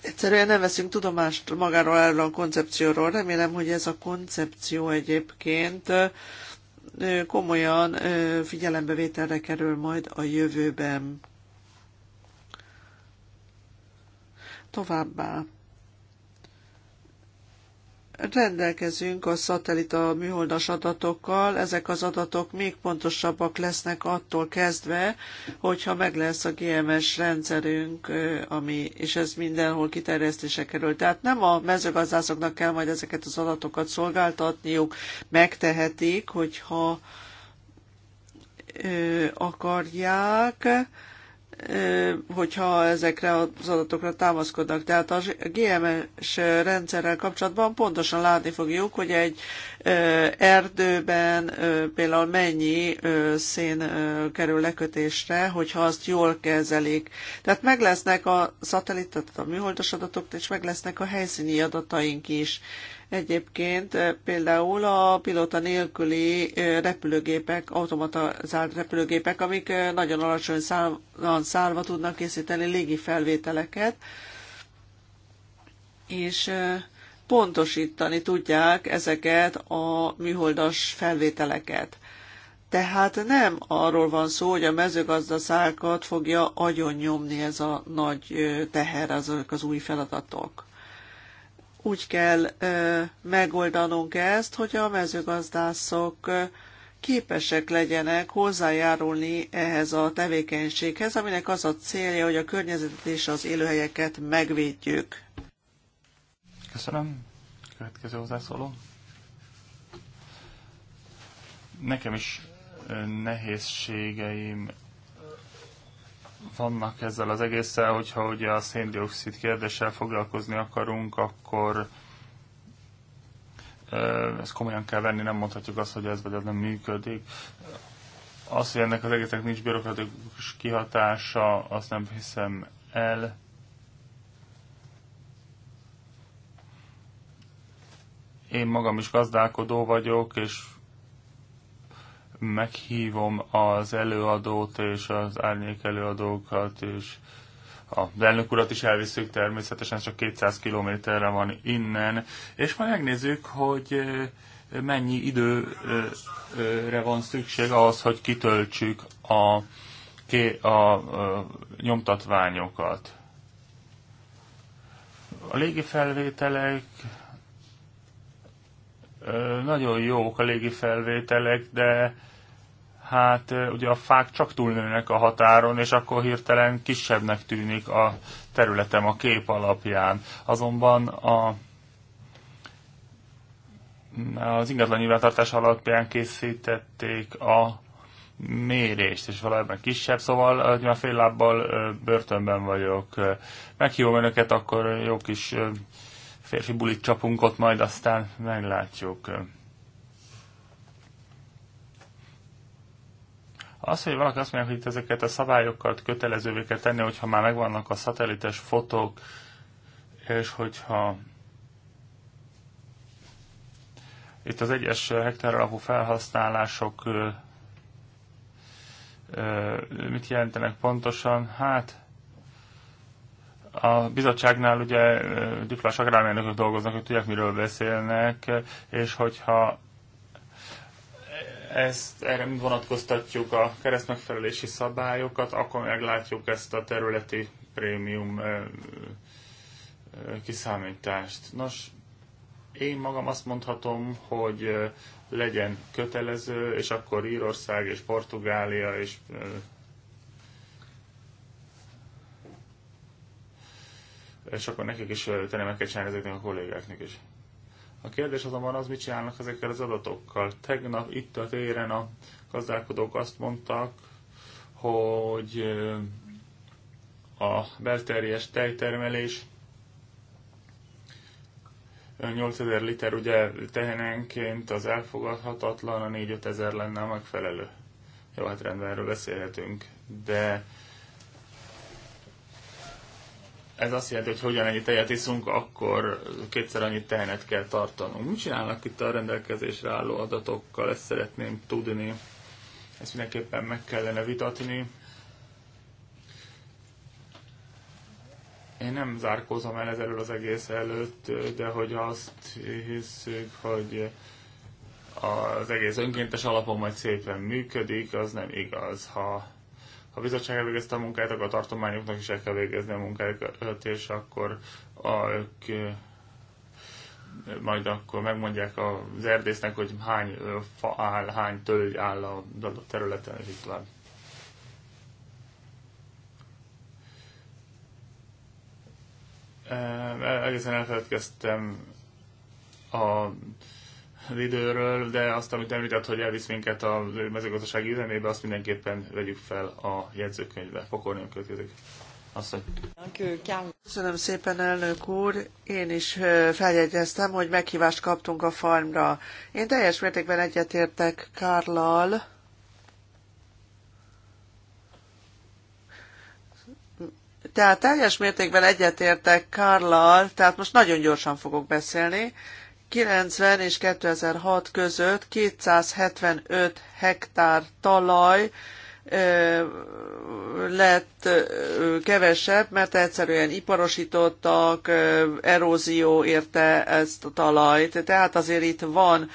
S3: egyszerűen nem veszünk tudomást magáról erről a koncepcióról. Remélem, hogy ez a koncepció egyébként komolyan figyelembevételre kerül majd a jövőben. Továbbá rendelkezünk a szatellita műholdas adatokkal, ezek az adatok még pontosabbak lesznek attól kezdve, hogyha meg lesz a GMS rendszerünk, ami, és ez mindenhol kiterjesztése kerül. Tehát nem a mezőgazdászoknak kell majd ezeket az adatokat szolgáltatniuk, megtehetik, hogyha ö, akarják, hogyha ezekre az adatokra támaszkodnak. Tehát a GMS rendszerrel kapcsolatban pontosan látni fogjuk, hogy egy erdőben például mennyi szén kerül lekötésre, hogyha azt jól kezelik. Tehát meg lesznek a szatellit, tehát a műholdas adatok, és meg lesznek a helyszíni adataink is. Egyébként eh, például a pilóta nélküli eh, repülőgépek, automatizált repülőgépek, amik eh, nagyon alacsony szállan szálva tudnak készíteni légi felvételeket, és pontosítani tudják ezeket a műholdas felvételeket. Tehát nem arról van szó, hogy a mezőgazdaságot fogja agyon nyomni ez a nagy teher, azok az új feladatok úgy kell megoldanunk ezt, hogy a mezőgazdászok képesek legyenek hozzájárulni ehhez a tevékenységhez, aminek az a célja, hogy a környezetet és az élőhelyeket megvédjük.
S1: Köszönöm. Következő hozzászóló. Nekem is nehézségeim vannak ezzel az egésszel, hogyha ugye a széndiokszid kérdéssel foglalkozni akarunk, akkor ezt komolyan kell venni, nem mondhatjuk azt, hogy ez vagy az nem működik. Az, hogy ennek az egésznek nincs bürokratikus kihatása, azt nem hiszem el. Én magam is gazdálkodó vagyok, és meghívom az előadót és az árnyék előadókat, és a elnök urat is elviszük természetesen, csak 200 kilométerre van innen, és majd megnézzük, hogy mennyi időre van szükség ahhoz, hogy kitöltsük a, a, a nyomtatványokat. A légi felvételek nagyon jók a légi felvételek, de hát ugye a fák csak túlnőnek a határon, és akkor hirtelen kisebbnek tűnik a területem a kép alapján. Azonban a az ingatlan nyilvántartás alapján készítették a mérést, és valójában kisebb, szóval már fél lábbal börtönben vagyok. Meghívom önöket, akkor jó kis férfi bulit csapunk ott, majd aztán meglátjuk. Az, hogy valaki azt mondja, hogy ezeket a szabályokat kötelezővé kell tenni, hogyha már megvannak a szatellites fotók, és hogyha itt az egyes hektár alapú felhasználások mit jelentenek pontosan? Hát a bizottságnál ugye diplomás agrármérnökök dolgoznak, hogy tudják, miről beszélnek, és hogyha ezt, erre mi vonatkoztatjuk a keresztmegfelelési szabályokat, akkor meglátjuk ezt a területi prémium kiszámítást. Nos, én magam azt mondhatom, hogy legyen kötelező, és akkor Írország és Portugália és és akkor nekik is meg kell csinálni ezeknek a kollégáknak is. A kérdés azonban az, mit csinálnak ezekkel az adatokkal. Tegnap itt a téren a gazdálkodók azt mondtak, hogy a belterjes tejtermelés 8000 liter ugye tehenenként az elfogadhatatlan, a 4-5 ezer lenne a megfelelő. Jó, hát rendben, erről beszélhetünk. De ez azt jelenti, hogy hogyan ennyi tejet iszunk, akkor kétszer annyi tehenet kell tartanunk. Mit csinálnak itt a rendelkezésre álló adatokkal, ezt szeretném tudni. Ezt mindenképpen meg kellene vitatni. Én nem zárkózom el ezzel az egész előtt, de hogy azt hiszük, hogy az egész önkéntes alapon majd szépen működik, az nem igaz, ha a bizottság elvégezte a munkáját, akkor a tartományoknak is el kell végezni a munkáját, és akkor a, ők majd akkor megmondják az erdésznek, hogy hány fa áll, hány tölgy áll a adott területen, és így van. egészen elfeledkeztem a Időről, de azt, amit említett, hogy elvisz minket a mezőgazdasági üzemébe, azt mindenképpen vegyük fel a jegyzőkönyvbe. Pokornyom következik.
S3: Köszönöm szépen, elnök úr. Én is feljegyeztem, hogy meghívást kaptunk a farmra. Én teljes mértékben egyetértek Kárlal, Tehát teljes mértékben egyetértek Karlal, tehát most nagyon gyorsan fogok beszélni. 90 és 2006 között 275 hektár talaj lett kevesebb, mert egyszerűen iparosítottak, erózió érte ezt a talajt. Tehát azért itt van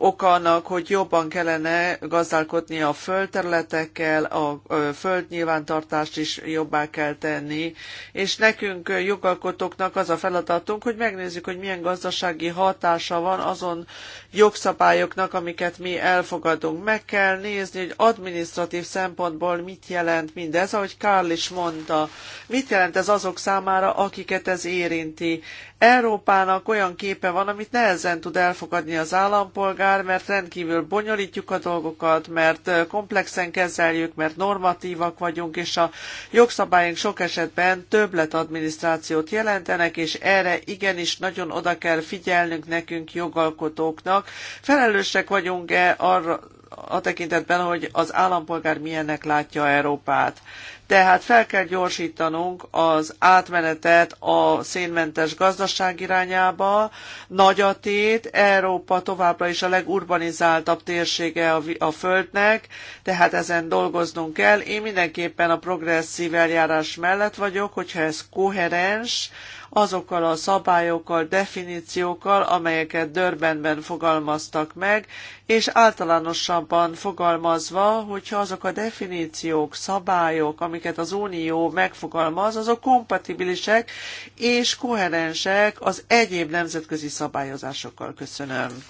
S3: oka annak, hogy jobban kellene gazdálkodni a földterületekkel, a földnyilvántartást is jobbá kell tenni, és nekünk jogalkotóknak az a feladatunk, hogy megnézzük, hogy milyen gazdasági hatása van azon jogszabályoknak, amiket mi elfogadunk. Meg kell nézni, hogy administratív szempontból mit jelent mindez, ahogy Karl is mondta. Mit jelent ez azok számára, akiket ez érinti? Európának olyan képe van, amit nehezen tud elfogadni az állampolgár, jár, mert rendkívül bonyolítjuk a dolgokat, mert komplexen kezeljük, mert normatívak vagyunk, és a jogszabályunk sok esetben többletadminisztrációt jelentenek, és erre igenis nagyon oda kell figyelnünk nekünk jogalkotóknak. Felelősek vagyunk-e arra a tekintetben, hogy az állampolgár milyennek látja Európát. Tehát fel kell gyorsítanunk az átmenetet a szénmentes gazdaság irányába. Nagy a tét, Európa továbbra is a legurbanizáltabb térsége a, a Földnek, tehát ezen dolgoznunk kell. Én mindenképpen a progresszív eljárás mellett vagyok, hogyha ez koherens, azokkal a szabályokkal, definíciókkal, amelyeket Dörbenben fogalmaztak meg, és általánosabban fogalmazva, hogyha azok a definíciók, szabályok, amiket az Unió megfogalmaz, azok kompatibilisek és koherensek az egyéb nemzetközi szabályozásokkal. Köszönöm.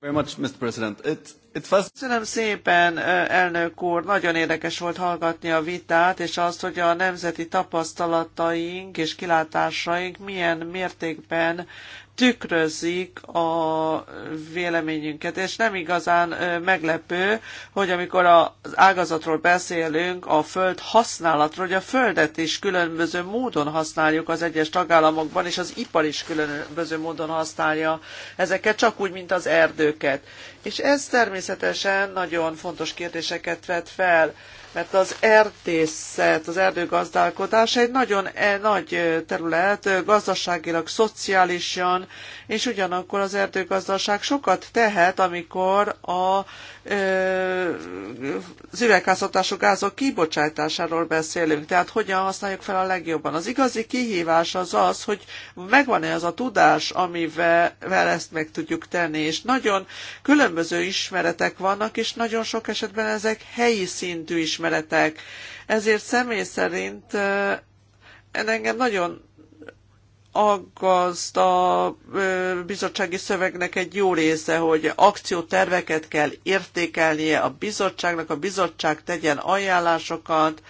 S3: Very much, Mr. President. Köszönöm szépen, elnök úr, nagyon érdekes volt hallgatni a vitát, és azt, hogy a nemzeti tapasztalataink és kilátásaink milyen mértékben tükrözik a véleményünket, és nem igazán meglepő, hogy amikor az ágazatról beszélünk, a föld használatról, hogy a földet is különböző módon használjuk az egyes tagállamokban, és az ipar is különböző módon használja ezeket, csak úgy, mint az erdőket. És ez természetesen természetesen nagyon fontos kérdéseket vet fel mert az erdészet, az erdőgazdálkodás egy nagyon e, nagy terület, gazdaságilag, szociálisan, és ugyanakkor az erdőgazdaság sokat tehet, amikor a, az üvegházhatású gázok kibocsátásáról beszélünk, tehát hogyan használjuk fel a legjobban. Az igazi kihívás az az, hogy megvan-e az a tudás, amivel ezt meg tudjuk tenni, és nagyon különböző ismeretek vannak, és nagyon sok esetben ezek helyi szintű ismeretek, ismeretek. Ezért személy szerint engem nagyon aggaszt a bizottsági szövegnek egy jó része, hogy akcióterveket kell értékelnie a bizottságnak, a bizottság tegyen ajánlásokat.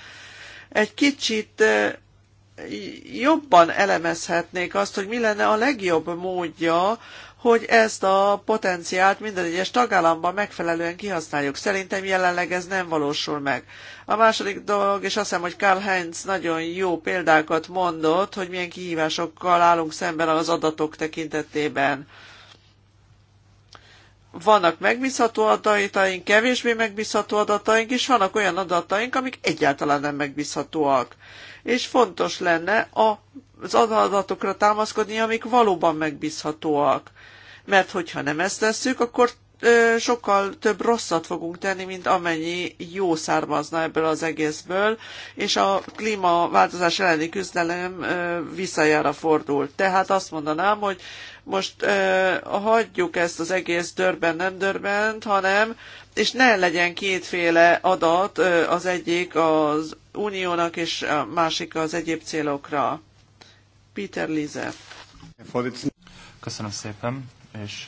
S3: Egy kicsit jobban elemezhetnék azt, hogy mi lenne a legjobb módja hogy ezt a potenciált minden egyes tagállamban megfelelően kihasználjuk. Szerintem jelenleg ez nem valósul meg. A második dolog, és azt hiszem, hogy Karl Heinz nagyon jó példákat mondott, hogy milyen kihívásokkal állunk szemben az adatok tekintetében vannak megbízható adataink, kevésbé megbízható adataink, és vannak olyan adataink, amik egyáltalán nem megbízhatóak. És fontos lenne az adatokra támaszkodni, amik valóban megbízhatóak mert hogyha nem ezt tesszük, akkor sokkal több rosszat fogunk tenni, mint amennyi jó származna ebből az egészből, és a klímaváltozás elleni küzdelem visszajára fordul. Tehát azt mondanám, hogy most ö, hagyjuk ezt az egész dörben nem dörbent, hanem, és ne legyen kétféle adat, az egyik az uniónak, és a másik az egyéb célokra. Peter Lize.
S1: Köszönöm szépen és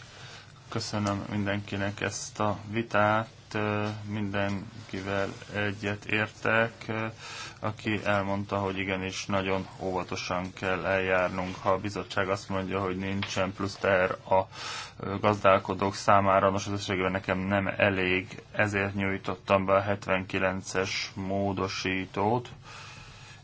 S1: köszönöm mindenkinek ezt a vitát. Mindenkivel egyet értek, aki elmondta, hogy igenis nagyon óvatosan kell eljárnunk, ha a bizottság azt mondja, hogy nincsen plusz ter a gazdálkodók számára. Nos, az összegében nekem nem elég, ezért nyújtottam be a 79-es módosítót,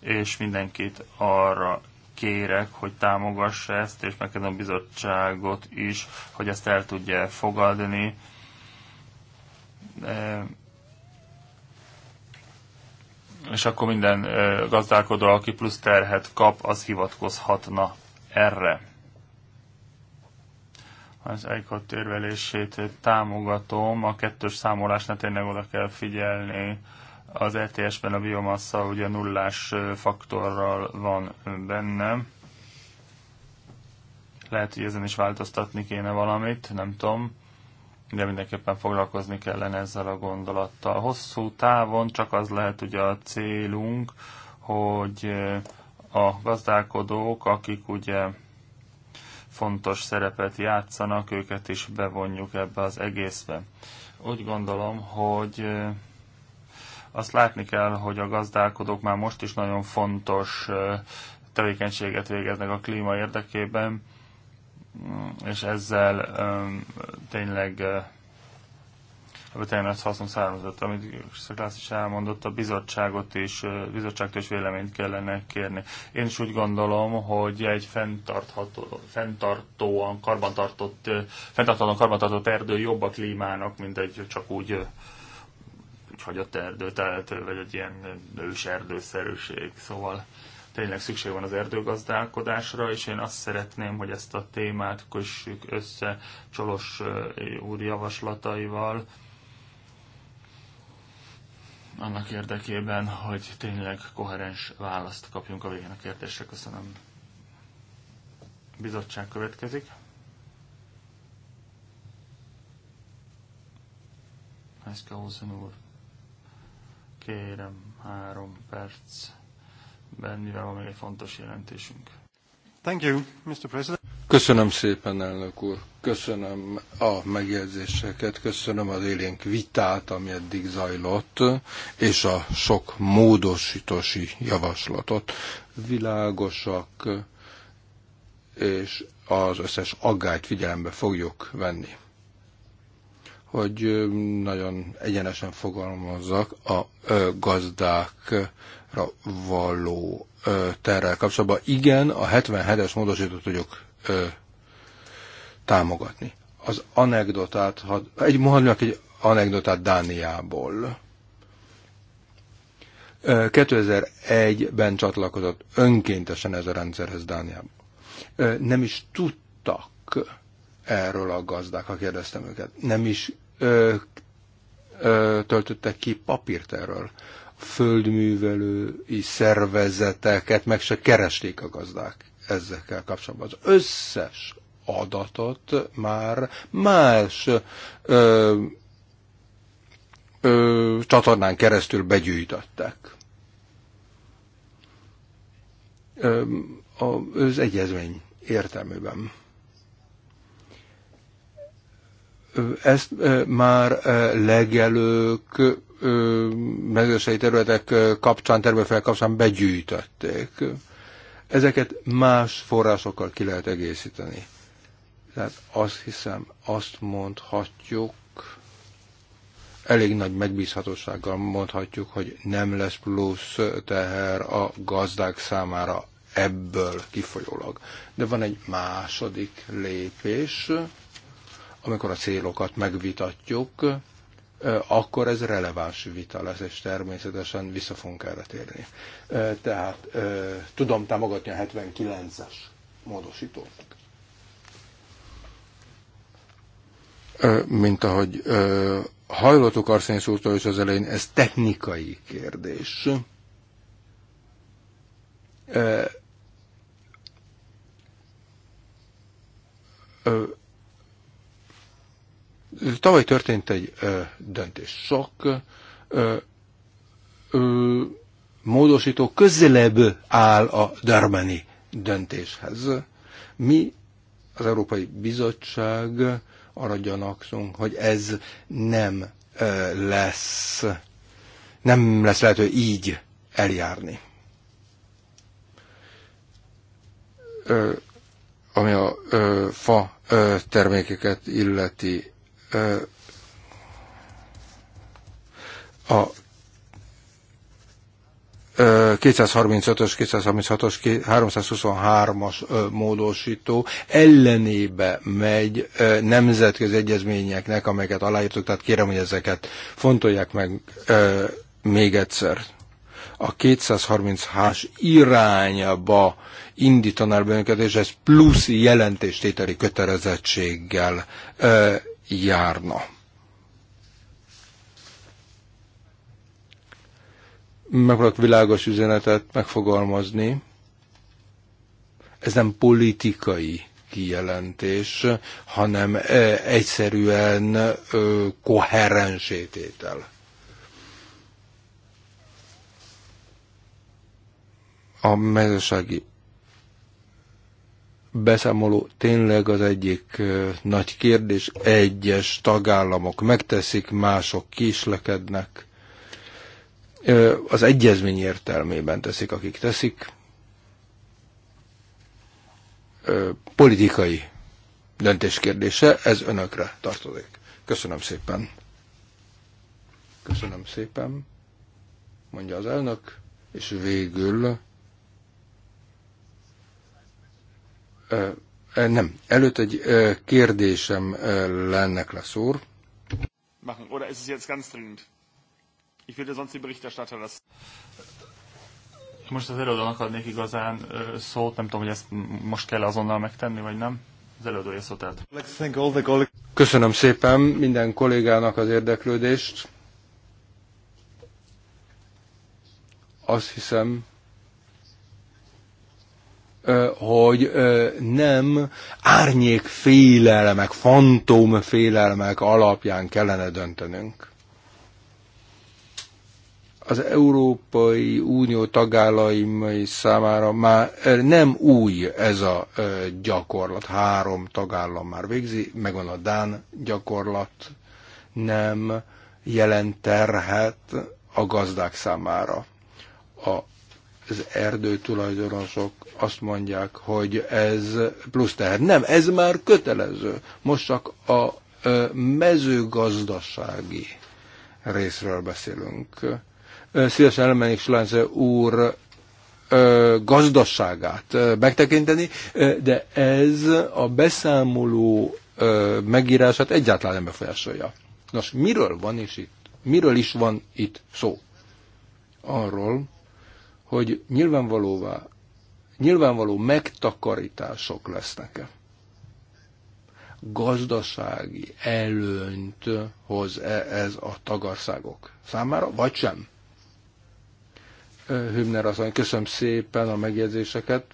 S1: és mindenkit arra kérek, hogy támogassa ezt, és megkérdem a bizottságot is, hogy ezt el tudja fogadni. E, és akkor minden e, gazdálkodó, aki plusz terhet kap, az hivatkozhatna erre. Az EICOT érvelését támogatom, a kettős számolásnál tényleg oda kell figyelni, az ETS-ben a biomassa ugye nullás faktorral van benne. Lehet, hogy ezen is változtatni kéne valamit, nem tudom de mindenképpen foglalkozni kellene ezzel a gondolattal. Hosszú távon csak az lehet ugye a célunk, hogy a gazdálkodók, akik ugye fontos szerepet játszanak, őket is bevonjuk ebbe az egészbe. Úgy gondolom, hogy azt látni kell, hogy a gazdálkodók már most is nagyon fontos tevékenységet végeznek a klíma érdekében, mm, és ezzel tényleg veterinás haszon származott, amit Szeklász is elmondott, a bizottságot is, bizottságtól is véleményt kellene kérni. Én is úgy gondolom, hogy egy fenntartható, fenntartóan karbantartott, fenntartóan karbantartott erdő jobb a klímának, mint egy csak úgy egy hagyott erdőt eltől, vagy egy ilyen ős erdőszerűség. Szóval tényleg szükség van az erdőgazdálkodásra, és én azt szeretném, hogy ezt a témát kössük össze Csolos úr javaslataival, annak érdekében, hogy tényleg koherens választ kapjunk a végén a kérdésre. Köszönöm. Bizottság következik. Heszka Olsen úr kérem három perc. Bennivel van még egy fontos jelentésünk.
S2: Thank you, Mr. President. Köszönöm szépen, elnök úr. Köszönöm a megjegyzéseket, köszönöm az élénk vitát, ami eddig zajlott, és a sok módosítási javaslatot. Világosak, és az összes aggályt figyelembe fogjuk venni hogy nagyon egyenesen fogalmazzak a gazdákra való terrel kapcsolatban. Igen, a 77-es módosítót tudjuk támogatni. Az anekdotát, had, egy, mondjak egy anekdotát Dániából. 2001-ben csatlakozott önkéntesen ez a rendszerhez Dániában. Nem is tudtak erről a gazdák, ha kérdeztem őket. Nem is ö, ö, töltöttek ki papírt erről. Földművelői szervezeteket meg se keresték a gazdák ezekkel kapcsolatban. Az összes adatot már más ö, ö, csatornán keresztül begyűjtöttek. Ö, az egyezmény értelmében. Ezt már legelők mezőségi területek kapcsán, termőfel kapcsán begyűjtötték. Ezeket más forrásokkal ki lehet egészíteni. Tehát azt hiszem, azt mondhatjuk, elég nagy megbízhatósággal mondhatjuk, hogy nem lesz plusz teher a gazdák számára ebből kifolyólag. De van egy második lépés, amikor a célokat megvitatjuk, akkor ez releváns vita lesz, és természetesen vissza fogunk erre térni. Tehát tudom támogatni a 79-es módosítót. Mint ahogy hajlottuk Arszénsz úrtól is az elején, ez technikai kérdés. Ö, ö, Tavaly történt egy döntés. Sok módosító közelebb áll a Darmani döntéshez. Mi, az Európai Bizottság arra gyanakszunk, hogy ez nem lesz, nem lesz lehető így eljárni. ami a fa termékeket illeti a 235-ös, 236-os, 323-as módosító ellenébe megy nemzetközi egyezményeknek, amelyeket aláírtuk, tehát kérem, hogy ezeket fontolják meg még egyszer. A 233-as irányába indítanál bőnöket, és ez plusz jelentéstételi kötelezettséggel járna. Megpróbálok világos üzenetet megfogalmazni. Ez nem politikai kijelentés, hanem egyszerűen koherensététel. A mezősági beszámoló tényleg az egyik nagy kérdés. Egyes tagállamok megteszik, mások kislekednek. Az egyezmény értelmében teszik, akik teszik. Politikai döntés kérdése, ez önökre tartozik. Köszönöm szépen. Köszönöm szépen, mondja az elnök, és végül Nem. Előtt egy kérdésem lenne, Klasz úr. Machen.
S1: Oder ist es jetzt ganz dringend? Ich würde sonst Berichterstatter Most az előadónak adnék igazán szót, nem tudom, hogy ezt most kell azonnal megtenni, vagy nem. Az előadója szót elt.
S2: Köszönöm szépen minden kollégának az érdeklődést. Azt hiszem, hogy nem árnyék félelmek, fantóm félelmek alapján kellene döntenünk. Az Európai Unió tagállaimai számára már nem új ez a gyakorlat. Három tagállam már végzi, megvan a Dán gyakorlat, nem jelent terhet a gazdák számára. A az erdőtulajdonosok azt mondják, hogy ez plusz teher. Nem, ez már kötelező. Most csak a mezőgazdasági részről beszélünk. Szívesen elmennék Slánce úr gazdaságát megtekinteni, de ez a beszámoló megírását egyáltalán nem befolyásolja. Nos, miről van is itt? Miről is van itt szó? Arról, hogy nyilvánvalóvá, nyilvánvaló megtakarítások lesznek-e. Gazdasági előnyt hoz -e ez a tagországok számára, vagy sem? Hübner asszony, köszönöm szépen a megjegyzéseket.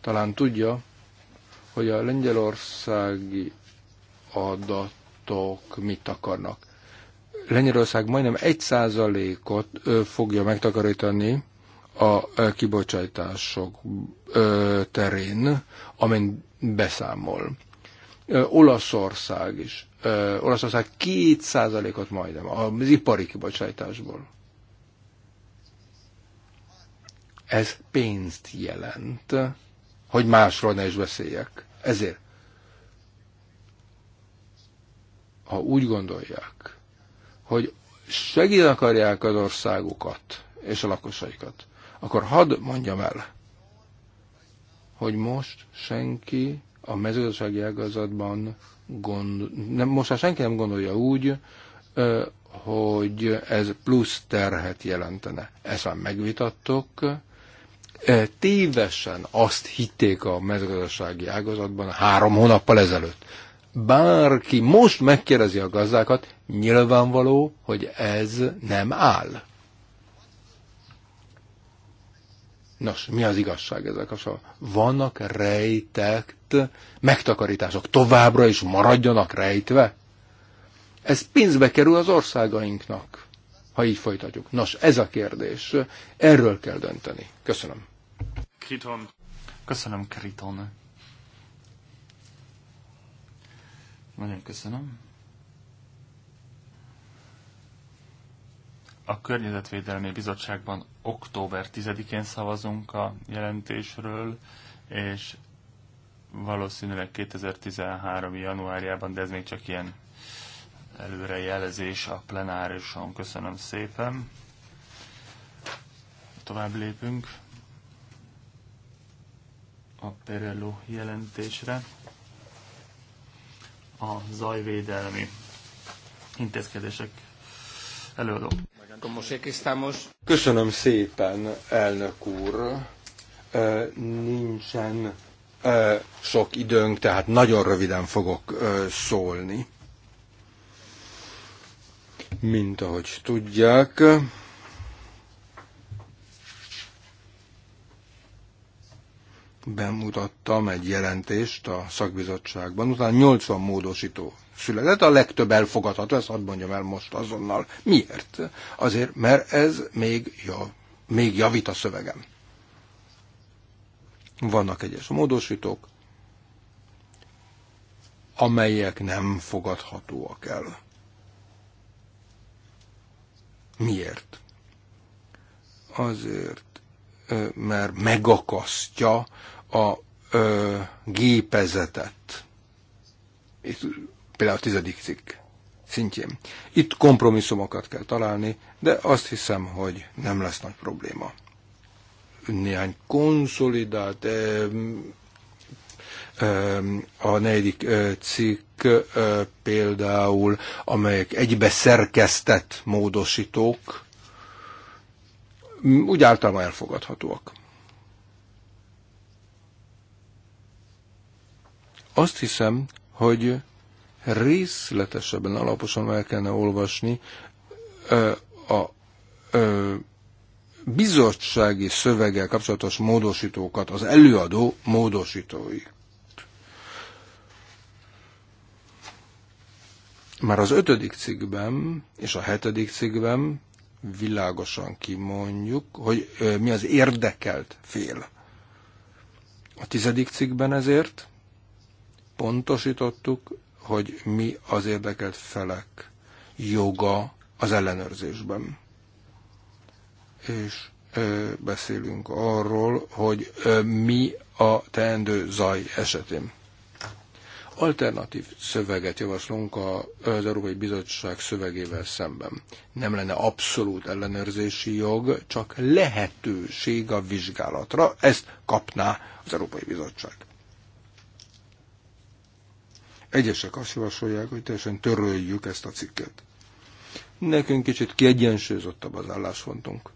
S2: Talán tudja, hogy a lengyelországi adatok mit akarnak Lengyelország majdnem egy ot fogja megtakarítani a kibocsátások terén, amin beszámol. Olaszország is. Olaszország két ot majdnem az ipari kibocsátásból. Ez pénzt jelent, hogy másról ne is beszéljek. Ezért, ha úgy gondolják, hogy segíteni akarják az országukat és a lakosaikat, akkor hadd mondjam el, hogy most senki a mezőgazdasági ágazatban gond, nem, most már senki nem gondolja úgy, hogy ez plusz terhet jelentene. Ezt már megvitattok. Tévesen azt hitték a mezőgazdasági ágazatban három hónappal ezelőtt bárki most megkérdezi a gazdákat, nyilvánvaló, hogy ez nem áll. Nos, mi az igazság ezek a sor? Vannak rejtett megtakarítások. Továbbra is maradjanak rejtve? Ez pénzbe kerül az országainknak, ha így folytatjuk. Nos, ez a kérdés. Erről kell dönteni. Köszönöm.
S1: Kriton. Köszönöm, Kriton. Nagyon köszönöm. A Környezetvédelmi Bizottságban október 10-én szavazunk a jelentésről, és valószínűleg 2013. januárjában, de ez még csak ilyen előrejelzés a plenárison. Köszönöm szépen. Tovább lépünk a Perello jelentésre a zajvédelmi intézkedések előadó.
S2: Köszönöm szépen, elnök úr. Nincsen sok időnk, tehát nagyon röviden fogok szólni. Mint ahogy tudják, bemutattam egy jelentést a szakbizottságban, utána 80 módosító született, a legtöbb elfogadható, ezt hadd mondjam el most azonnal. Miért? Azért, mert ez még, jav, még javít a szövegem. Vannak egyes módosítók, amelyek nem fogadhatóak el. Miért? Azért, mert megakasztja a gépezetet. Itt például a tizedik cikk szintjén. Itt kompromisszumokat kell találni, de azt hiszem, hogy nem lesz nagy probléma. Néhány konszolidált a negyedik cikk például, amelyek egybe szerkesztett módosítók, úgy általában elfogadhatóak. Azt hiszem, hogy részletesebben, alaposan el kellene olvasni a bizottsági szöveggel kapcsolatos módosítókat, az előadó módosítói. Már az ötödik cikkben és a hetedik cikkben világosan kimondjuk, hogy mi az érdekelt fél. A tizedik cikkben ezért pontosítottuk, hogy mi az érdekelt felek joga az ellenőrzésben. És ö, beszélünk arról, hogy ö, mi a teendő zaj esetén. Alternatív szöveget javaslunk az Európai Bizottság szövegével szemben. Nem lenne abszolút ellenőrzési jog, csak lehetőség a vizsgálatra. Ezt kapná az Európai Bizottság. Egyesek azt javasolják, hogy teljesen töröljük ezt a cikket. Nekünk kicsit kiegyensúlyozottabb az álláspontunk.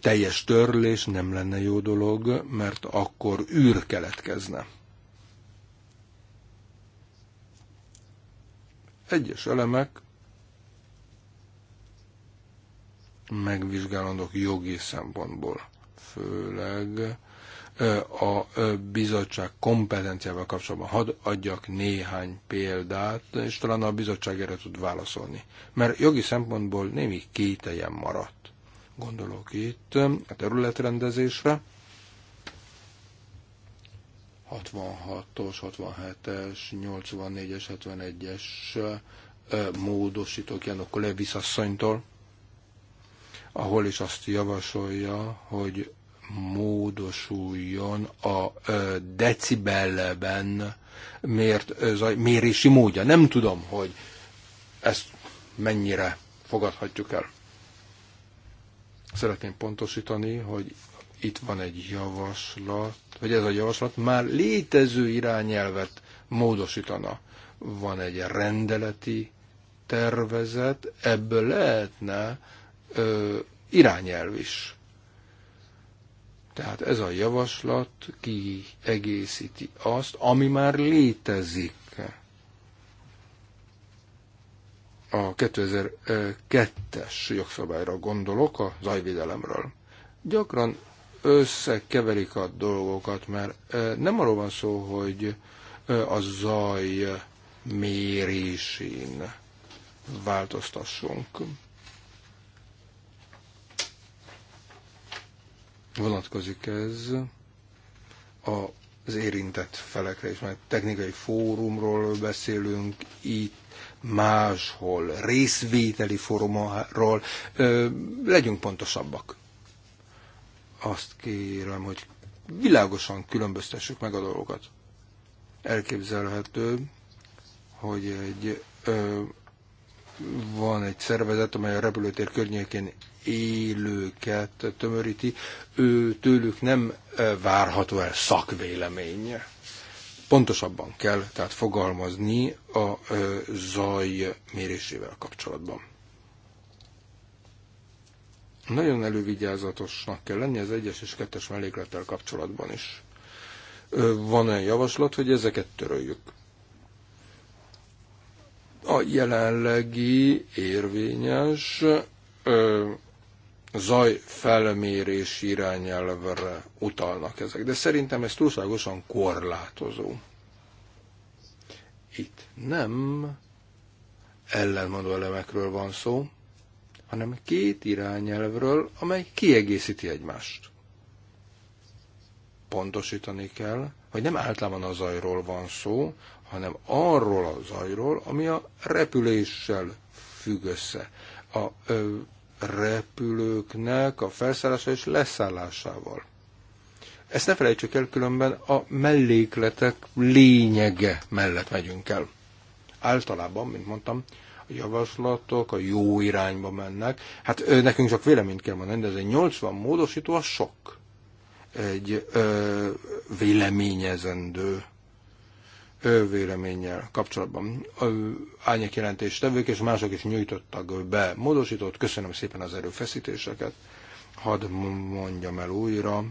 S2: teljes törlés nem lenne jó dolog, mert akkor űr keletkezne. Egyes elemek megvizsgálandók jogi szempontból, főleg a bizottság kompetenciával kapcsolatban. Hadd adjak néhány példát, és talán a bizottság erre tud válaszolni. Mert jogi szempontból némi kételjem maradt. Gondolok itt a területrendezésre, 66-os, 67-es, 84-es, 71-es módosítók Janok Levis asszonytól, ahol is azt javasolja, hogy módosuljon a decibelben mért, zaj, mérési módja. Nem tudom, hogy ezt mennyire fogadhatjuk el. Szeretném pontosítani, hogy itt van egy javaslat, vagy ez a javaslat már létező irányelvet módosítana. Van egy rendeleti tervezet, ebből lehetne ö, irányelv is. Tehát ez a javaslat kiegészíti azt, ami már létezik a 2002-es jogszabályra gondolok, a zajvédelemről. Gyakran összekeverik a dolgokat, mert nem arról van szó, hogy a zaj mérésén változtassunk. Vonatkozik ez az érintett felekre is, mert technikai fórumról beszélünk itt, máshol, részvételi fórumról. Legyünk pontosabbak. Azt kérem, hogy világosan különböztessük meg a dolgokat. Elképzelhető, hogy egy ö, van egy szervezet, amely a repülőtér környékén élőket tömöríti, ő, tőlük nem várható el szakvéleménye pontosabban kell tehát fogalmazni a zaj mérésével kapcsolatban. Nagyon elővigyázatosnak kell lenni az egyes és kettes melléklettel kapcsolatban is. Van olyan javaslat, hogy ezeket töröljük. A jelenlegi érvényes zajfelmérés irányelvre utalnak ezek. De szerintem ez túlságosan korlátozó. Itt nem ellenmondó elemekről van szó, hanem két irányelvről, amely kiegészíti egymást. Pontosítani kell, hogy nem általában a zajról van szó, hanem arról a zajról, ami a repüléssel függ össze. A ö, repülőknek a felszállása és leszállásával. Ezt ne felejtsük el, különben a mellékletek lényege mellett megyünk el. Általában, mint mondtam, a javaslatok a jó irányba mennek. Hát ö, nekünk csak véleményt kell mondani, de ez egy 80 módosító a sok. Egy ö, véleményezendő véleménnyel kapcsolatban. Ányek jelentéstevők és mások is nyújtottak be módosítót. Köszönöm szépen az erőfeszítéseket. Hadd mondjam el újra,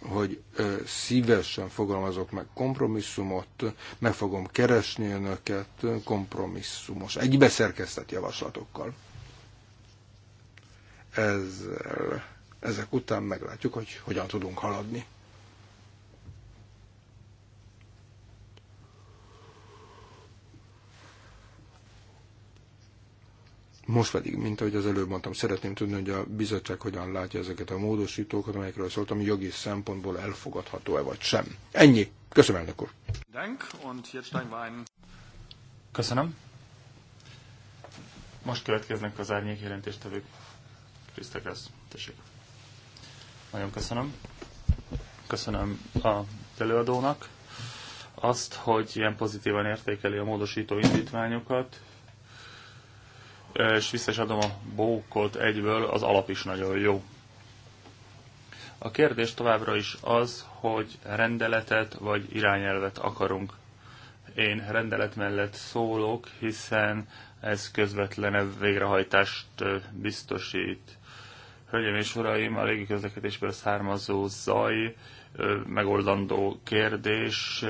S2: hogy szívesen fogalmazok meg kompromisszumot, meg fogom keresni önöket kompromisszumos, egybeszerkesztett javaslatokkal. Ezzel, ezek után meglátjuk, hogy hogyan tudunk haladni. Most pedig, mint ahogy az előbb mondtam, szeretném tudni, hogy a bizottság hogyan látja ezeket a módosítókat, amelyekről szóltam, jogi szempontból elfogadható-e
S1: vagy sem. Ennyi. Köszönöm, elnök úr. Köszönöm. Most következnek az árnyék jelentéstevők. Krisztekász, tessék. Nagyon köszönöm. Köszönöm a előadónak azt, hogy ilyen pozitívan értékeli a módosító indítványokat, és vissza is adom a bókot egyből, az alap is nagyon jó. A kérdés továbbra is az, hogy rendeletet vagy irányelvet akarunk. Én rendelet mellett szólok, hiszen ez közvetlenebb végrehajtást biztosít. Hölgyeim és uraim, a közlekedésből származó zaj megoldandó kérdés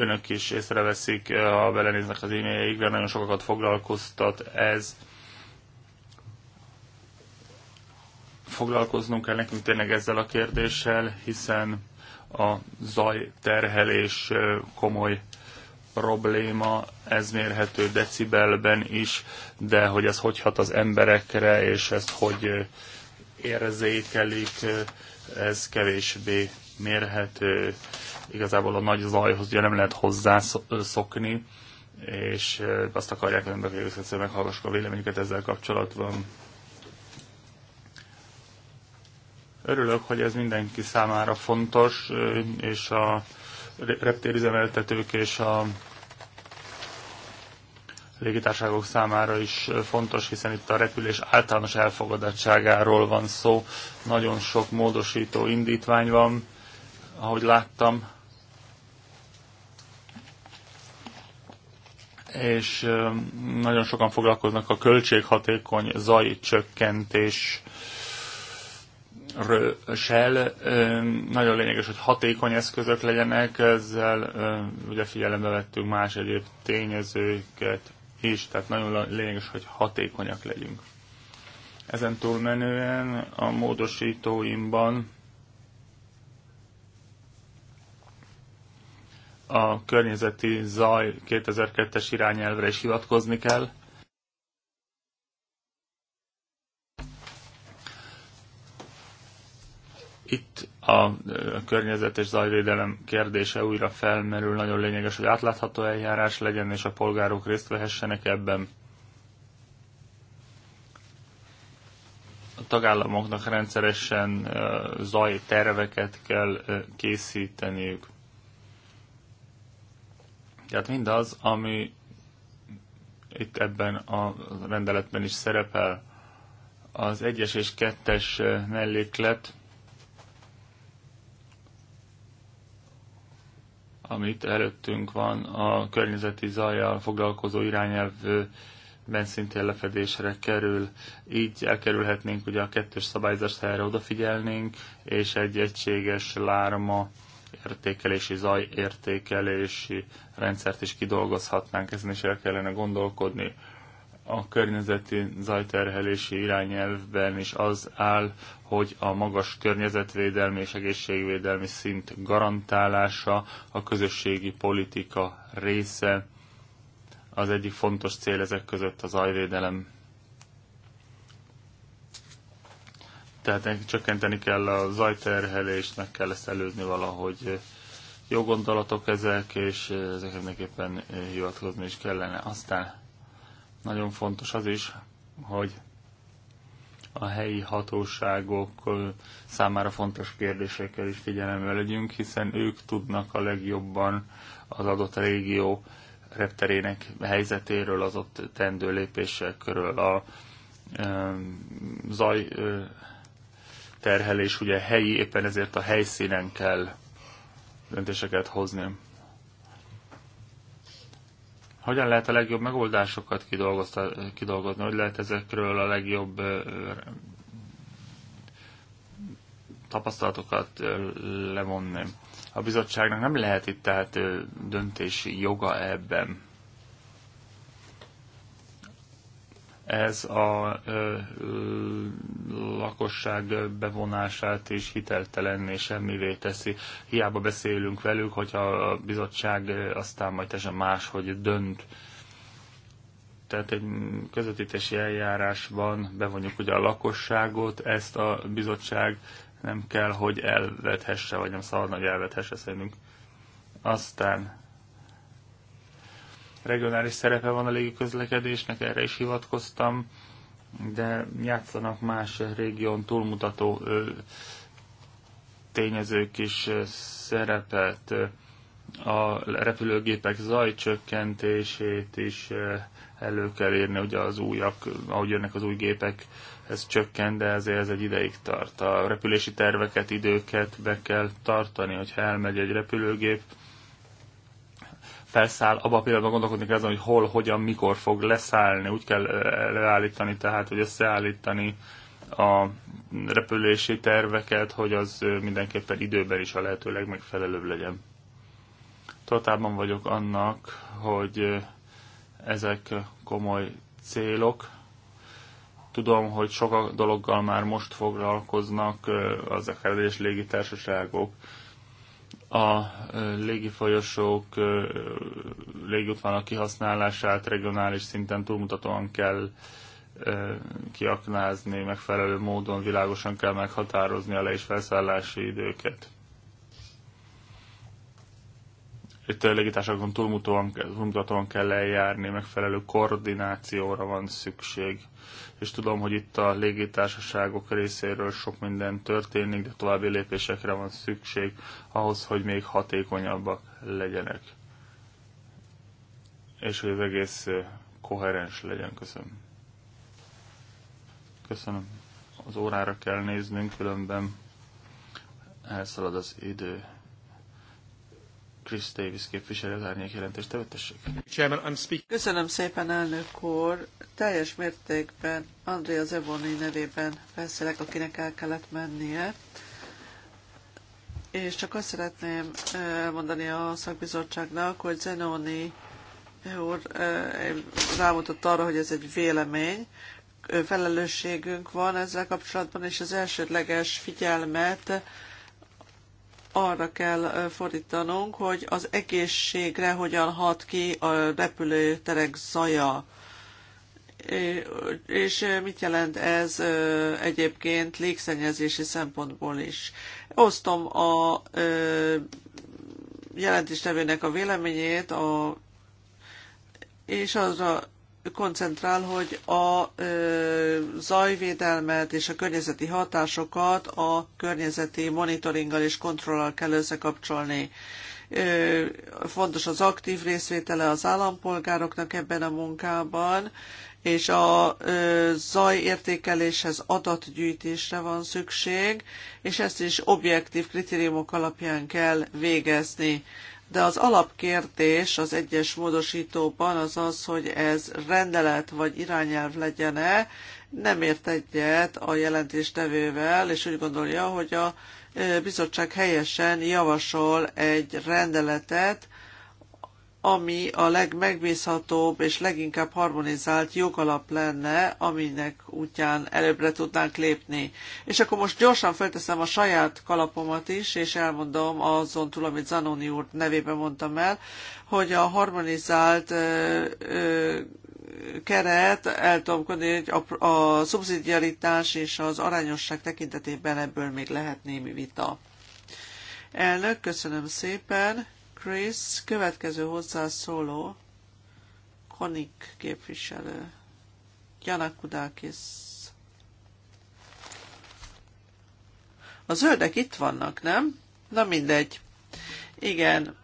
S1: önök is észreveszik, eh, ha belenéznek az e-mailjeikre, nagyon sokakat foglalkoztat ez. Foglalkoznunk kell nekünk tényleg ezzel a kérdéssel, hiszen a zaj terhelés eh, komoly probléma, ez mérhető decibelben is, de hogy ez hogy hat az emberekre, és ezt hogy eh, érzékelik, ez kevésbé mérhető, igazából a nagy zajhoz ugye nem lehet hozzászokni, és azt akarják az emberek, hogy egyszer meghallgassuk a véleményüket ezzel kapcsolatban. Örülök, hogy ez mindenki számára fontos, és a reptérüzemeltetők és a légitárságok számára is fontos, hiszen itt a repülés általános elfogadottságáról van szó. Nagyon sok módosító indítvány van, ahogy láttam. És nagyon sokan foglalkoznak a költséghatékony zaj csökkentés sel. Nagyon lényeges, hogy hatékony eszközök legyenek, ezzel ugye figyelembe vettünk más egyéb tényezőket is, tehát nagyon lényeges, hogy hatékonyak legyünk. Ezen túlmenően a módosítóimban a környezeti zaj 2002-es irányelvre is hivatkozni kell. Itt a környezet és zajvédelem kérdése újra felmerül. Nagyon lényeges, hogy átlátható eljárás legyen, és a polgárok részt vehessenek ebben. A tagállamoknak rendszeresen zajterveket kell készíteniük. Tehát mindaz, ami itt ebben a rendeletben is szerepel, az egyes és kettes melléklet, amit előttünk van a környezeti zajjal foglalkozó irányelvben szintén lefedésre kerül. Így elkerülhetnénk ugye a kettős szabályzást, ha erre odafigyelnénk, és egy egységes lárma értékelési, zajértékelési rendszert is kidolgozhatnánk, ezen is el kellene gondolkodni. A környezeti zajterhelési irányelvben is az áll, hogy a magas környezetvédelmi és egészségvédelmi szint garantálása a közösségi politika része. Az egyik fontos cél ezek között a zajvédelem Tehát csökkenteni kell a zajterhelést, meg kell ezt előzni valahogy. Jó gondolatok ezek, és ezeknek mindenképpen hivatkozni is kellene. Aztán nagyon fontos az is, hogy a helyi hatóságok számára fontos kérdésekkel is figyelemmel legyünk, hiszen ők tudnak a legjobban az adott régió repterének helyzetéről, az ott tendő lépésekről, a zaj terhelés ugye helyi, éppen ezért a helyszínen kell döntéseket hozni. Hogyan lehet a legjobb megoldásokat kidolgozni? Hogy lehet ezekről a legjobb tapasztalatokat levonni? A bizottságnak nem lehet itt tehát döntési joga ebben. ez a ö, ö, lakosság bevonását és hiteltelenné semmivé teszi. Hiába beszélünk velük, hogyha a bizottság aztán majd teljesen máshogy dönt. Tehát egy közvetítési eljárásban bevonjuk ugye a lakosságot, ezt a bizottság nem kell, hogy elvethesse, vagy nem szabadna, hogy elvethesse szerintünk. Aztán regionális szerepe van a légiközlekedésnek, erre is hivatkoztam, de játszanak más régión túlmutató tényezők is szerepet. A repülőgépek zajcsökkentését is elő kell érni, ugye az újak, ahogy jönnek az új gépek, ez csökkent, de ezért ez egy ideig tart. A repülési terveket, időket be kell tartani, hogyha elmegy egy repülőgép, felszáll, abban a pillanatban gondolkodni kell azon, hogy hol, hogyan, mikor fog leszállni. Úgy kell leállítani, tehát, hogy összeállítani a repülési terveket, hogy az mindenképpen időben is a lehető legmegfelelőbb legyen. Totában vagyok annak, hogy ezek komoly célok. Tudom, hogy sok dologgal már most foglalkoznak az akár légi társaságok, a légifolyosók folyosók, kihasználását regionális szinten túlmutatóan kell kiaknázni, megfelelő módon világosan kell meghatározni a le- és felszállási időket. itt a eh, légitársakon túlmutatóan, túlmutatóan kell eljárni, megfelelő koordinációra van szükség. És tudom, hogy itt a légitársaságok részéről sok minden történik, de további lépésekre van szükség ahhoz, hogy még hatékonyabbak legyenek. És hogy az egész eh, koherens legyen. Köszönöm. Köszönöm. Az órára kell néznünk, különben elszalad az idő. Chris Davis képviselő az árnyék jelentést tevetessék.
S3: Köszönöm szépen, elnök úr. Teljes mértékben Andrea Zeboni nevében beszélek, akinek el kellett mennie. És csak azt szeretném mondani a szakbizottságnak, hogy Zenoni úr rámutott arra, hogy ez egy vélemény, felelősségünk van ezzel kapcsolatban, és az elsődleges figyelmet arra kell fordítanunk, hogy az egészségre hogyan hat ki a repülőterek zaja. És mit jelent ez egyébként légszennyezési szempontból is? Osztom a jelentéstevőnek a véleményét, a, és azra koncentrál, hogy a zajvédelmet és a környezeti hatásokat a környezeti monitoringgal és kontrollal kell összekapcsolni. Fontos az aktív részvétele az állampolgároknak ebben a munkában, és a zajértékeléshez adatgyűjtésre van szükség, és ezt is objektív kritériumok alapján kell végezni de az alapkérdés az egyes módosítóban az az, hogy ez rendelet vagy irányelv legyen-e, nem ért egyet a jelentéstevővel, és úgy gondolja, hogy a bizottság helyesen javasol egy rendeletet, ami a legmegbízhatóbb és leginkább harmonizált jogalap lenne, aminek útján előbbre tudnánk lépni. És akkor most gyorsan felteszem a saját kalapomat is, és elmondom azon túl, amit Zanoni úr nevében mondtam el, hogy a harmonizált ö, ö, keret, el tudom kodni, hogy a, a szubszidiaritás és az arányosság tekintetében ebből még lehet némi vita. Elnök, köszönöm szépen! Chris, következő hozzászóló, Konik képviselő, Janakudákis. A zöldek itt vannak, nem? Na mindegy. Igen.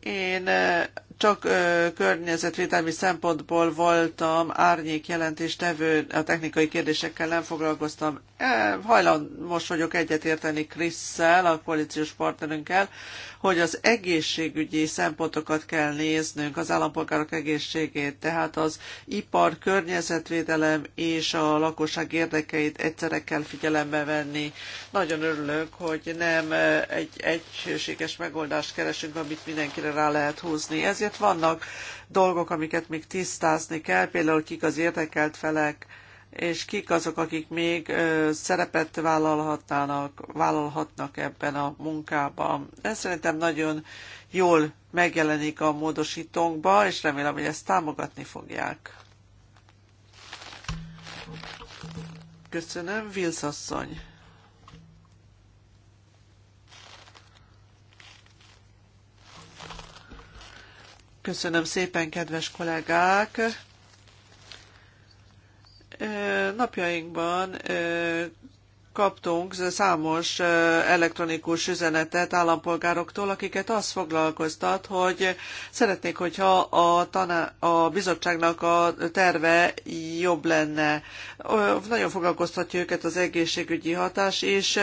S3: Én eh, csak ö, eh, környezetvédelmi szempontból voltam árnyék jelentéstevő, a technikai kérdésekkel nem foglalkoztam hajlamos vagyok egyetérteni Krisszel, a koalíciós partnerünkkel, hogy az egészségügyi szempontokat kell néznünk, az állampolgárok egészségét, tehát az ipar, környezetvédelem és a lakosság érdekeit egyszerre kell figyelembe venni. Nagyon örülök, hogy nem egy egységes megoldást keresünk, amit mindenkire rá lehet húzni. Ezért vannak dolgok, amiket még tisztázni kell, például kik az érdekelt felek, és kik azok, akik még szerepet vállalhatnának, vállalhatnak ebben a munkában. Ez szerintem nagyon jól megjelenik a módosítónkba, és remélem, hogy ezt támogatni fogják. Köszönöm, Vilsz asszony. Köszönöm szépen, kedves kollégák! Napjainkban kaptunk számos elektronikus üzenetet állampolgároktól, akiket azt foglalkoztat, hogy szeretnék, hogyha a, taná- a bizottságnak a terve jobb lenne. Nagyon foglalkoztatja őket az egészségügyi hatás, és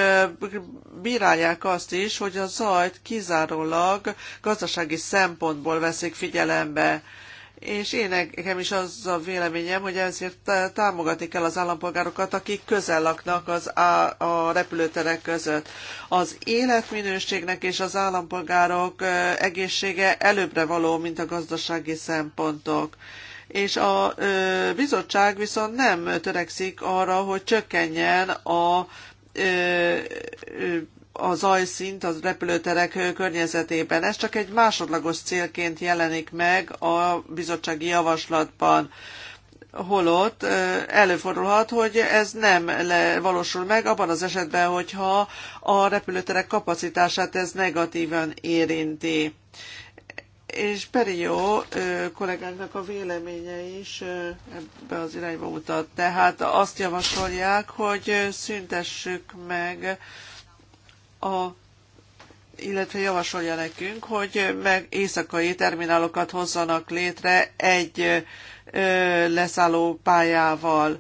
S3: bírálják azt is, hogy a zajt kizárólag gazdasági szempontból veszik figyelembe és én nekem is az a véleményem, hogy ezért támogatni kell az állampolgárokat, akik közel laknak az á, a repülőterek között. Az életminőségnek és az állampolgárok egészsége előbbre való, mint a gazdasági szempontok és a bizottság viszont nem törekszik arra, hogy csökkenjen a a zajszint a repülőterek környezetében. Ez csak egy másodlagos célként jelenik meg a bizottsági javaslatban holott előfordulhat, hogy ez nem le, valósul meg abban az esetben, hogyha a repülőterek kapacitását ez negatívan érinti. És Perió kollégánknak a véleménye is ebbe az irányba mutat. Tehát azt javasolják, hogy szüntessük meg a illetve javasolja nekünk, hogy meg éjszakai terminálokat hozzanak létre egy leszálló pályával,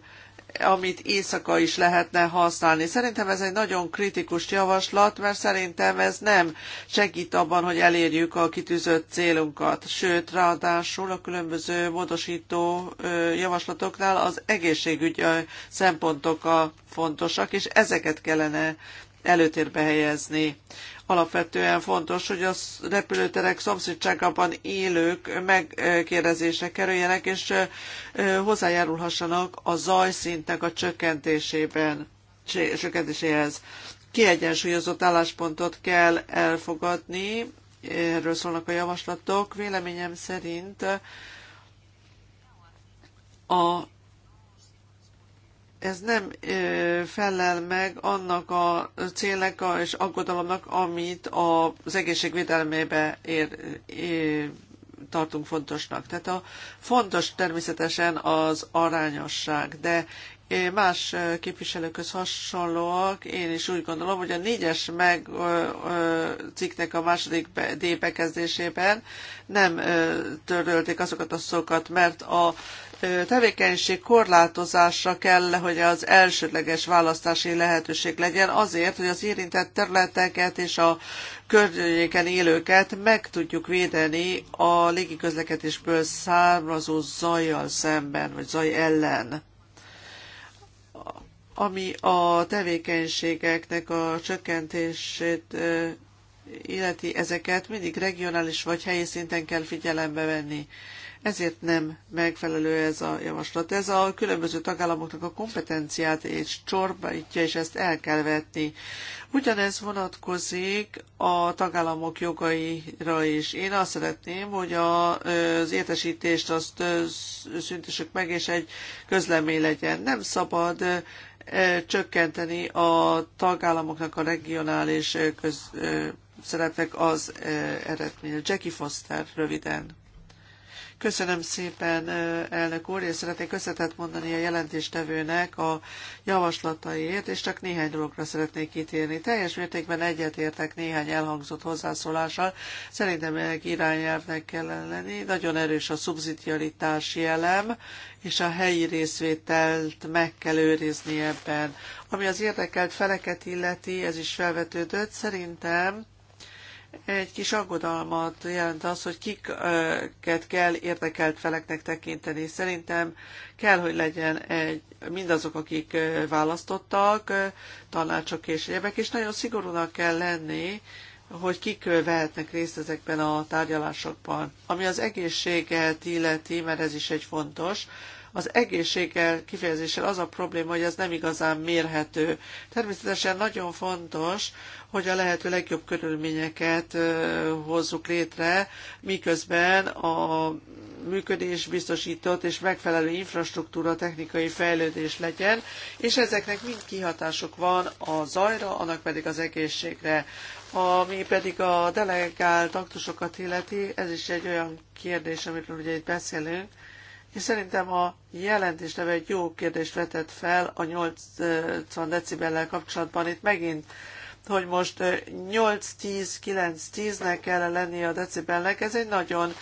S3: amit éjszaka is lehetne használni. Szerintem ez egy nagyon kritikus javaslat, mert szerintem ez nem segít abban, hogy elérjük a kitűzött célunkat. Sőt, ráadásul a különböző módosító javaslatoknál az egészségügy szempontok a fontosak, és ezeket kellene előtérbe helyezni. Alapvetően fontos, hogy a repülőterek szomszédságában élők megkérdezésre kerüljenek, és hozzájárulhassanak a zajszintnek a csökkentésében, csökkentéséhez. Kiegyensúlyozott álláspontot kell elfogadni, erről szólnak a javaslatok. Véleményem szerint a ez nem felel meg annak a célnek és aggodalomnak, amit az egészségvédelmébe ér, ér, tartunk fontosnak. Tehát a fontos természetesen az arányosság, de más képviselőköz hasonlóak, én is úgy gondolom, hogy a négyes meg cikknek a második D bekezdésében nem törölték azokat a szokat, mert a tevékenység korlátozásra kell, hogy az elsődleges választási lehetőség legyen azért, hogy az érintett területeket és a környéken élőket meg tudjuk védeni a légiközlekedésből származó zajjal szemben, vagy zaj ellen ami a tevékenységeknek a csökkentését illeti ezeket mindig regionális vagy helyi szinten kell figyelembe venni. Ezért nem megfelelő ez a javaslat. Ez a különböző tagállamoknak a kompetenciát és csorbítja, és ezt el kell vetni. Ugyanez vonatkozik a tagállamok jogaira is. Én azt szeretném, hogy a, az értesítést azt szüntessük meg, és egy közlemény legyen. Nem szabad csökkenteni a tagállamoknak a regionális köz, az eredmény. Jackie Foster, röviden. Köszönöm szépen, elnök úr, és szeretnék összetett mondani a jelentéstevőnek a javaslataiért, és csak néhány dologra szeretnék kitérni. Teljes mértékben egyetértek néhány elhangzott hozzászólással. Szerintem ennek irányelvnek kellene lenni. Nagyon erős a szubszidiaritási elem, és a helyi részvételt meg kell őrizni ebben. Ami az érdekelt feleket illeti, ez is felvetődött, szerintem egy kis aggodalmat jelent az, hogy kiket kell érdekelt feleknek tekinteni. Szerintem kell, hogy legyen egy, mindazok, akik választottak, tanácsok és egyebek, és nagyon szigorúnak kell lenni, hogy kik vehetnek részt ezekben a tárgyalásokban. Ami az egészséget illeti, mert ez is egy fontos, az egészséggel kifejezéssel az a probléma, hogy ez nem igazán mérhető. Természetesen nagyon fontos, hogy a lehető legjobb körülményeket hozzuk létre, miközben a működés biztosított és megfelelő infrastruktúra technikai fejlődés legyen, és ezeknek mind kihatások van a zajra, annak pedig az egészségre. Ami pedig a delegált aktusokat illeti, ez is egy olyan kérdés, amiről ugye itt beszélünk, és szerintem a jelentéstevő egy jó kérdést vetett fel a 80 decibellel kapcsolatban. Itt megint hogy most 8-10-9-10-nek kell lennie a decibelnek, ez egy nagyon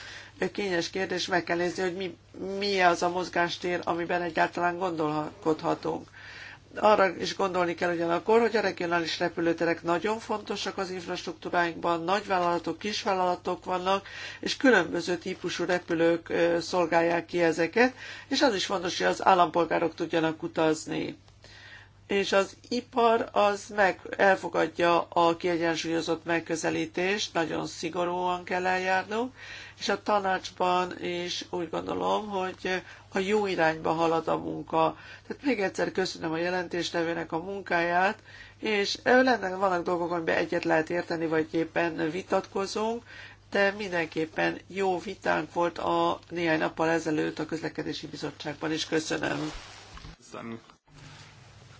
S3: kényes kérdés, meg kell nézni, hogy mi, mi az a mozgástér, amiben egyáltalán gondolkodhatunk arra is gondolni kell ugyanakkor, hogy a regionális repülőterek nagyon fontosak az infrastruktúráinkban, nagyvállalatok, kisvállalatok vannak, és különböző típusú repülők szolgálják ki ezeket, és az is fontos, hogy az állampolgárok tudjanak utazni. És az ipar az meg elfogadja a kiegyensúlyozott megközelítést, nagyon szigorúan kell eljárnunk, és a tanácsban is úgy gondolom, hogy a jó irányba halad a munka. Tehát még egyszer köszönöm a jelentéstevőnek a munkáját, és lenne, vannak dolgok, amiben egyet lehet érteni, vagy éppen vitatkozunk, de mindenképpen jó vitánk volt a néhány nappal ezelőtt a közlekedési bizottságban, és köszönöm.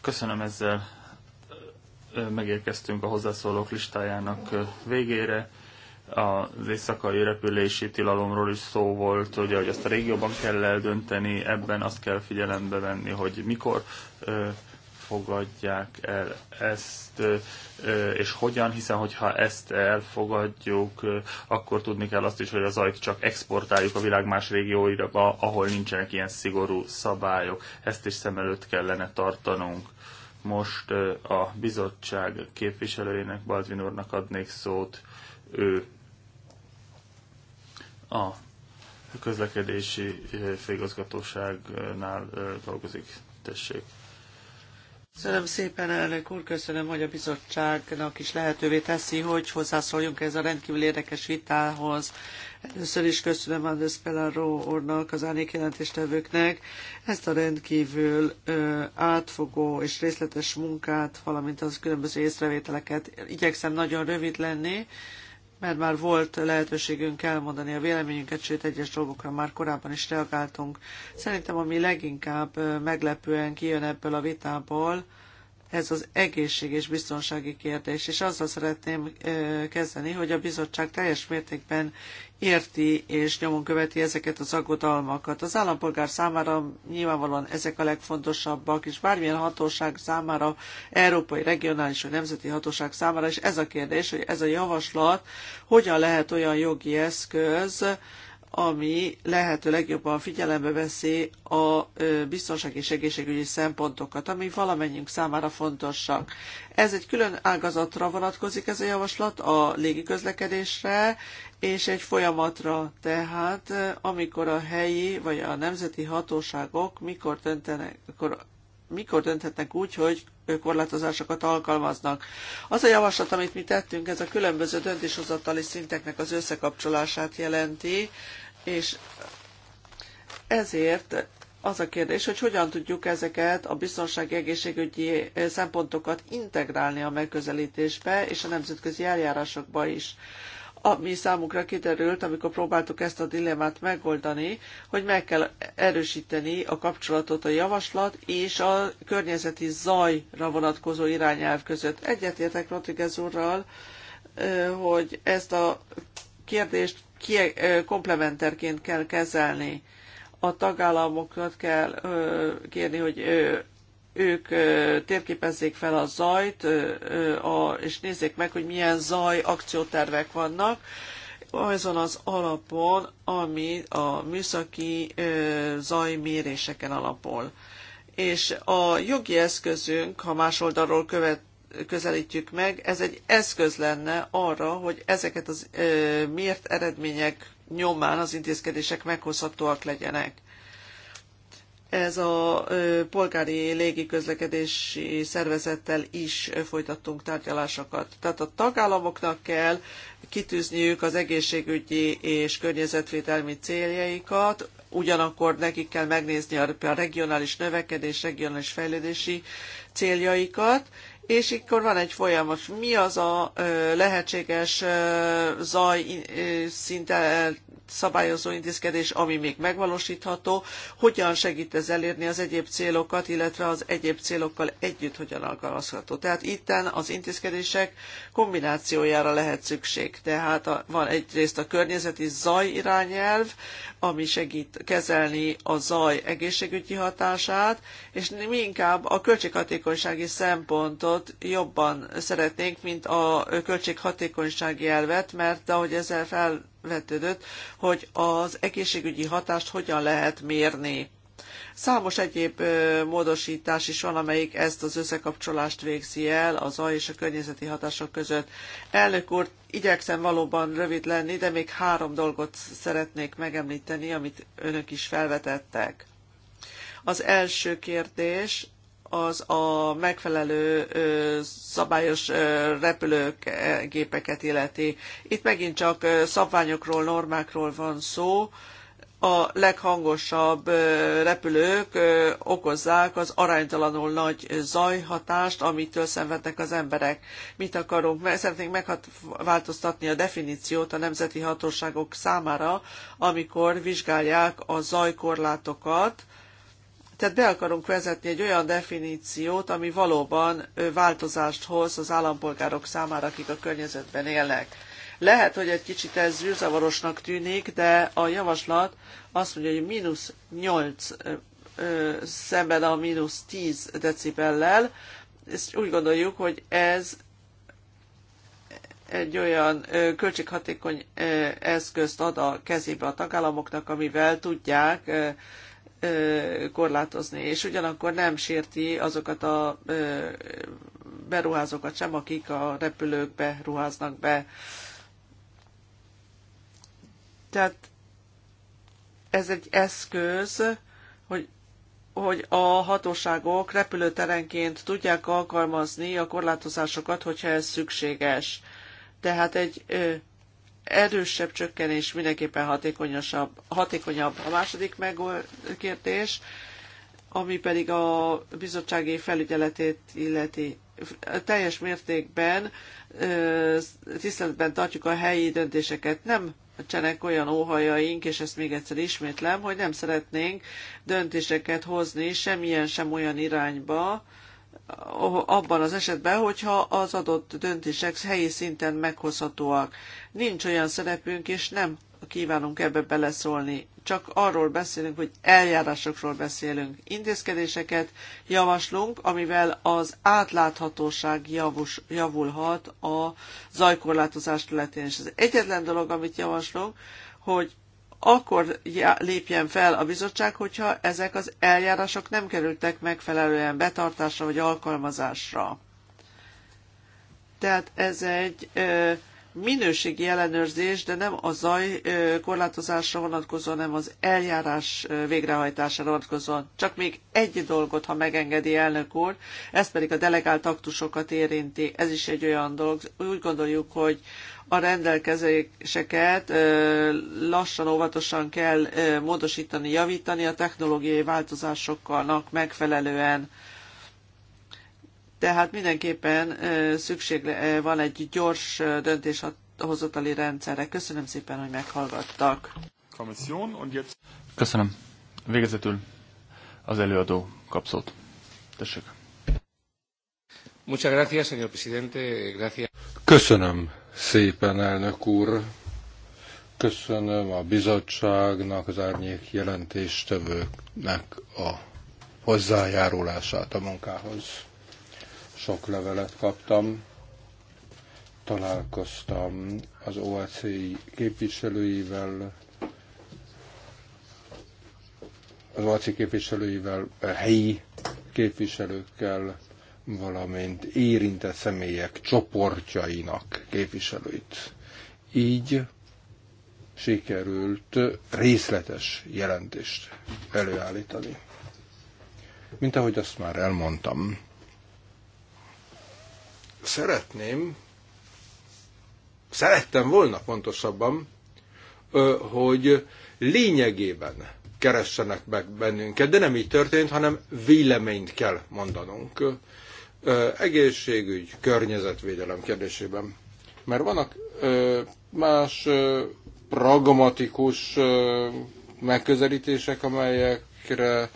S1: Köszönöm ezzel megérkeztünk a hozzászólók listájának végére az éjszakai repülési tilalomról is szó volt, ugye, hogy azt a régióban kell eldönteni, ebben azt kell figyelembe venni, hogy mikor ö, fogadják el ezt, ö, és hogyan, hiszen hogyha ezt elfogadjuk, ö, akkor tudni kell azt is, hogy az ajt csak exportáljuk a világ más régióira, ahol nincsenek ilyen szigorú szabályok. Ezt is szem előtt kellene tartanunk. Most ö, a bizottság képviselőjének, Baldwin úrnak adnék szót, ő a közlekedési eh, főigazgatóságnál eh, dolgozik. Tessék.
S3: Köszönöm szépen, elnök úr, köszönöm, hogy a bizottságnak is lehetővé teszi, hogy hozzászóljunk ez a rendkívül érdekes vitához. Először is köszönöm Andrés Pellaró úrnak, az árnyék jelentéstevőknek ezt a rendkívül ö, átfogó és részletes munkát, valamint az különböző észrevételeket. Igyekszem nagyon rövid lenni. Ö, mert már volt lehetőségünk elmondani a véleményünket, sőt egyes dolgokra már korábban is reagáltunk. Szerintem ami leginkább meglepően kijön ebből a vitából, ez az egészség és biztonsági kérdés, és azzal szeretném kezdeni, hogy a bizottság teljes mértékben érti és nyomon követi ezeket az aggodalmakat. Az állampolgár számára nyilvánvalóan ezek a legfontosabbak, és bármilyen hatóság számára, európai, regionális vagy nemzeti hatóság számára, és ez a kérdés, hogy ez a javaslat hogyan lehet olyan jogi eszköz, ami lehető legjobban figyelembe veszi a biztonság és egészségügyi szempontokat, ami valamennyünk számára fontosak. Ez egy külön ágazatra vonatkozik ez a javaslat, a légiközlekedésre és egy folyamatra, tehát amikor a helyi vagy a nemzeti hatóságok mikor döntenek, akkor mikor dönthetnek úgy, hogy korlátozásokat alkalmaznak. Az a javaslat, amit mi tettünk, ez a különböző döntéshozatali szinteknek az összekapcsolását jelenti, és ezért az a kérdés, hogy hogyan tudjuk ezeket a biztonsági egészségügyi szempontokat integrálni a megközelítésbe és a nemzetközi eljárásokba is. Ami számunkra kiderült, amikor próbáltuk ezt a dilemmát megoldani, hogy meg kell erősíteni a kapcsolatot a javaslat és a környezeti zajra vonatkozó irányelv között. Egyetértek Rodriguez úrral, hogy ezt a kérdést komplementerként kell kezelni. A tagállamokat kell kérni, hogy ők térképezzék fel a zajt, és nézzék meg, hogy milyen zaj akciótervek vannak, azon az alapon, ami a műszaki zajméréseken alapul. És a jogi eszközünk, ha más oldalról követ, közelítjük meg, ez egy eszköz lenne arra, hogy ezeket az ö, mért eredmények nyomán az intézkedések meghozhatóak legyenek. Ez a ö, polgári légiközlekedési szervezettel is folytattunk tárgyalásokat. Tehát a tagállamoknak kell kitűzniük az egészségügyi és környezetvédelmi céljaikat, ugyanakkor nekik kell megnézni a, a regionális növekedés, regionális fejlődési céljaikat, és akkor van egy folyamat, mi az a lehetséges zaj szinte szabályozó intézkedés, ami még megvalósítható, hogyan segít ez elérni az egyéb célokat, illetve az egyéb célokkal együtt hogyan alkalmazható. Tehát itten az intézkedések kombinációjára lehet szükség. Tehát a, van egyrészt a környezeti zaj irányelv, ami segít kezelni a zaj egészségügyi hatását, és mi inkább a költséghatékonysági szempontot elvet jobban szeretnénk, mint a költséghatékonysági elvet, mert ahogy ezzel felvetődött, hogy az egészségügyi hatást hogyan lehet mérni. Számos egyéb módosítás is van, amelyik ezt az összekapcsolást végzi el az A és a környezeti hatások között. Elnök úr, igyekszem valóban rövid lenni, de még három dolgot szeretnék megemlíteni, amit önök is felvetettek. Az első kérdés az a megfelelő szabályos repülőgépeket illeti. Itt megint csak szabványokról, normákról van szó. A leghangosabb repülők okozzák az aránytalanul nagy zajhatást, amitől szenvednek az emberek. Mit akarunk? Szeretnénk megváltoztatni a definíciót a nemzeti hatóságok számára, amikor vizsgálják a zajkorlátokat, tehát be akarunk vezetni egy olyan definíciót, ami valóban változást hoz az állampolgárok számára, akik a környezetben élnek. Lehet, hogy egy kicsit ez zűrzavarosnak tűnik, de a javaslat azt mondja, hogy mínusz 8 szemben a mínusz 10 decibellel. Ezt úgy gondoljuk, hogy ez egy olyan költséghatékony eszközt ad a kezébe a tagállamoknak, amivel tudják korlátozni, és ugyanakkor nem sérti azokat a beruházókat sem, akik a repülőkbe ruháznak be. Tehát ez egy eszköz, hogy hogy a hatóságok repülőterenként tudják alkalmazni a korlátozásokat, hogyha ez szükséges. Tehát egy erősebb csökkenés mindenképpen hatékonyosabb, hatékonyabb. A második megkérdés, ami pedig a bizottsági felügyeletét illeti teljes mértékben tiszteletben tartjuk a helyi döntéseket. Nem csenek olyan óhajaink, és ezt még egyszer ismétlem, hogy nem szeretnénk döntéseket hozni semmilyen sem olyan irányba, abban az esetben, hogyha az adott döntések helyi szinten meghozhatóak. Nincs olyan szerepünk, és nem kívánunk ebbe beleszólni. Csak arról beszélünk, hogy eljárásokról beszélünk. Intézkedéseket javaslunk, amivel az átláthatóság javus, javulhat a zajkorlátozás területén. És az egyetlen dolog, amit javaslunk, hogy akkor lépjen fel a bizottság, hogyha ezek az eljárások nem kerültek megfelelően betartásra vagy alkalmazásra. Tehát ez egy minőségi ellenőrzés, de nem a zaj korlátozásra vonatkozó, nem az eljárás végrehajtására vonatkozó. Csak még egy dolgot, ha megengedi elnök úr, ez pedig a delegált aktusokat érinti. Ez is egy olyan dolog. Úgy gondoljuk, hogy a rendelkezéseket lassan, óvatosan kell módosítani, javítani a technológiai változásoknak megfelelően. Tehát mindenképpen szükség van egy gyors döntéshozatali rendszerre. Köszönöm szépen, hogy meghallgattak.
S1: Köszönöm. Végezetül az előadó kapszót. Tessék. Köszönöm, szépen,
S2: elnök úr! Köszönöm a bizottságnak, az árnyék jelentéstevőknek a hozzájárulását a munkához. Sok levelet kaptam, találkoztam az OACI képviselőivel, az OACI képviselőivel, helyi képviselőkkel, valamint érintett személyek csoportjainak képviselőit. Így sikerült részletes jelentést előállítani. Mint ahogy azt már elmondtam, szeretném, szerettem volna pontosabban, hogy lényegében keressenek meg bennünket, de nem így történt, hanem véleményt kell mondanunk egészségügy, környezetvédelem kérdésében. Mert vannak más pragmatikus megközelítések, amelyekre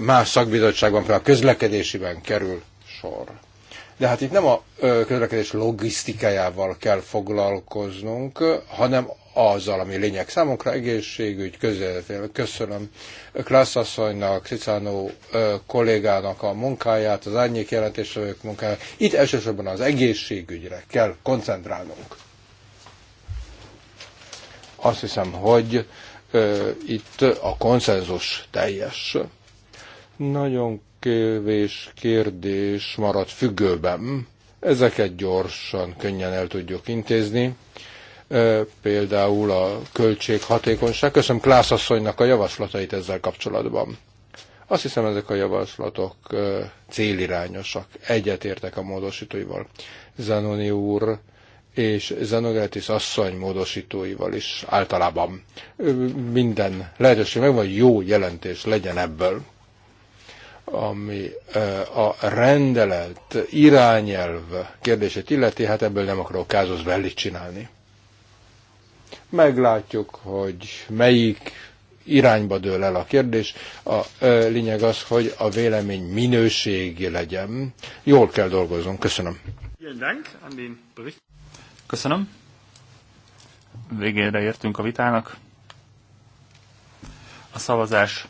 S2: más szakbizottságban, például közlekedésiben kerül sor. De hát itt nem a közlekedés logisztikájával kell foglalkoznunk, hanem azzal, ami lényeg számunkra, egészségügy, közéletél. Köszönöm Klassz asszonynak, Cicánó kollégának a munkáját, az árnyék jelentésevők munkáját. Itt elsősorban az egészségügyre kell koncentrálnunk. Azt hiszem, hogy ö, itt a konszenzus teljes. Nagyon kevés kérdés maradt függőben. Ezeket gyorsan, könnyen el tudjuk intézni például a költséghatékonyság. Köszönöm Klász asszonynak a javaslatait ezzel kapcsolatban. Azt hiszem, ezek a javaslatok célirányosak. Egyetértek a módosítóival. Zanoni úr és Zanogratis asszony módosítóival is általában minden lehetőség megvan, jó jelentés legyen ebből ami a rendelet, irányelv kérdését illeti, hát ebből nem akarok kázos bellit csinálni. Meglátjuk, hogy melyik irányba dől el a kérdés. A ö, lényeg az, hogy a vélemény minőségi legyen.
S1: Jól kell dolgoznunk. Köszönöm. Köszönöm. Végére értünk a vitának. A szavazás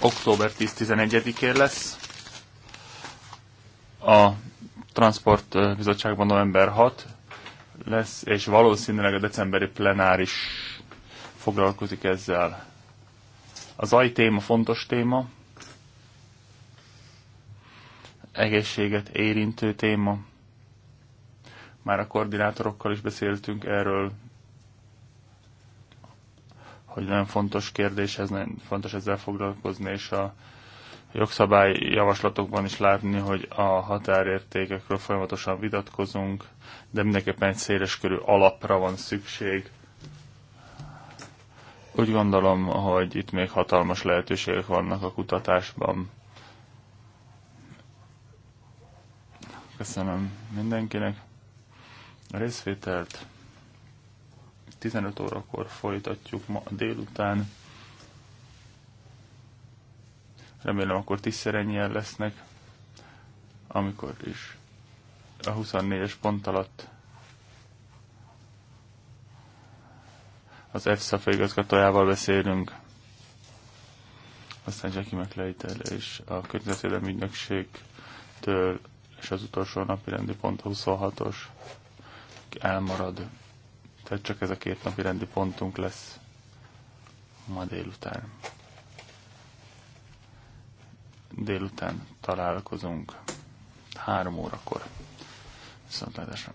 S1: október 10-11-én lesz. A Transport Bizottságban november 6, lesz, és valószínűleg a decemberi plenáris foglalkozik ezzel. Az AI téma fontos téma, egészséget érintő téma. Már a koordinátorokkal is beszéltünk erről, hogy nagyon fontos kérdés, ez nagyon fontos ezzel foglalkozni, és a javaslatokban is látni, hogy a határértékekről folyamatosan vitatkozunk, de mindenképpen egy körű alapra van szükség. Úgy gondolom, hogy itt még hatalmas lehetőségek vannak a kutatásban. Köszönöm mindenkinek a részvételt. 15 órakor folytatjuk ma délután. Remélem akkor tízszer ennyien lesznek, amikor is a 24-es pont alatt az EFSA főigazgatójával beszélünk, aztán Jackie McLeitel és a Környezetvédelmi Ügynökségtől, és az utolsó napi rendi pont 26-os elmarad. Tehát csak ez a két napi rendi pontunk lesz ma délután délután találkozunk három órakor. Viszontlátásra!